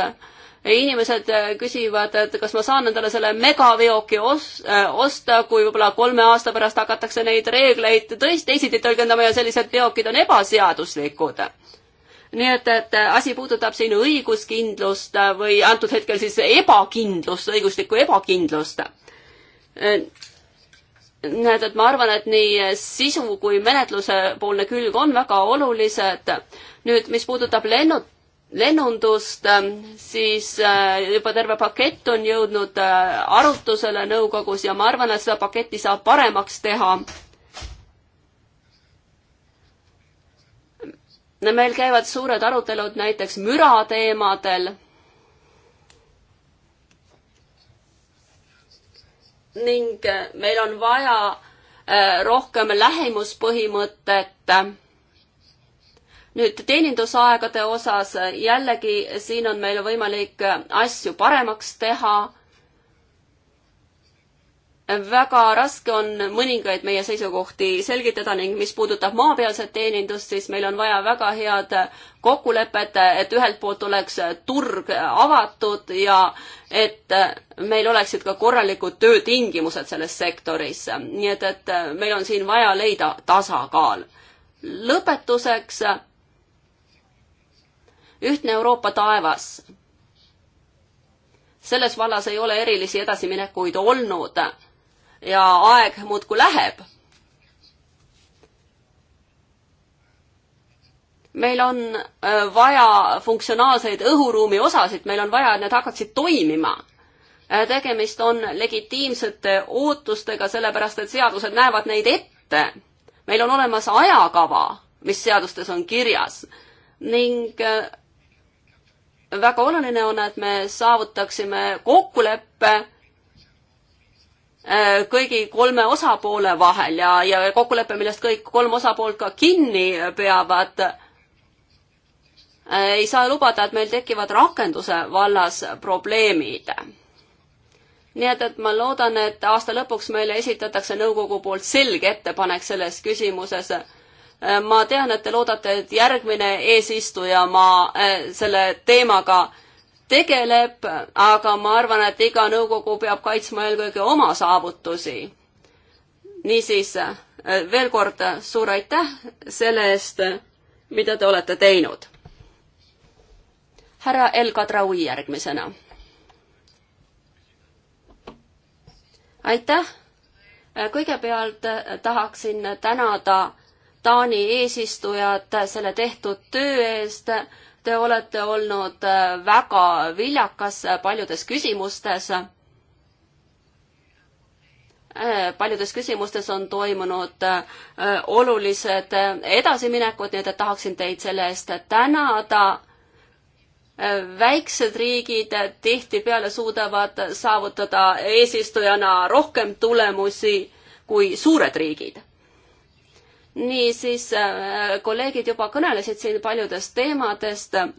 inimesed äh, küsivad, et kas ma saan endale selle megaveoki os-, äh, osta, kui võib-olla kolme aasta pärast hakatakse neid reegleid tõesti teisiti tõlgendama ja sellised veokid on ebaseaduslikud nii et, et asi puudutab siin õiguskindlust või antud hetkel siis ebakindlust, õiguslikku ebakindlust näed, et ma arvan, et nii sisu kui menetluse poolne külg on väga olulised. nüüd, mis puudutab lennud, lennundust, ähm, siis äh, juba terve pakett on jõudnud äh, arutusele nõukogus ja ma arvan, et seda paketti saab paremaks teha. meil käivad suured arutelud näiteks müra teemadel ning äh, meil on vaja äh, rohkem lähimuspõhimõtet. nüüd teenindusaegade osas äh, jällegi siin on meil võimalik asju paremaks teha. väga raske on mõningaid meie seisukohti selgitada ning mis puudutab maapealset teenindust, siis meil on vaja väga head kokkulepet, et ühelt poolt oleks turg avatud ja et meil oleksid ka korralikud töötingimused selles sektoris. nii et, et meil on siin vaja leida tasakaal. lõpetuseks ühtne Euroopa taevas. selles vallas ei ole erilisi edasiminekuid olnud ja aeg muudkui läheb meil on äh, vaja funktsionaalseid õhuruumi osasid, meil on vaja, et need hakkaksid toimima. Äh, tegemist on legitiimsete ootustega, sellepärast et seadused näevad neid ette. meil on olemas ajakava, mis seadustes on kirjas ning äh, väga oluline on, et me saavutaksime kokkuleppe kõigi kolme osapoole vahel ja, ja kokkulepe, millest kõik kolm osapoolt ka kinni peavad Äh, ei saa lubada, et meil tekivad rakenduse vallas probleemid. nii et, et ma loodan, et aasta lõpuks meile esitatakse nõukogu poolt selge ettepanek selles küsimuses. Äh, ma tean, et te loodate, et järgmine eesistuja ma äh, selle teemaga tegeleb, aga ma arvan, et iga nõukogu peab kaitsma eelkõige oma saavutusi. niisiis veel kord suur aitäh selle eest, mida te olete teinud härra El Kadraui järgmisena. aitäh! kõigepealt eh, tahaksin tänada Taani eesistujat selle tehtud töö eest. Te olete olnud eh, väga viljakas paljudes küsimustes. Eh, paljudes küsimustes on toimunud olulised edasiminekud, nii et tahaksin teid selle eest tänada väiksed riigid tihtipeale suudavad saavutada eesistujana rohkem tulemusi kui suured riigid. niisiis, äh, kolleegid juba kõnelesid siin paljudest teemadest. Äh,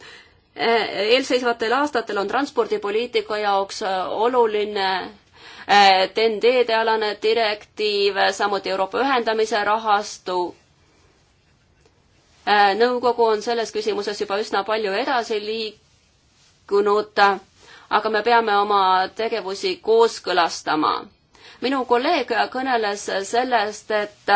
eelseisvatel aastatel on transpordipoliitika jaoks äh, oluline TEN-teede alane direktiiv, samuti Euroopa ühendamise rahastu nõukogu on selles küsimuses juba üsna palju edasi liik-, liikunud, aga me peame oma tegevusi kooskõlastama. minu kolleeg kõneles sellest, et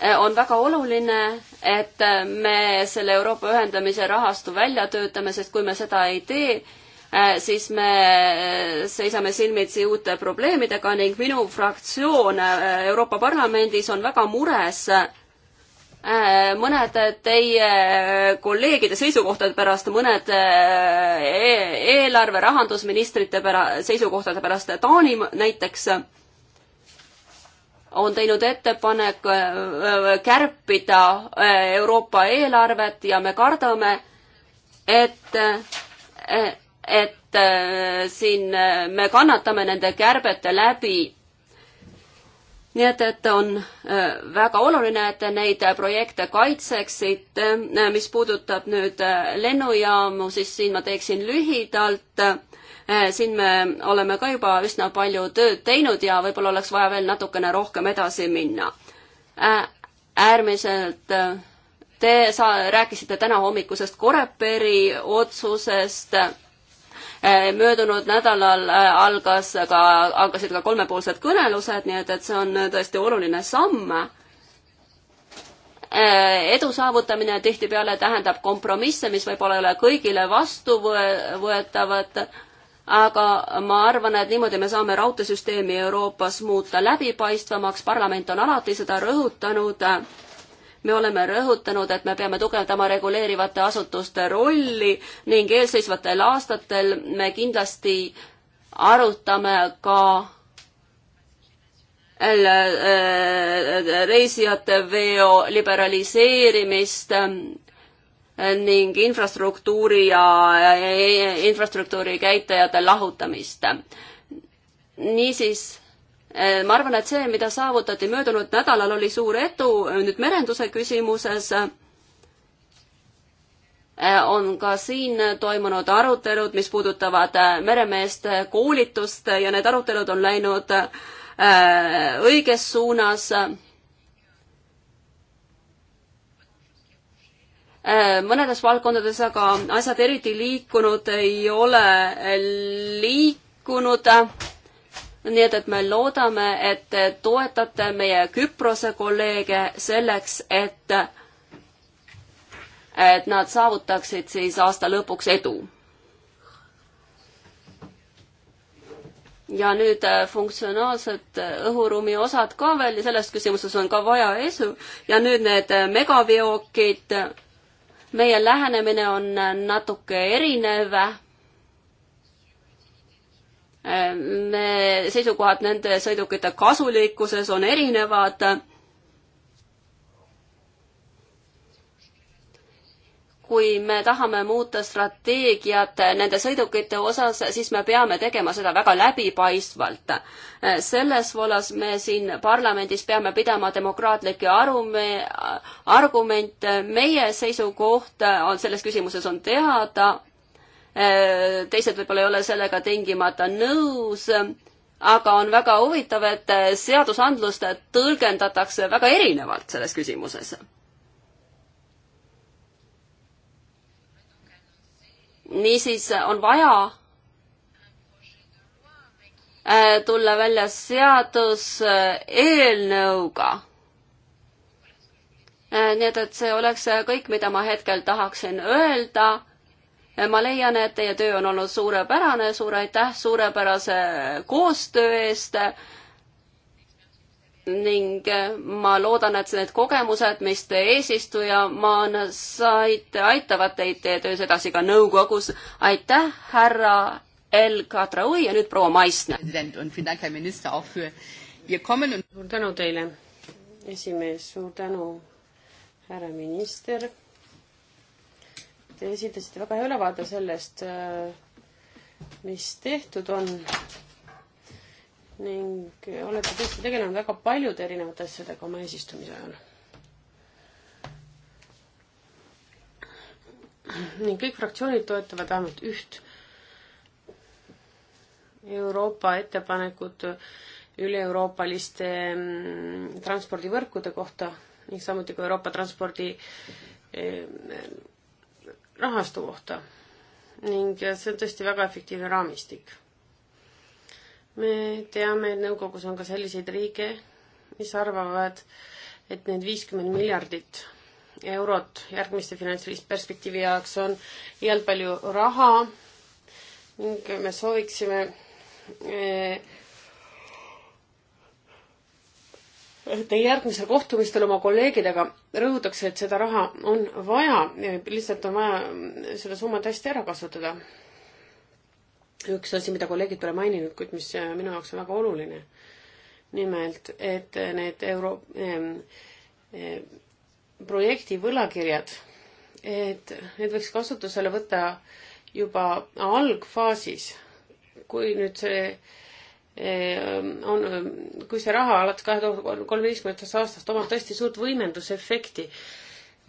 eh, on väga oluline, et me selle Euroopa ühendamise rahastu välja töötame, sest kui me seda ei tee, eh, siis me eh, seisame silmitsi uute probleemidega ning minu fraktsioon Euroopa Parlamendis on väga mures Äh, mõned teie äh, kolleegide seisukohtade pärast, mõned äh, e-, eelarve rahandusministrite pära-, seisukohtade pärast, Taani näiteks on teinud ettepanek kärpida Euroopa eelarvet ja me kardame, et, et siin me kannatame nende kärbete läbi nii et, et on äh, väga oluline, et neid projekte kaitseksite. Äh, mis puudutab nüüd äh, lennujaamu, siis siin ma teeksin lühidalt. siin me oleme ka juba üsna palju tööd teinud ja võib-olla oleks vaja veel natukene rohkem edasi minna. äärmiselt Te sa-, rääkisite täna hommikusest Coreperi otsusest Äh, möödunud nädalal äh, algas ka, algasid ka kolmepoolsed kõnelused, nii et, et see on äh, tõesti oluline samm. edu saavutamine tihtipeale tähendab kompromisse, mis võib-olla ei ole kõigile vastuvõetavad, aga ma arvan, et niimoodi me saame raudteesüsteemi Euroopas muuta läbipaistvamaks, parlament on alati seda rõhutanud me oleme rõhutanud, et me peame tugevdama reguleerivate asutuste rolli ning eelseisvatel aastatel me kindlasti arutame ka äh, äh, reisijate veo liberaliseerimist äh, ning infrastruktuuri ja infrastruktuuri käitajate lahutamist. niisiis Äh, ma arvan, et see, mida saavutati möödunud nädalal, oli suur edu nüüd merenduse küsimuses äh, on ka siin toimunud arutelud, mis puudutavad äh, meremeeste koolitust ja need arutelud on läinud õiges suunas. mõnedes valdkondades aga asjad eriti liikunud ei ole liikunud nii et, et me loodame, et te toetate meie Küprose kolleege selleks, et, et nad saavutaksid siis aasta lõpuks edu. ja nüüd äh, funktsionaalsed äh, õhuruumi osad ka veel ja selles küsimuses on ka vaja esu ja nüüd need äh, megaveokid, meie lähenemine on natuke erinev me, seisukohad nende sõidukite kasulikkuses on erinevad. kui me tahame muuta strateegiat nende sõidukite osas, siis me peame tegema seda väga läbipaistvalt. selles vallas me siin parlamendis peame pidama demokraatlikke arume-, argumente, meie seisukoht on selles küsimuses on teada Äh, teised võib-olla ei ole sellega tingimata nõus, aga on väga huvitav, et äh, seadusandlust tõlgendatakse väga erinevalt selles küsimuses. niisiis on vaja äh, tulla välja seaduseelnõuga. nii et, et see oleks kõik, mida ma hetkel tahaksin öelda ma leian, et teie töö on olnud suurepärane, suur aitäh suurepärase koostöö eest ning eh, ma loodan, et need kogemused, mis te eesistujamaana saite, aitavad teid teie töös edasi ka nõukogus. aitäh, härra El Kadraoui ja nüüd proua Maisna. suur tänu teile, esimees, suur tänu, härra minister Te esitasite väga hea ülevaade sellest, äh, mis tehtud on ning olete tõesti tegelenud väga paljude erinevate asjadega oma eesistumise ajal. ning kõik fraktsioonid toetavad vähemalt üht Euroopa ettepanekut üle-euroopaliste mm, transpordivõrkude kohta ning samuti ka Euroopa transpordi mm, rahastu kohta ning see on tõesti väga efektiivne raamistik. me teame, et nõukogus on ka selliseid riike, mis arvavad, et need viiskümmend miljardit eurot järgmiste finantsperspektiivi jaoks on liialt palju raha ning me sooviksime eh, teie järgmisel kohtumistel oma kolleegidega rõhutakse, et seda raha on vaja, lihtsalt on vaja seda summat hästi ära kasutada. üks asi, mida kolleegid pole maininud, kuid mis äh, minu jaoks on väga oluline. nimelt, et need euro- eh,, projekti võlakirjad, et need võiks kasutusele võtta juba algfaasis, kui nüüd see eh, Ehm, on, ehm, kui see raha alates kahe tuhande kolmeteistkümnendast aastast omab tõesti suurt võimendusefekti,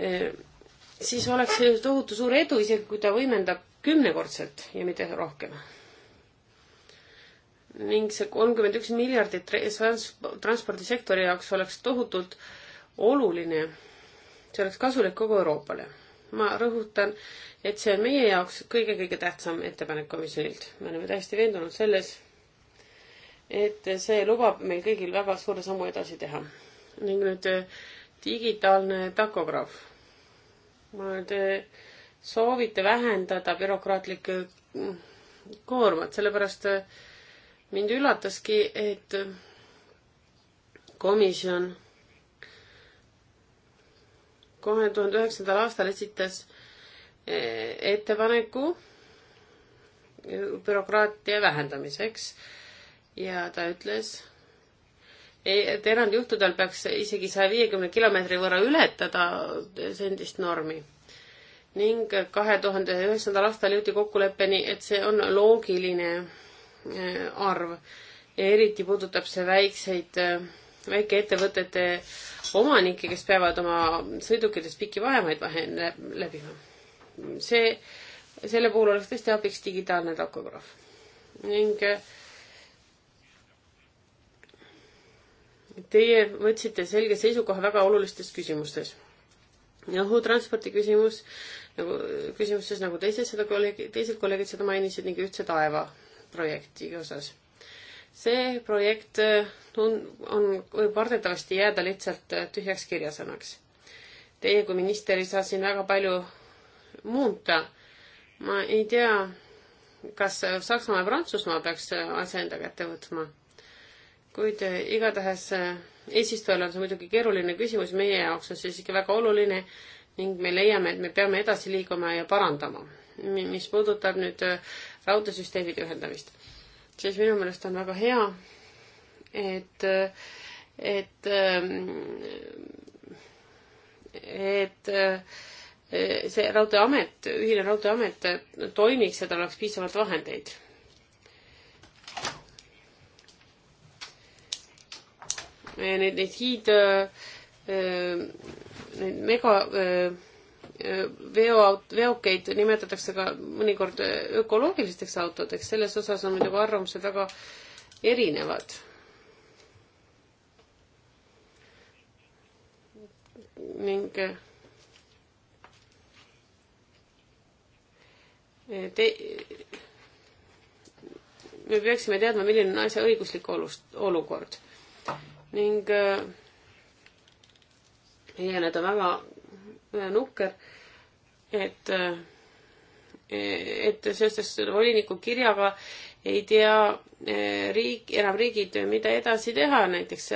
ehm, siis oleks see tohutu suur edu, isegi kui ta võimendab kümnekordselt ja mitte rohkem. ning see kolmkümmend üks miljardit trans-, transpordisektori jaoks oleks tohutult oluline. see oleks kasulik kogu Euroopale. ma rõhutan, et see on meie jaoks kõige-kõige tähtsam ettepanek komisjonilt. me oleme täiesti veendunud selles et see lubab meil kõigil väga suure sammu edasi teha. ning nüüd äh, digitaalne takograaf. ma, te äh, soovite vähendada bürokraatlikke mm, koormat, sellepärast äh, mind üllataski, et komisjon kahe tuhande üheksandal aastal esitas ettepaneku bürokraatia vähendamiseks ja ta ütles, et erandjuhtudel peaks isegi saja viiekümne kilomeetri võrra ületada sendist normi. ning kahe tuhande üheksandal aastal jõuti kokkuleppeni, et see on loogiline äh, arv ja eriti puudutab see väikseid, äh, väikeettevõtete omanikke, kes peavad oma sõidukites pikki vahemaid vahe läbima. see, selle puhul oleks tõesti abiks digitaalne takograaf ning äh, Teie võtsite selge seisukoha väga olulistes küsimustes. õhutransporti nagu küsimus, nagu küsimuses, nagu teised seda kolleegid, teised kolleegid seda mainisid ning Ühtse taeva projekti osas. see projekt on, äh, on, võib kardetavasti jääda lihtsalt äh, tühjaks kirjasõnaks. Teie kui minister ei saa siin väga palju muuta. ma ei tea, kas Saksamaa ja Prantsusmaa peaks äh, asja enda kätte võtma kuid eh, igatahes eh, eesistujal on see muidugi keeruline küsimus, meie jaoks on see siiski väga oluline ning me leiame, et me peame edasi liiguma ja parandama. mis puudutab nüüd eh, raudteesüsteemide ühendamist, siis minu meelest on väga hea, et, et, et, et see raudteeamet, ühine raudteeamet toimiks ja tal oleks piisavalt vahendeid neid, neid hiid, äh, äh, neid mega äh, veoaut-, veokeid nimetatakse ka mõnikord ökoloogilisteks autodeks, selles osas on muidugi arvamused väga erinevad. ning te, me peaksime teadma, milline on asja õiguslik olust, olukord ning äh, iseenesest on väga äh, nukker, et, äh, et seoses voliniku kirjaga ei tea riik, enam riigid, mida edasi teha, näiteks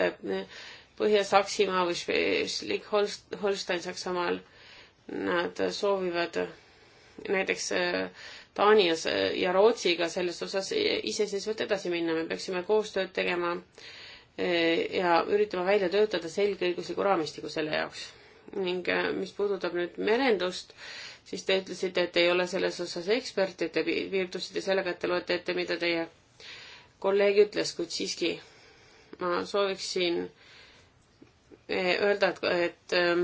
Põhja-Saksimaa või Schleswig-Holstein Saksamaal. Nad soovivad näiteks Taani ja Rootsiga selles osas iseseisvalt edasi minna, me peaksime koostööd tegema äh, ja üritama välja töötada selge õigusliku raamistiku selle jaoks. ning äh, mis puudutab nüüd merendust, siis te ütlesite, et ei ole selles osas ekspert, et te piirdusite sellega, et te loete ette, mida teie kolleeg ütles, kuid siiski ma sooviksin äh, öelda, et, et ähm,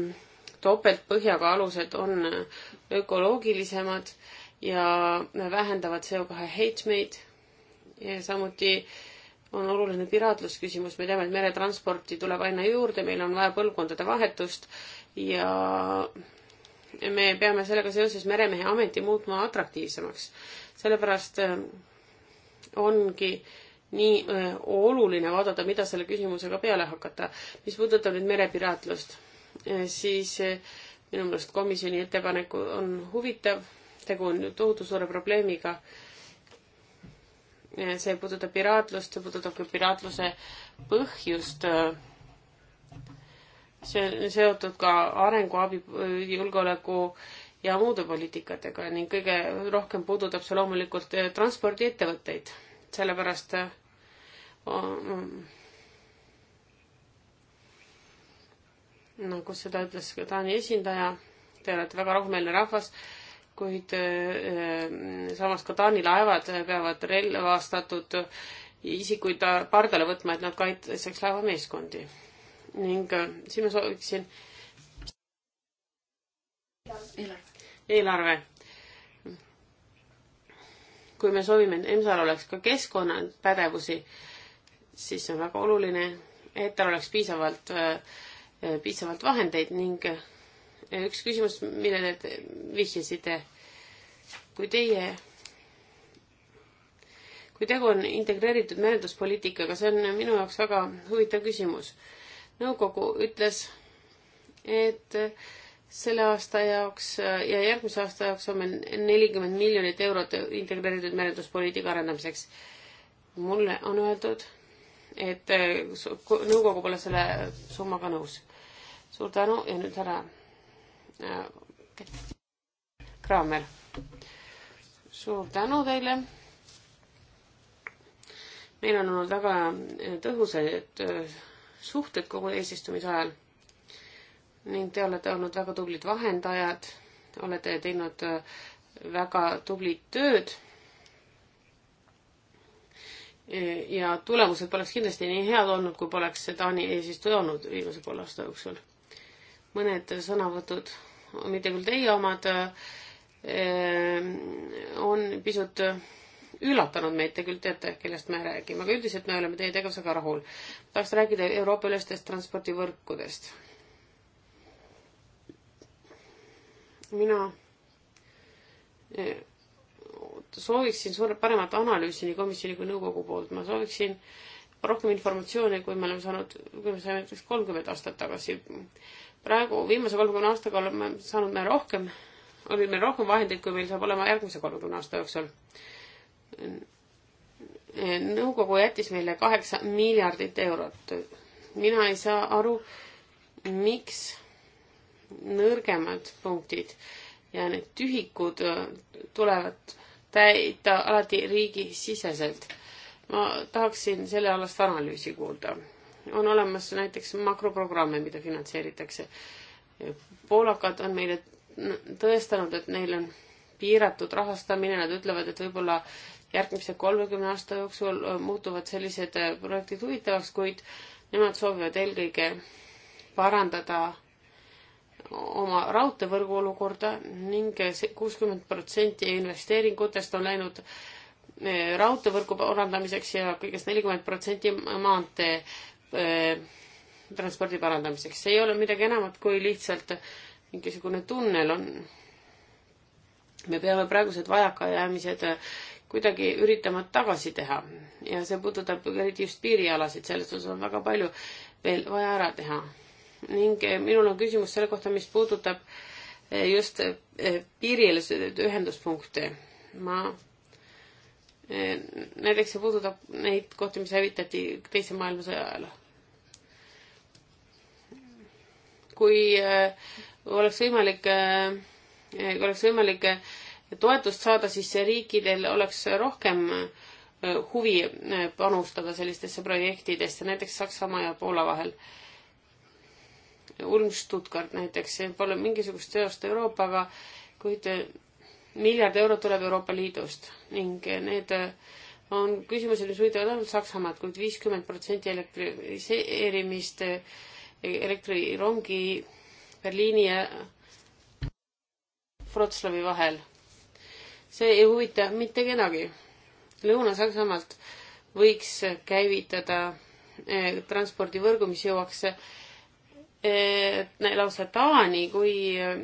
topeltpõhjaga alused on äh, ökoloogilisemad ja vähendavad CO2 heitmeid. samuti äh, on oluline piraatlusküsimus, me teame, et meretransporti tuleb aina juurde, meil on vaja põlvkondade vahetust ja me peame sellega seoses meremehe ameti muutma atraktiivsemaks. sellepärast äh, ongi nii öö, äh, oluline vaadata, mida selle küsimusega peale hakata. mis puudutab nüüd merepiraatlust, äh, siis öö, minu meelest komisjoni ettepanek on huvitav, tegu on tohutu suure probleemiga see puudutab piraatlust, see puudutab ka piraatluse põhjust. see on seotud ka arenguabi, julgeoleku ja muude poliitikatega ning kõige rohkem puudutab see loomulikult eh, transpordiettevõtteid, sellepärast eh, mm, nagu seda ütles ka Taani esindaja, te olete väga rahumeelne rahvas kuid eh, samas ka Taani laevad peavad relvastatud isikuid pardale võtma, et nad kaitseks laevameeskondi. ning eh, siin ma sooviksin eelarve. kui me soovime, et EMSA-l oleks ka keskkonnapädevusi, siis on väga oluline, et tal oleks piisavalt, eh, piisavalt vahendeid ning üks küsimus, millele te vihjasite. kui teie, kui tegu on integreeritud merenduspoliitikaga, see on minu jaoks väga huvitav küsimus. nõukogu ütles, et selle aasta jaoks ja järgmise aasta jaoks on meil nelikümmend miljonit eurot integreeritud merenduspoliitika arendamiseks. mulle on öeldud, et nõukogu pole selle summaga nõus. suur tänu ja nüüd härra Kraamer. suur tänu teile. meil on olnud väga äh, tõhusad äh, suhted kogu eesistumise ajal ning te olete olnud väga tublid vahendajad, olete teinud äh, väga tublit tööd. E, ja tulemused poleks kindlasti nii head olnud, kui poleks Taani eesistuja olnud viimase poole aasta jooksul. mõned sõnavõtud mitte küll teie omad, äh, on pisut üllatanud meid, te küll teate, kellest me räägime, aga üldiselt me oleme teie tegevusega rahul. tahaks rääkida Euroopa ülestest transpordivõrkudest. mina äh, sooviksin suure, paremat analüüsi nii komisjoni kui nõukogu poolt, ma sooviksin rohkem informatsiooni, kui me oleme saanud, kui me saime näiteks kolmkümmend aastat tagasi praegu viimase kolmekümne aastaga oleme saanud me rohkem, oli meil rohkem vahendeid, kui meil saab olema järgmise kolmekümne aasta jooksul. nõukogu jättis meile kaheksa miljardit eurot. mina ei saa aru, miks nõrgemad punktid ja need tühikud tulevad täita alati riigisiseselt. ma tahaksin sellealast analüüsi kuulda on olemas näiteks makroprogramme, mida finantseeritakse. poolakad on meile tõestanud, et neil on piiratud rahastamine, nad ütlevad, et võib-olla järgmise kolmekümne aasta jooksul muutuvad sellised projektid huvitavaks, kuid nemad soovivad eelkõige parandada oma raudteevõrgu olukorda ning kuuskümmend protsenti investeeringutest on läinud eh, raudteevõrgu parandamiseks ja kõigest nelikümmend protsenti maantee Äh, transpordi parandamiseks. see ei ole midagi enamat kui lihtsalt mingisugune tunnel on. me peame praegused vajakajäämised kuidagi üritama tagasi teha ja see puudutab eriti just piirialasid, selles osas on väga palju veel vaja ära teha. ning äh, minul on küsimus selle kohta, mis puudutab äh, just piiriühenduspunkte. ma näiteks see puudutab neid kohti, mis hävitati Teise maailmasõja ajal. kui äh, oleks võimalik, äh, kui oleks võimalik äh, toetust saada, siis riikidel oleks rohkem huvi panustada sellistesse projektidesse, näiteks Saksamaa ja Poola vahel. Ulm Stuttgart näiteks, pole mingisugust seost Euroopaga, kuid miljard eurot tuleb Euroopa Liidust ning need on küsimused, mis huvitavad ainult Saksamaad kuid, kuid viiskümmend protsenti elektriseerimist, elektrirongi Berliini ja Wroclawi vahel. see ei huvita mitte kedagi. Lõuna-Saksamaalt võiks käivitada eh, transpordivõrgu, mis jõuaks eh, lausa Taani, kui eh,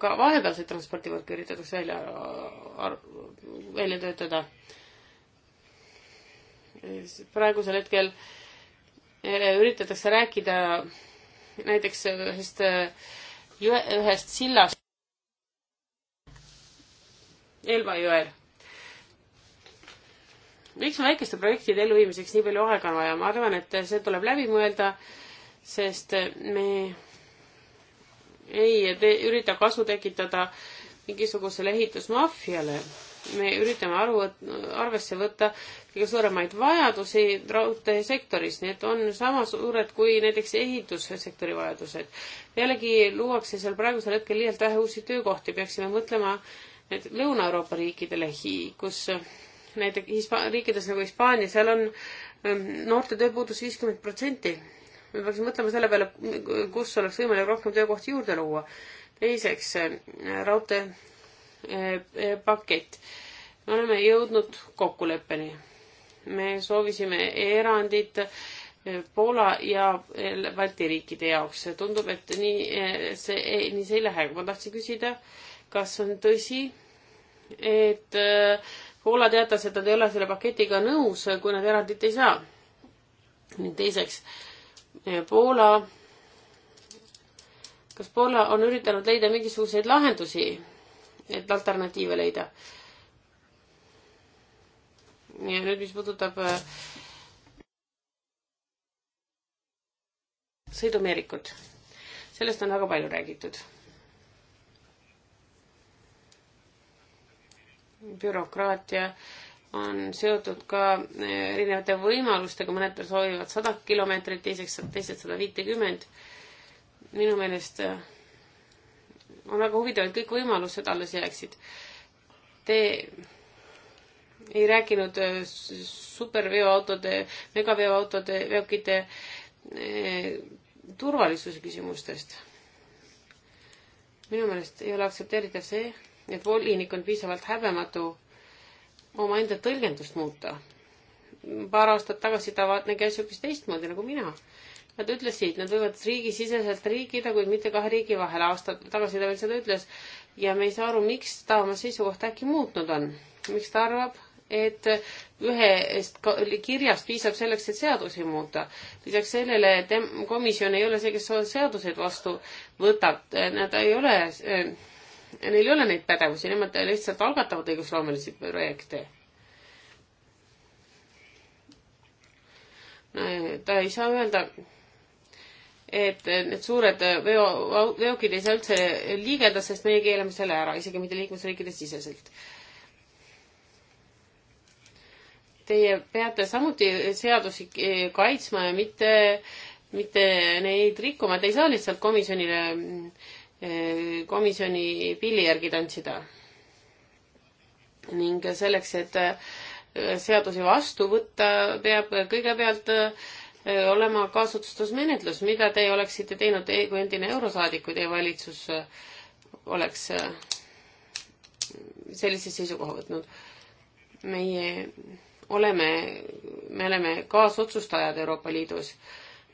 ka vahepealseid transpordivõrke üritatakse välja, välja töötada. praegusel hetkel eh, üritatakse rääkida näiteks ühest, ühest sillast Elva jõel. miks on väikeste projektide elluviimiseks nii palju aega on vaja, ma arvan, et see tuleb läbi mõelda, sest me ei te, ürita kasu tekitada mingisugusele ehitusmaffiale. me üritame aru, arvesse võtta kõige suuremaid vajadusi raudteesektoris, need on sama suured kui näiteks ehitussektori vajadused. pealegi luuakse seal praegusel hetkel liialt vähe uusi töökohti, peaksime mõtlema need Lõuna-Euroopa riikidele, kus näiteks Hispa-, riikides nagu Hispaania, seal on ähm, noorte tööpuudus viiskümmend protsenti me peaksime mõtlema selle peale, kus oleks võimalik rohkem töökohti juurde luua. teiseks, äh, raudteepakett. Äh, äh, me oleme jõudnud kokkuleppeni. me soovisime erandit Poola ja Balti riikide jaoks. tundub, et nii see, nii see ei lähe. ma tahtsin küsida, kas on tõsi, et Poola teatas, et nad ei ole selle paketiga nõus, kui nad erandit ei saa. ning teiseks äh, Poola, kas Poola on üritanud leida mingisuguseid lahendusi, et alternatiive leida? ja nüüd, mis puudutab äh, sõidumeerikut, sellest on väga palju räägitud. bürokraatia on seotud ka eh, erinevate võimalustega, mõned soovivad sada kilomeetrit, teiseks, teised sada viitekümmend. minu meelest eh, on väga huvitav, et kõik võimalused alles jääksid. Te ei rääkinud eh, superveoautode, megaveoautode, veokite turvalisuse küsimustest. minu meelest ei ole aktsepteeritav see, et volinik on piisavalt häbematu omaenda tõlgendust muuta. paar aastat tagasi ta nägi asju hoopis teistmoodi nagu mina. Nad ütlesid, nad võivad riigisiseselt riigida, kuid mitte kahe riigi vahel. aasta tagasi ta veel seda ütles ja me ei saa aru, miks ta oma seisukohta äkki muutnud on. miks ta arvab, et ühest kirjast piisab selleks, et seadusi muuta. lisaks sellele, et komisjon ei ole see, kes seaduseid vastu võtab, nad ei ole eh, neil ei ole neid pädevusi, nemad lihtsalt algatavad õigusloomelisi projekte no,. ta ei saa öelda, et need suured veo, veokid ei saa üldse liigelda, sest meie keelame selle ära, isegi mitte liikmesriikide siseselt. Teie peate samuti seadusi kaitsma ja mitte, mitte neid rikkuma, te ei saa lihtsalt komisjonile äh, komisjoni pilli järgi tantsida. ning selleks, et äh, seadusi vastu võtta, peab kõigepealt äh, olema kaasotsustusmenetlus, mida te oleksite teinud, kui endine eurosaadik, kui teie valitsus äh, oleks sellise seisukoha võtnud. meie oleme, me oleme kaasotsustajad Euroopa Liidus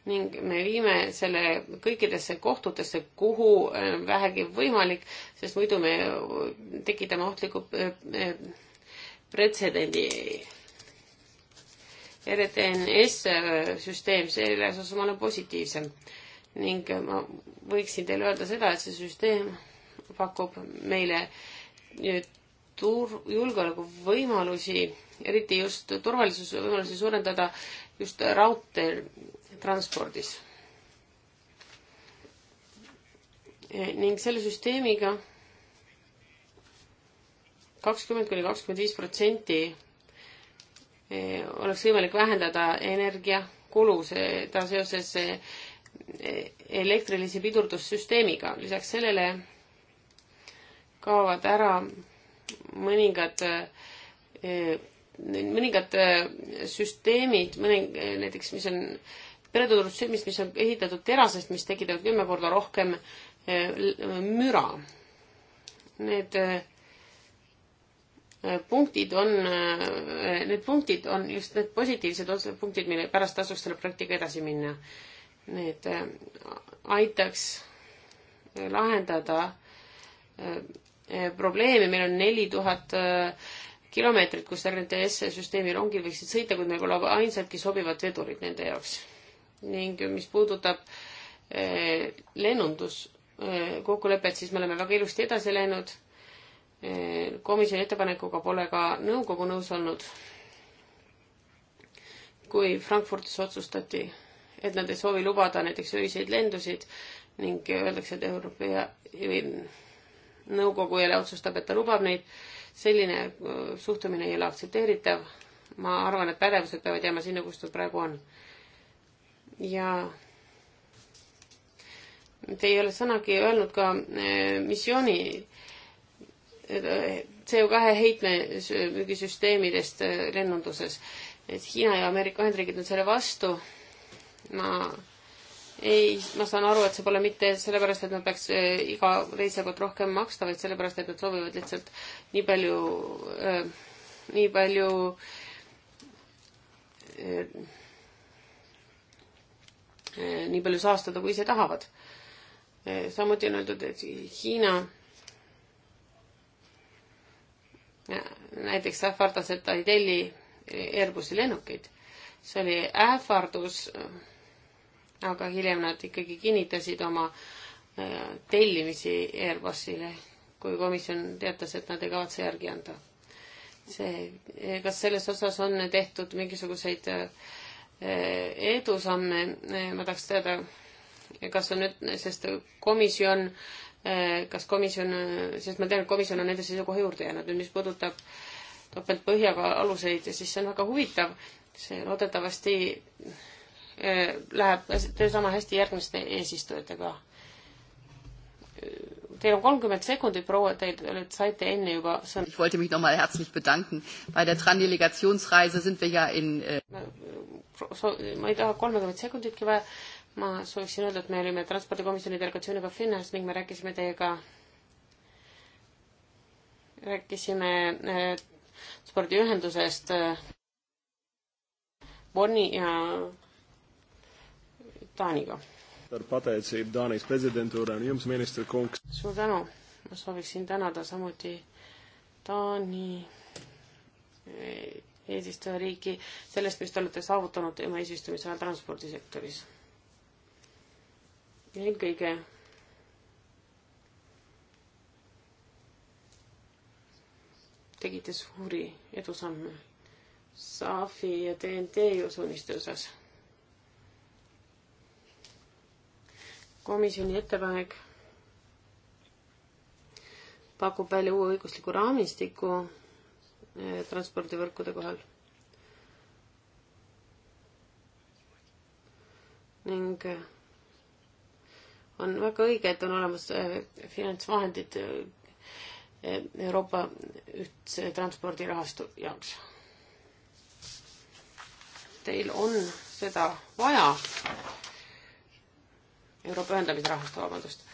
ning me viime selle kõikidesse kohtutesse, kuhu äh, vähegi võimalik, sest muidu me äh, tekitame ohtliku äh, pretsedendi. RTNS süsteem, selles osas ma olen positiivsem ning ma võiksin teile öelda seda, et see süsteem pakub meile tur-, julgeolekuvõimalusi, eriti just turvalisuse võimalusi suurendada just raudteel transpordis. ning selle süsteemiga kakskümmend kuni kakskümmend viis protsenti eh, oleks võimalik vähendada energiakulu, seda seoses eh, elektrilise pidurdussüsteemiga. lisaks sellele kaovad ära mõningad, eh, mõningad süsteemid, mõni, näiteks mis on pereturundusfirmist, mis on ehitatud terasest, mis tekitavad kümme korda rohkem eh, müra. Need eh, punktid on, eh, need punktid on just need positiivsed punktid, mille pärast tasuks selle projektiga edasi minna. Need aitaks lahendada probleeme, meil on neli tuhat kilomeetrit, kus RNTS süsteemi rongid võiksid sõita, kuid meil pole ainsatki sobivat vedurit nende jaoks ning mis puudutab eh, lennunduskokkulepet, eh, siis me oleme väga ilusti edasi läinud. Eh, komisjoni ettepanekuga pole ka nõukogu nõus olnud. kui Frankfurdis otsustati, et nad ei soovi lubada näiteks öiseid lendusid ning öeldakse, et Euroopa või nõukogu jälle otsustab, et ta lubab neid, selline suhtumine ei ole aktsepteeritav. ma arvan, et pädevused peavad jääma sinna, kus nad praegu on ja te ei ole sõnagi öelnud ka eh, missiooni eh, CO2 heitmesüsteemidest eh, lennunduses. et Hiina ja Ameerika Ühendriigid on selle vastu. ma ei, ma saan aru, et see pole mitte sellepärast, et nad peaks iga reisija poolt rohkem maksta, vaid sellepärast, et nad soovivad lihtsalt nii palju äh,, nii palju äh, Eh, nii palju saastada, kui ise tahavad. Eh, samuti on öeldud, et Hiina eh, näiteks ähvardas, et ta ei telli Airbusi lennukeid. see oli ähvardus, aga hiljem nad ikkagi kinnitasid oma tellimisi Airbusile, kui komisjon teatas, et nad ei kavatse järgi anda. see, kas selles osas on tehtud mingisuguseid äh, edusamme, ma tahaks teada, kas on nüüd, sest komisjon, kas komisjon, sest ma tean, et komisjon on nende seisukoha juurde jäänud, nüüd mis puudutab topeltpõhjaga aluseid, siis see on väga huvitav, see loodetavasti äh, läheb töösama hästi järgmiste eesistujatega. Teil on kolmkümmend sekundit, proua, teil olid, saite enne juba sõna. Ich wollte mich nochmal herzlich bedanken. Bei der Tran-Delegationsreise sind wir ja in äh ma ei taha kolmekümmet sekunditki vaja, ma sooviksin öelda, et me olime transpordikomisjoni delegatsiooniga Finnas ning me rääkisime teiega, rääkisime äh, spordiühendusest äh, Bonni ja Taaniga. pateicību Dānijas prezidentūrā un jums, minister Kungs. suur tänu, ma sooviksin tänada samuti Taani eesistujariiki sellest, mis te olete saavutanud oma eesistumise ajal transpordisektoris? eelkõige tegite suuri edusamme Saafi ja TNT usuniste osas. komisjoni ettepanek pakub välja uue õigusliku raamistiku Eh, transpordivõrkude kohal. ning eh, on väga õige, et on olemas eh, finantsvahendid Euroopa ühtse transpordirahastu jaoks. Teil on seda vaja, Euroopa ühendamisrahastu, vabandust,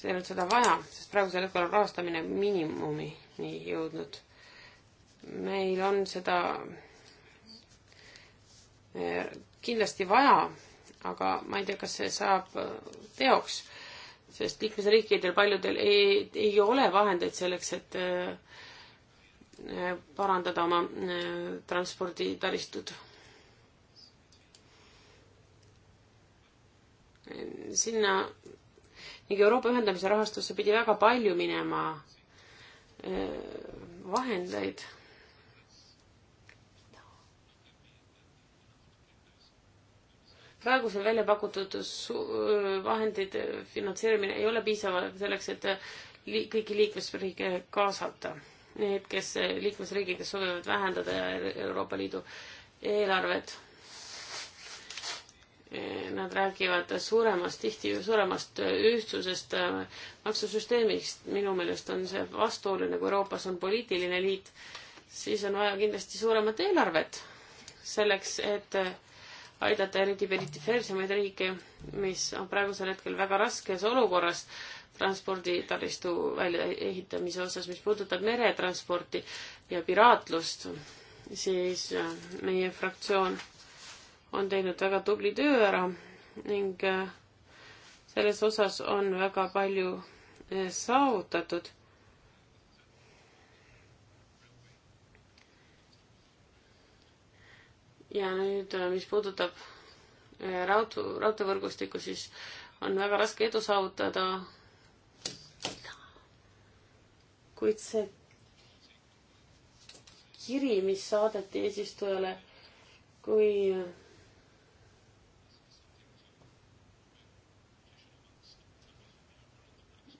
teil on seda vaja, sest praegusel hetkel on rahastamine miinimumini jõudnud meil on seda eh, kindlasti vaja, aga ma ei tea, kas see saab eh, teoks, sest liikmesriikidel paljudel ei, ei ole vahendeid selleks, et eh, parandada oma transporditaristut. sinna ning Euroopa ühendamise rahastusse pidi väga palju minema vahendeid praegusel välja pakutud vahendite finantseerimine ei ole piisav selleks, et äh, li kõiki liikmesriike kaasata. Need, kes, äh, liikmesriigid, kes soovivad vähendada Euroopa Liidu eelarvet, nad räägivad suuremast, tihti suuremast ühtsusest äh, maksusüsteemist. minu meelest on see vastuoluline, kui Euroopas on poliitiline liit, siis on vaja kindlasti suuremat eelarvet selleks, et aidata eriti perifeersemaid riike, mis on praegusel hetkel väga raskes olukorras transporditaristu väljaehitamise osas, mis puudutab meretransporti ja piraatlust, siis äh, meie fraktsioon on teinud väga tubli töö ära ning äh, selles osas on väga palju äh, saavutatud ja nüüd, äh, mis puudutab äh, raud-, raudteevõrgustikku, siis on väga raske edu saavutada. kuid see kiri, mis saadeti eesistujale, kui äh,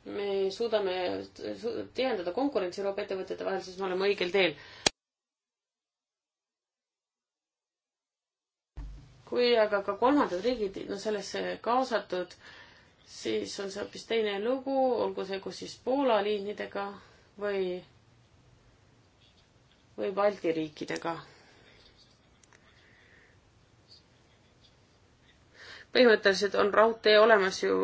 me suudame tihendada konkurentsi Euroopa ettevõtete vahel, siis me oleme õigel teel kui aga ka kolmandad riigid on no sellesse kaasatud, siis on see hoopis teine lugu, olgu see kus siis Poola liinidega või, või Balti riikidega. põhimõtteliselt on raudtee olemas ju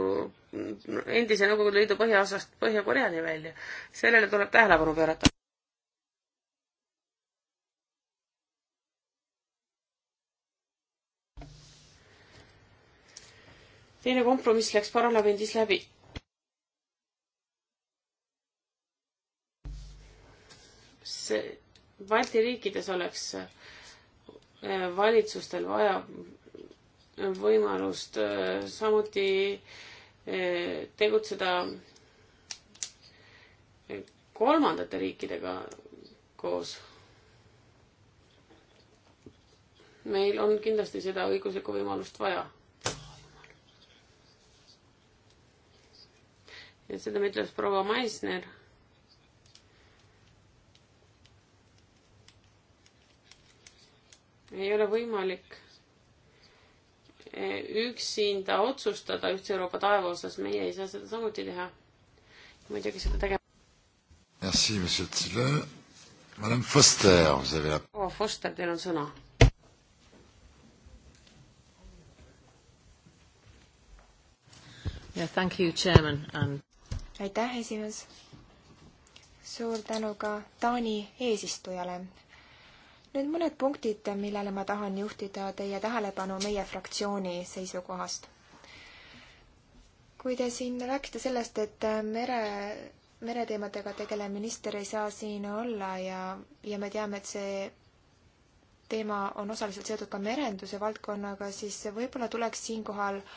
endise Nõukogude Liidu põhjaosast Põhja-Koreani välja. sellele tuleb tähelepanu pöörata. teine kompromiss läks parlamendis läbi. see Balti riikides oleks äh, valitsustel vaja võimalust äh, samuti äh, tegutseda kolmandate riikidega koos. meil on kindlasti seda õiguslikku võimalust vaja ja seda me ütles proua Maisner. ei ole võimalik eh, üksinda otsustada ühtse Euroopa taeva osas, meie ei saa seda samuti teha. muidugi seda tegema. Merci, monsieur Tiller. Madame Foster, vous avez la. proua Foster, teil on sõna Yeah, thank you, Chairman. And aitäh, esimees. suur tänu ka Taani eesistujale. Need mõned punktid, millele ma tahan juhtida teie tähelepanu meie fraktsiooni seisukohast. kui te siin rääkisite sellest, et mere, mereteemadega tegelev minister ei saa siin olla ja, ja me teame, et see teema on osaliselt seotud ka merenduse valdkonnaga, siis võib-olla tuleks siinkohal äh,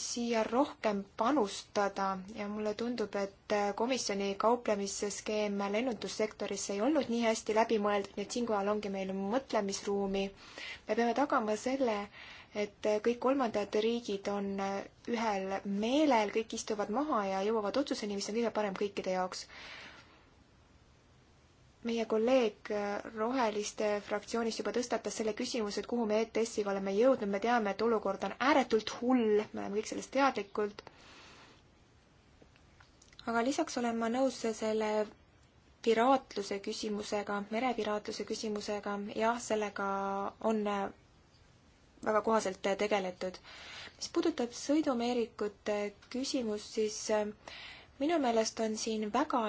siia rohkem panustada ja mulle tundub, et komisjoni kauplemisskeem lennundussektoris ei olnud nii hästi läbi mõeldud, nii et siinkohal ongi meil mõtlemisruumi. me peame tagama selle, et kõik kolmandad riigid on ühel meelel, kõik istuvad maha ja jõuavad otsuseni, mis on kõige parem kõikide jaoks meie kolleeg äh, Roheliste fraktsioonist juba tõstatas selle küsimuse, et kuhu me ETS-iga oleme jõudnud, me teame, et olukord on ääretult hull, me oleme kõik sellest teadlikud. aga lisaks olen ma nõus selle piraatluse küsimusega, merepiraatluse küsimusega, jah, sellega on äh, väga kohaselt äh, tegeletud. mis puudutab sõidumeerikute küsimust, siis minu meelest on siin väga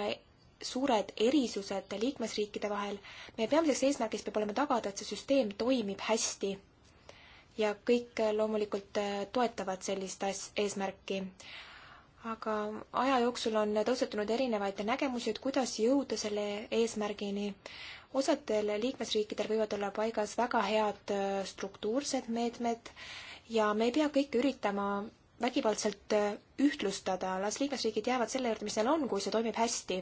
suured erisused liikmesriikide vahel. meie peamiseks eesmärgiks peab olema tagada, et see süsteem toimib hästi. ja kõik äh, loomulikult äh, toetavad sellist as-, eesmärki. aga aja jooksul on tõusetunud erinevaid nägemusi, et kuidas jõuda selle eesmärgini. osadel liikmesriikidel võivad olla paigas väga head äh, struktuursed meetmed ja me ei pea kõike üritama vägivaldselt ühtlustada, las liikmesriigid jäävad selle juurde, mis neil on, kui see toimib hästi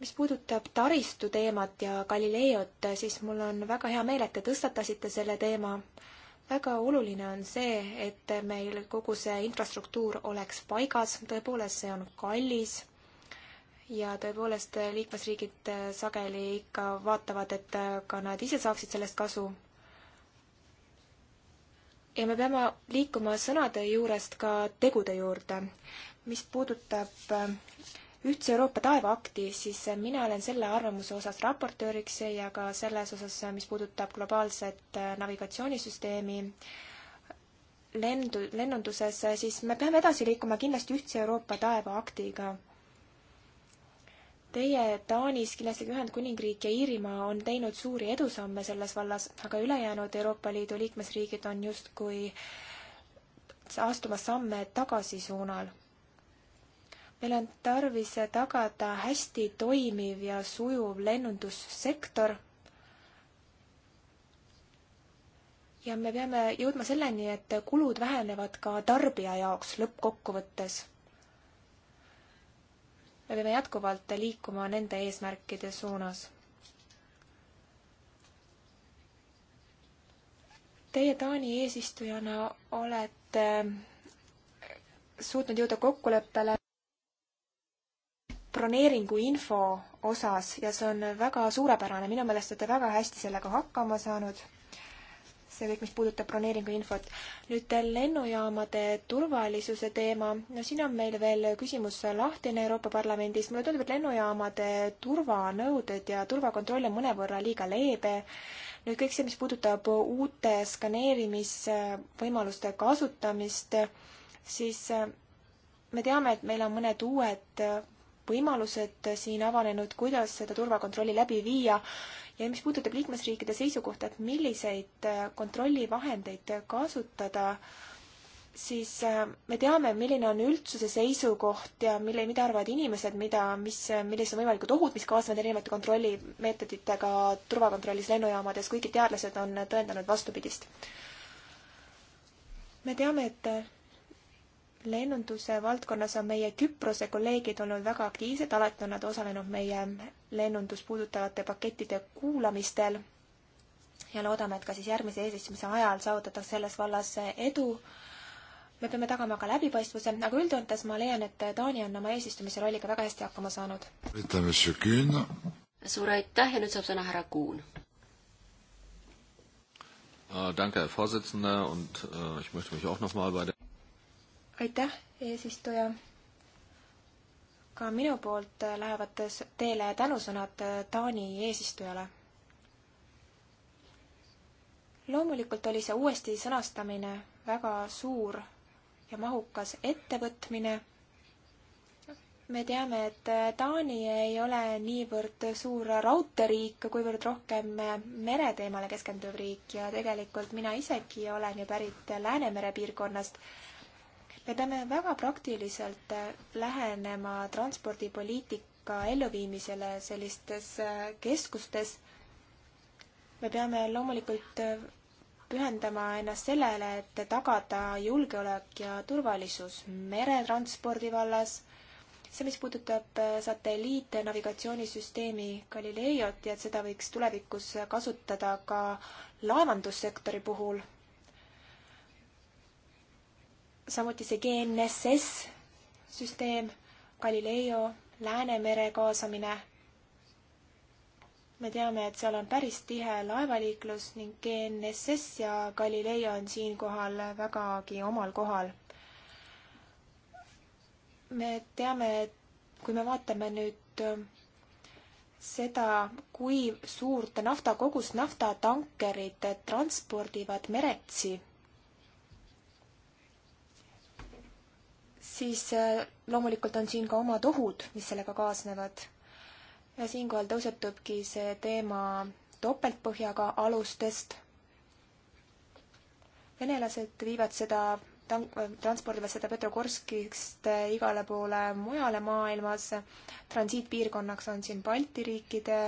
mis puudutab taristu teemat ja Galileot, siis mul on väga hea meel, et te tõstatasite selle teema. väga oluline on see, et meil kogu see infrastruktuur oleks paigas, tõepoolest, see on kallis ja tõepoolest, liikmesriigid sageli ikka vaatavad, et ka nad ise saaksid sellest kasu. ja me peame liikuma sõnade juurest ka tegude juurde, mis puudutab ühtse Euroopa taeva akti, siis mina olen selle arvamuse osas raportööriks ja ka selles osas, mis puudutab globaalset äh, navigatsioonisüsteemi lendu, lennunduses, siis me peame edasi liikuma kindlasti ühtse Euroopa taeva aktiga. Teie Taanis, kindlasti ka Ühendkuningriik ja Iirimaa on teinud suuri edusamme selles vallas, aga ülejäänud Euroopa Liidu liikmesriigid on justkui astumas samme tagasi suunal meil on tarvis tagada hästi toimiv ja sujuv lennundussektor. ja me peame jõudma selleni, et kulud vähenevad ka tarbija jaoks lõppkokkuvõttes. me peame jätkuvalt liikuma nende eesmärkide suunas. Teie Taani eesistujana olete suutnud jõuda kokkuleppele broneeringu info osas ja see on väga suurepärane, minu meelest olete väga hästi sellega hakkama saanud. see kõik, mis puudutab broneeringu infot. nüüd lennujaamade turvalisuse teema, no siin on meil veel küsimus lahtine Euroopa Parlamendis, mulle tundub, et lennujaamade turvanõuded ja turvakontroll on mõnevõrra liiga leebe nüüd kõik see, mis puudutab uute skaneerimisvõimaluste kasutamist, siis me teame, et meil on mõned uued võimalused siin avanenud, kuidas seda turvakontrolli läbi viia ja mis puudutab liikmesriikide seisukohta, et milliseid äh, kontrollivahendeid kasutada, siis äh, me teame, milline on üldsuse seisukoht ja mille, mida arvavad inimesed, mida, mis, millised on võimalikud ohud, mis kaasnevad erinevate kontrollimeetoditega turvakontrollis lennujaamades, kuigi teadlased on tõendanud vastupidist me teame, et lennunduse valdkonnas on meie Küprose kolleegid olnud väga aktiivsed, alati on nad osalenud meie lennundust puudutavate pakettide kuulamistel ja loodame, et ka siis järgmise eesistumise ajal saavutatakse selles vallas edu. me peame tagama ka läbipaistvuse, aga üldjoontes ma leian, et Taani on oma eesistumise rolliga väga hästi hakkama saanud. suur aitäh ja nüüd saab sõna härra Kuhn. Ah, danke, Herr Vorsitzender, und äh, ich möchte mich auch nochmal bei der aitäh, eesistuja. ka minu poolt lähevad teile tänusõnad Taani eesistujale. loomulikult oli see uuesti sõnastamine väga suur ja mahukas ettevõtmine. me teame, et Taani ei ole niivõrd suur raudteeriik, kuivõrd rohkem mereteemale keskenduv riik ja tegelikult mina isegi olen ju pärit Läänemere piirkonnast me peame väga praktiliselt äh, lähenema transpordipoliitika elluviimisele sellistes äh, keskustes. me peame loomulikult äh, pühendama ennast sellele, et tagada julgeolek ja turvalisus meretranspordi vallas see, mis puudutab satelliitnavigatsioonisüsteemi Galileiot ja et seda võiks tulevikus kasutada ka laevandussektori puhul, samuti see GNSS süsteem, Galileo, Läänemere kaasamine. me teame, et seal on päris tihe laevaliiklus ning GNSS ja Galileo on siinkohal vägagi omal kohal. me teame, et kui me vaatame nüüd äh, seda, kui suurt naftakogust naftatankerid transpordivad meretsi siis äh, loomulikult on siin ka omad ohud, mis sellega kaasnevad. ja siinkohal tõusetubki see teema topeltpõhjaga alustest. venelased viivad seda transpordivad seda Petrogorskist äh, igale poole mujale maailmas. transiitpiirkonnaks on siin Balti riikide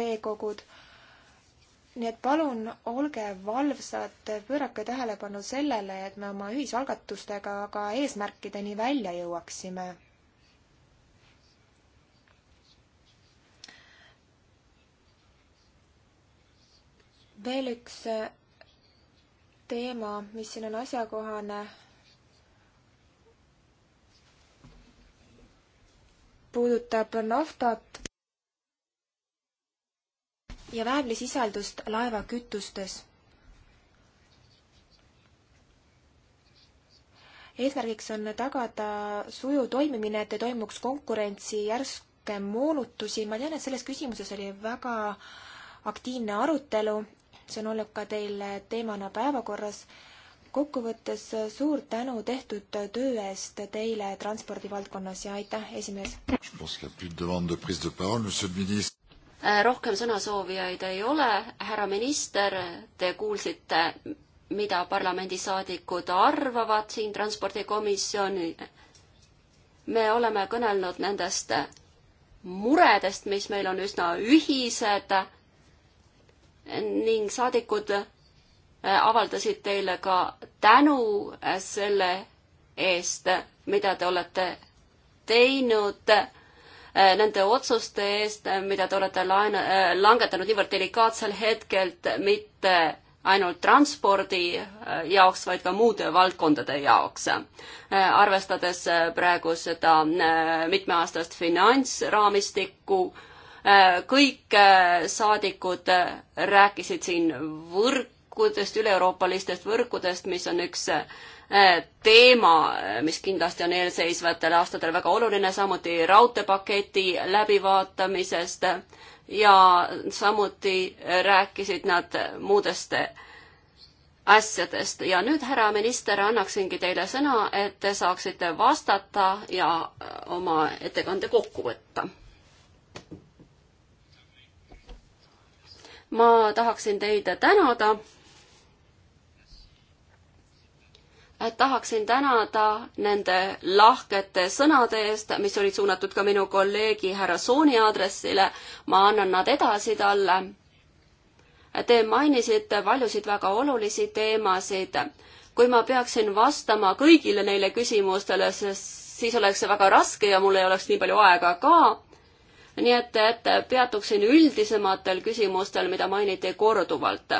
veekogud, nii et palun olge valvsad, pöörake tähelepanu sellele, et me oma ühisalgatustega ka eesmärkideni välja jõuaksime. veel üks äh, teema, mis siin on asjakohane, puudutab naftat ja väävlisisaldust laeva kütustes. eesmärgiks on tagada sujuv toimimine, et ei toimuks konkurentsi järske moonutusi. ma tean, et selles küsimuses oli väga aktiivne arutelu, see on olnud ka teil teemana päevakorras. kokkuvõttes suur tänu tehtud töö eest teile transpordivaldkonnas ja aitäh, esimees! Äh, rohkem sõnasoovijaid ei ole. härra minister, te kuulsite, mida parlamendisaadikud arvavad siin transpordikomisjoni. me oleme kõnelnud nendest muredest, mis meil on üsna ühised ning saadikud äh, avaldasid teile ka tänu äh, selle eest, mida te olete teinud Äh, nende otsuste eest, mida te olete laen-, äh, langetanud niivõrd delikaatsel hetkel, mitte ainult transpordi äh, jaoks, vaid ka muude valdkondade jaoks. arvestades praegu seda mitmeaastast finantsraamistikku, kõik saadikud rääkisid siin võrkudest, üle-euroopalistest võrkudest, mis on üks Eh, teema, eh, mis kindlasti on eelseisvatel aastatel väga oluline, samuti raudteepaketi läbivaatamisest ja samuti rääkisid nad muudest asjadest ja nüüd, härra minister, annaksingi teile sõna, et te saaksite vastata ja eh, oma ettekande kokku võtta. ma tahaksin teid tänada tahaksin tänada nende lahkete sõnade eest, mis olid suunatud ka minu kolleegi härra Sooni aadressile. ma annan nad edasi talle. Te mainisite paljusid väga olulisi teemasid. kui ma peaksin vastama kõigile neile küsimustele, sest siis oleks see väga raske ja mul ei oleks nii palju aega ka. nii et, et peatuksin üldisematel küsimustel, mida mainiti korduvalt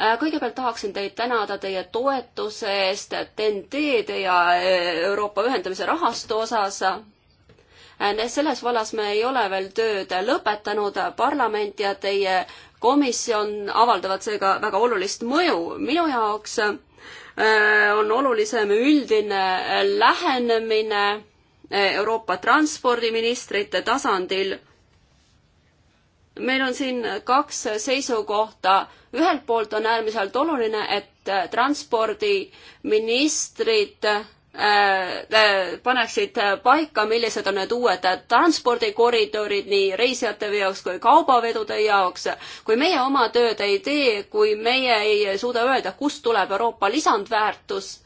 Äh, kõigepealt tahaksin teid tänada teie toetuse eest TEN-T-de ja äh, Euroopa ühendamise rahastu osas. Äh, selles vallas me ei ole veel tööd lõpetanud, parlament ja teie komisjon avaldavad seega väga olulist mõju. minu jaoks on olulisem üldine lähenemine Euroopa transpordiministrite tasandil meil on siin kaks seisukohta. ühelt poolt on äärmiselt oluline, et transpordiministrid äh, äh, paneksid paika, millised on need uued transpordikoridorid nii reisijate veoks kui kaubavedude jaoks. kui meie oma tööd ei tee, kui meie ei suuda öelda, kust tuleb Euroopa lisandväärtus,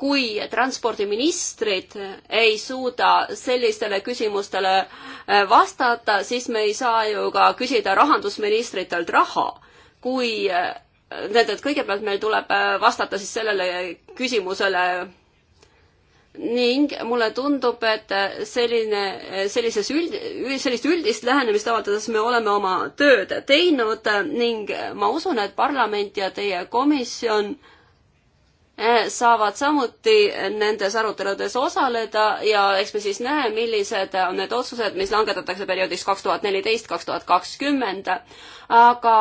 kui transpordiministrid ei suuda sellistele küsimustele äh, vastata, siis me ei saa ju ka küsida rahandusministritelt raha. kui, tähendab, kõigepealt meil tuleb äh, vastata siis sellele küsimusele ning mulle tundub, et äh, selline, sellises üld, sellist üldist lähenemist avaldades me oleme oma tööd teinud ning ma usun, et parlament ja teie komisjon äh, Äh, saavad samuti nendes aruteludes osaleda ja eks me siis näe, millised on need otsused, mis langetatakse perioodiks kaks tuhat neliteist, kaks tuhat kakskümmend. aga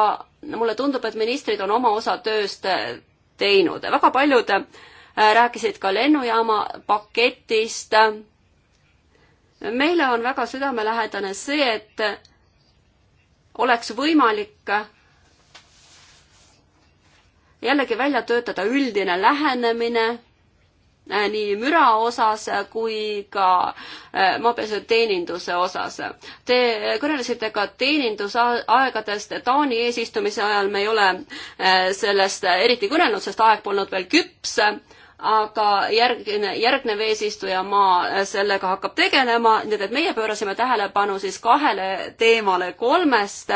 mulle tundub, et ministrid on oma osa tööst teinud. väga paljud äh, rääkisid ka lennujaama paketist. meile on väga südamelähedane see, et oleks võimalik jällegi välja töötada üldine lähenemine äh, nii müra osas kui ka äh, maapesuteeninduse osas. Te kõnelesite ka teenindusaegadest. Taani eesistumise ajal me ei ole äh, sellest eriti kõnelenud, sest aeg polnud veel küps, aga järgne, järgnev eesistujamaa sellega hakkab tegelema, nii et meie pöörasime tähelepanu siis kahele teemale kolmest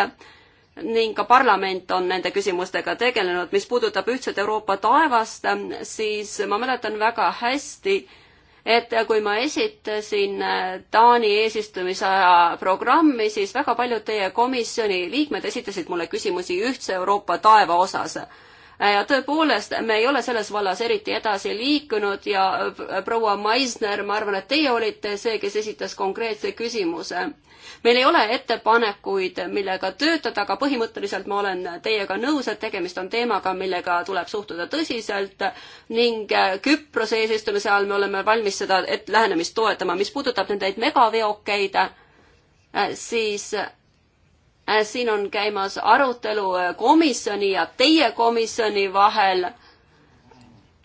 ning ka parlament on nende küsimustega tegelenud. mis puudutab ühtset Euroopa taevast, siis ma mäletan väga hästi, et kui ma esitasin Taani eesistumisaja programmi, siis väga paljud teie komisjoni liikmed esitasid mulle küsimusi ühtse Euroopa taeva osas Äh, ja tõepoolest, me ei ole selles vallas eriti edasi liikunud ja äh, proua Maisner, ma arvan, et teie olite see, kes esitas konkreetse küsimuse. meil ei ole ettepanekuid, millega töötada, aga põhimõtteliselt ma olen teiega nõus, et tegemist on teemaga, millega tuleb suhtuda tõsiselt ning äh, Küprose eesistumise ajal me oleme valmis seda lähenemist toetama. mis puudutab nendeid megaveokeid, siis Äh, siin on käimas arutelu äh, komisjoni ja teie komisjoni vahel.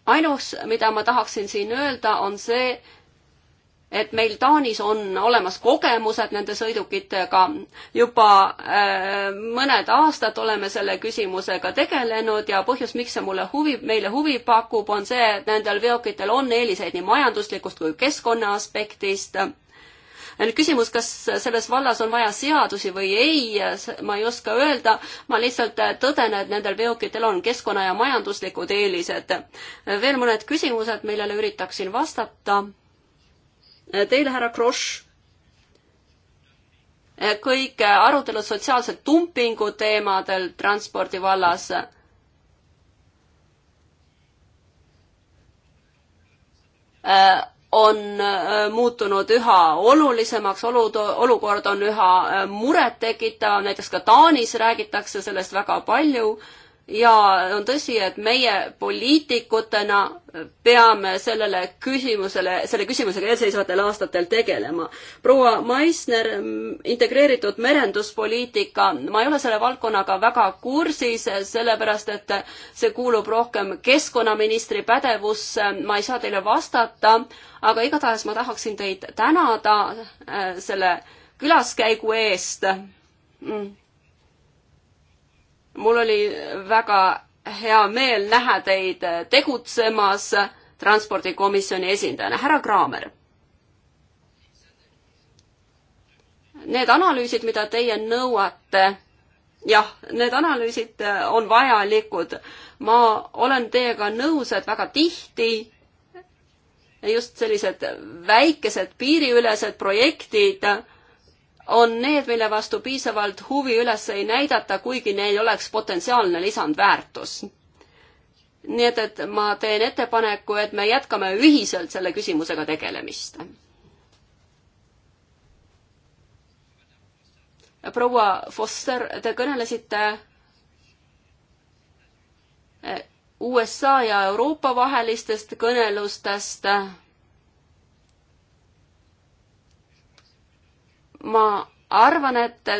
ainus, mida ma tahaksin siin öelda, on see, et meil Taanis on olemas kogemused nende sõidukitega. juba äh, mõned aastad oleme selle küsimusega tegelenud ja põhjus, miks see mulle huvi, meile huvi pakub, on see, et nendel veokitel on eeliseid nii majanduslikust kui keskkonna aspektist äh, nüüd küsimus, kas selles vallas on vaja seadusi või ei, ma ei oska öelda, ma lihtsalt tõden, et nendel veokitel on keskkonna ja majanduslikud eelised. veel mõned küsimused, millele üritaksin vastata. Teile, härra Kross, kõik arutelud sotsiaalse dumpingu teemadel transpordi vallas on äh, muutunud üha olulisemaks, olud, olukord on üha äh, murettekitav, näiteks ka Taanis räägitakse sellest väga palju äh, ja on tõsi, et meie poliitikutena peame sellele küsimusele, selle küsimusega eelseisvatel aastatel tegelema. proua Maisner, integreeritud merenduspoliitika, ma ei ole selle valdkonnaga väga kursis, sellepärast et see kuulub rohkem keskkonnaministri pädevusse, ma ei saa teile vastata, aga igatahes ma tahaksin teid tänada äh, selle külaskäigu eest mm mul oli väga hea meel näha teid tegutsemas transpordikomisjoni esindajana, härra Kraamer. Need analüüsid, mida teie nõuate, jah, need analüüsid on vajalikud. ma olen teiega nõus, et väga tihti just sellised väikesed piiriülesed projektid on need, mille vastu piisavalt huvi üles ei näidata, kuigi neil oleks potentsiaalne lisandväärtus. nii et, et ma teen ettepaneku, et me jätkame ühiselt selle küsimusega tegelemist. proua Foster, te kõnelesite eh, USA ja Euroopa vahelistest kõnelustest ma arvan, et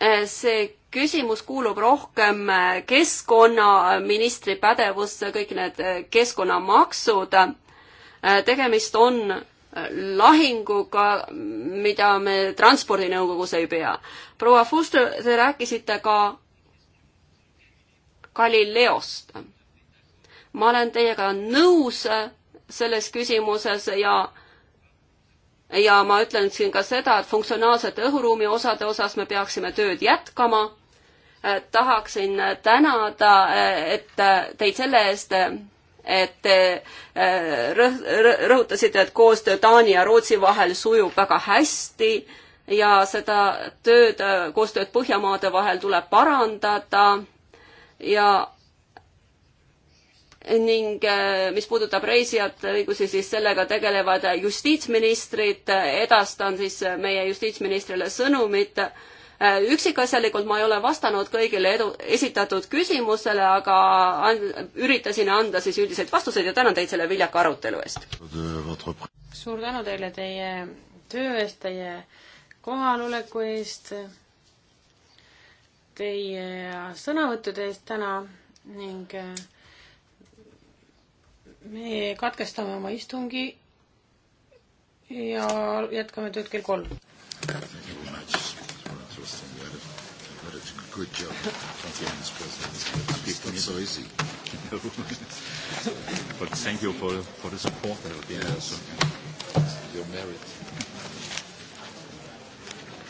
eh, see küsimus kuulub rohkem eh, keskkonnaministri pädevusse, kõik need eh, keskkonnamaksud. tegemist on lahinguga, mida me transpordinõukogus ei pea. proua Fuster, te rääkisite ka Galileost. ma olen teiega nõus selles küsimuses ja äh, ja ma ütlen siin ka seda, et funktsionaalsete õhuruumi osade osas me peaksime tööd jätkama. Äh, tahaksin tänada, äh, et äh, teid selle eest, et te rõh-, rõhutasite, et koostöö Taani ja Rootsi vahel sujub väga hästi ja seda tööd, koostööd Põhjamaade vahel tuleb parandada ja ning äh, mis puudutab reisijate õigusi, siis sellega tegelevad justiitsministrid, edastan siis meie justiitsministrile sõnumit. Äh, üksikasjalikult ma ei ole vastanud kõigile edu, esitatud küsimusele, aga an, üritasin anda siis üldiseid vastuseid ja tänan teid selle viljaka arutelu eest. suur tänu teile teie töö eest, teie kohaloleku eest, teie sõnavõttude eest täna ning äh, me katkestame oma istungi ja jätkame tööd kell kolm. Good job, Tanzania's president. People so easy. but thank you for, for the support that have been yes. also. Your merit.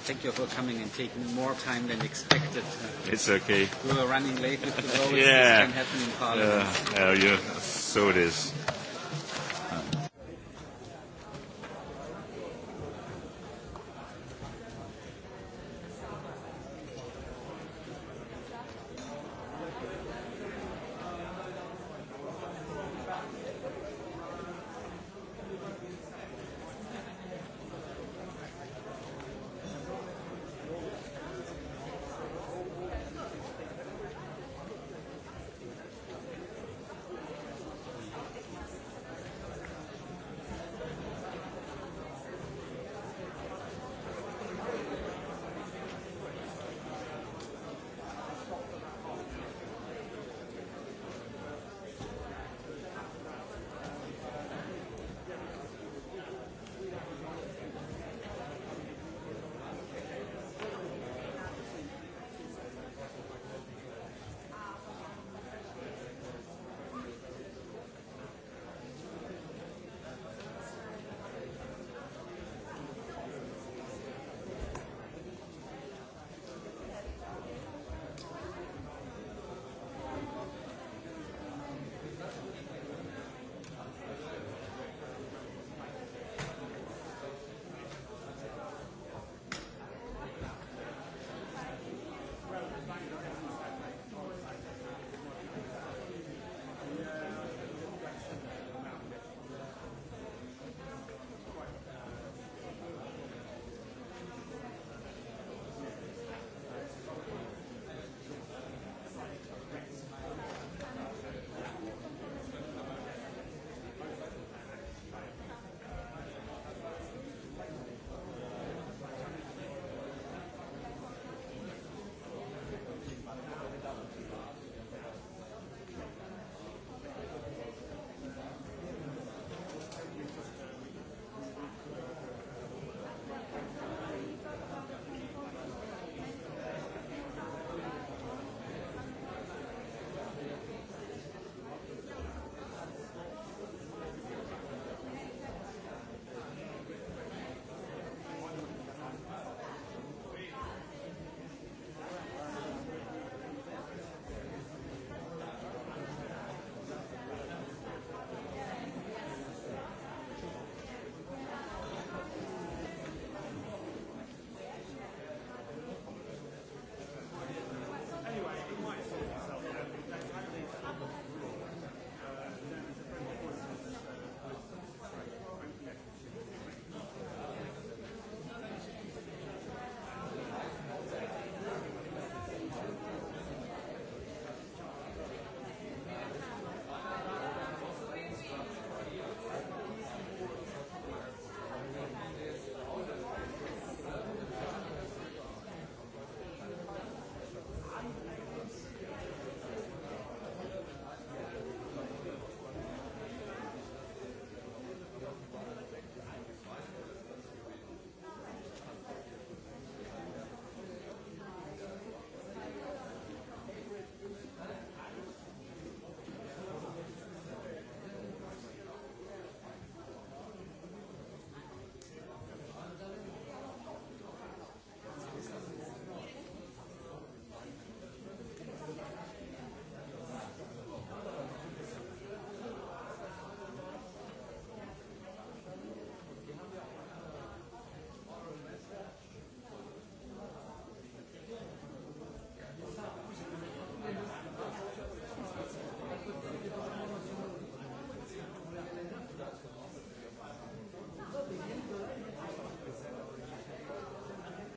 Thank you for coming and taking more time than expected. It's okay. We were running late with the votes. yeah. This can happen in Parliament. Uh, uh, yeah so it is.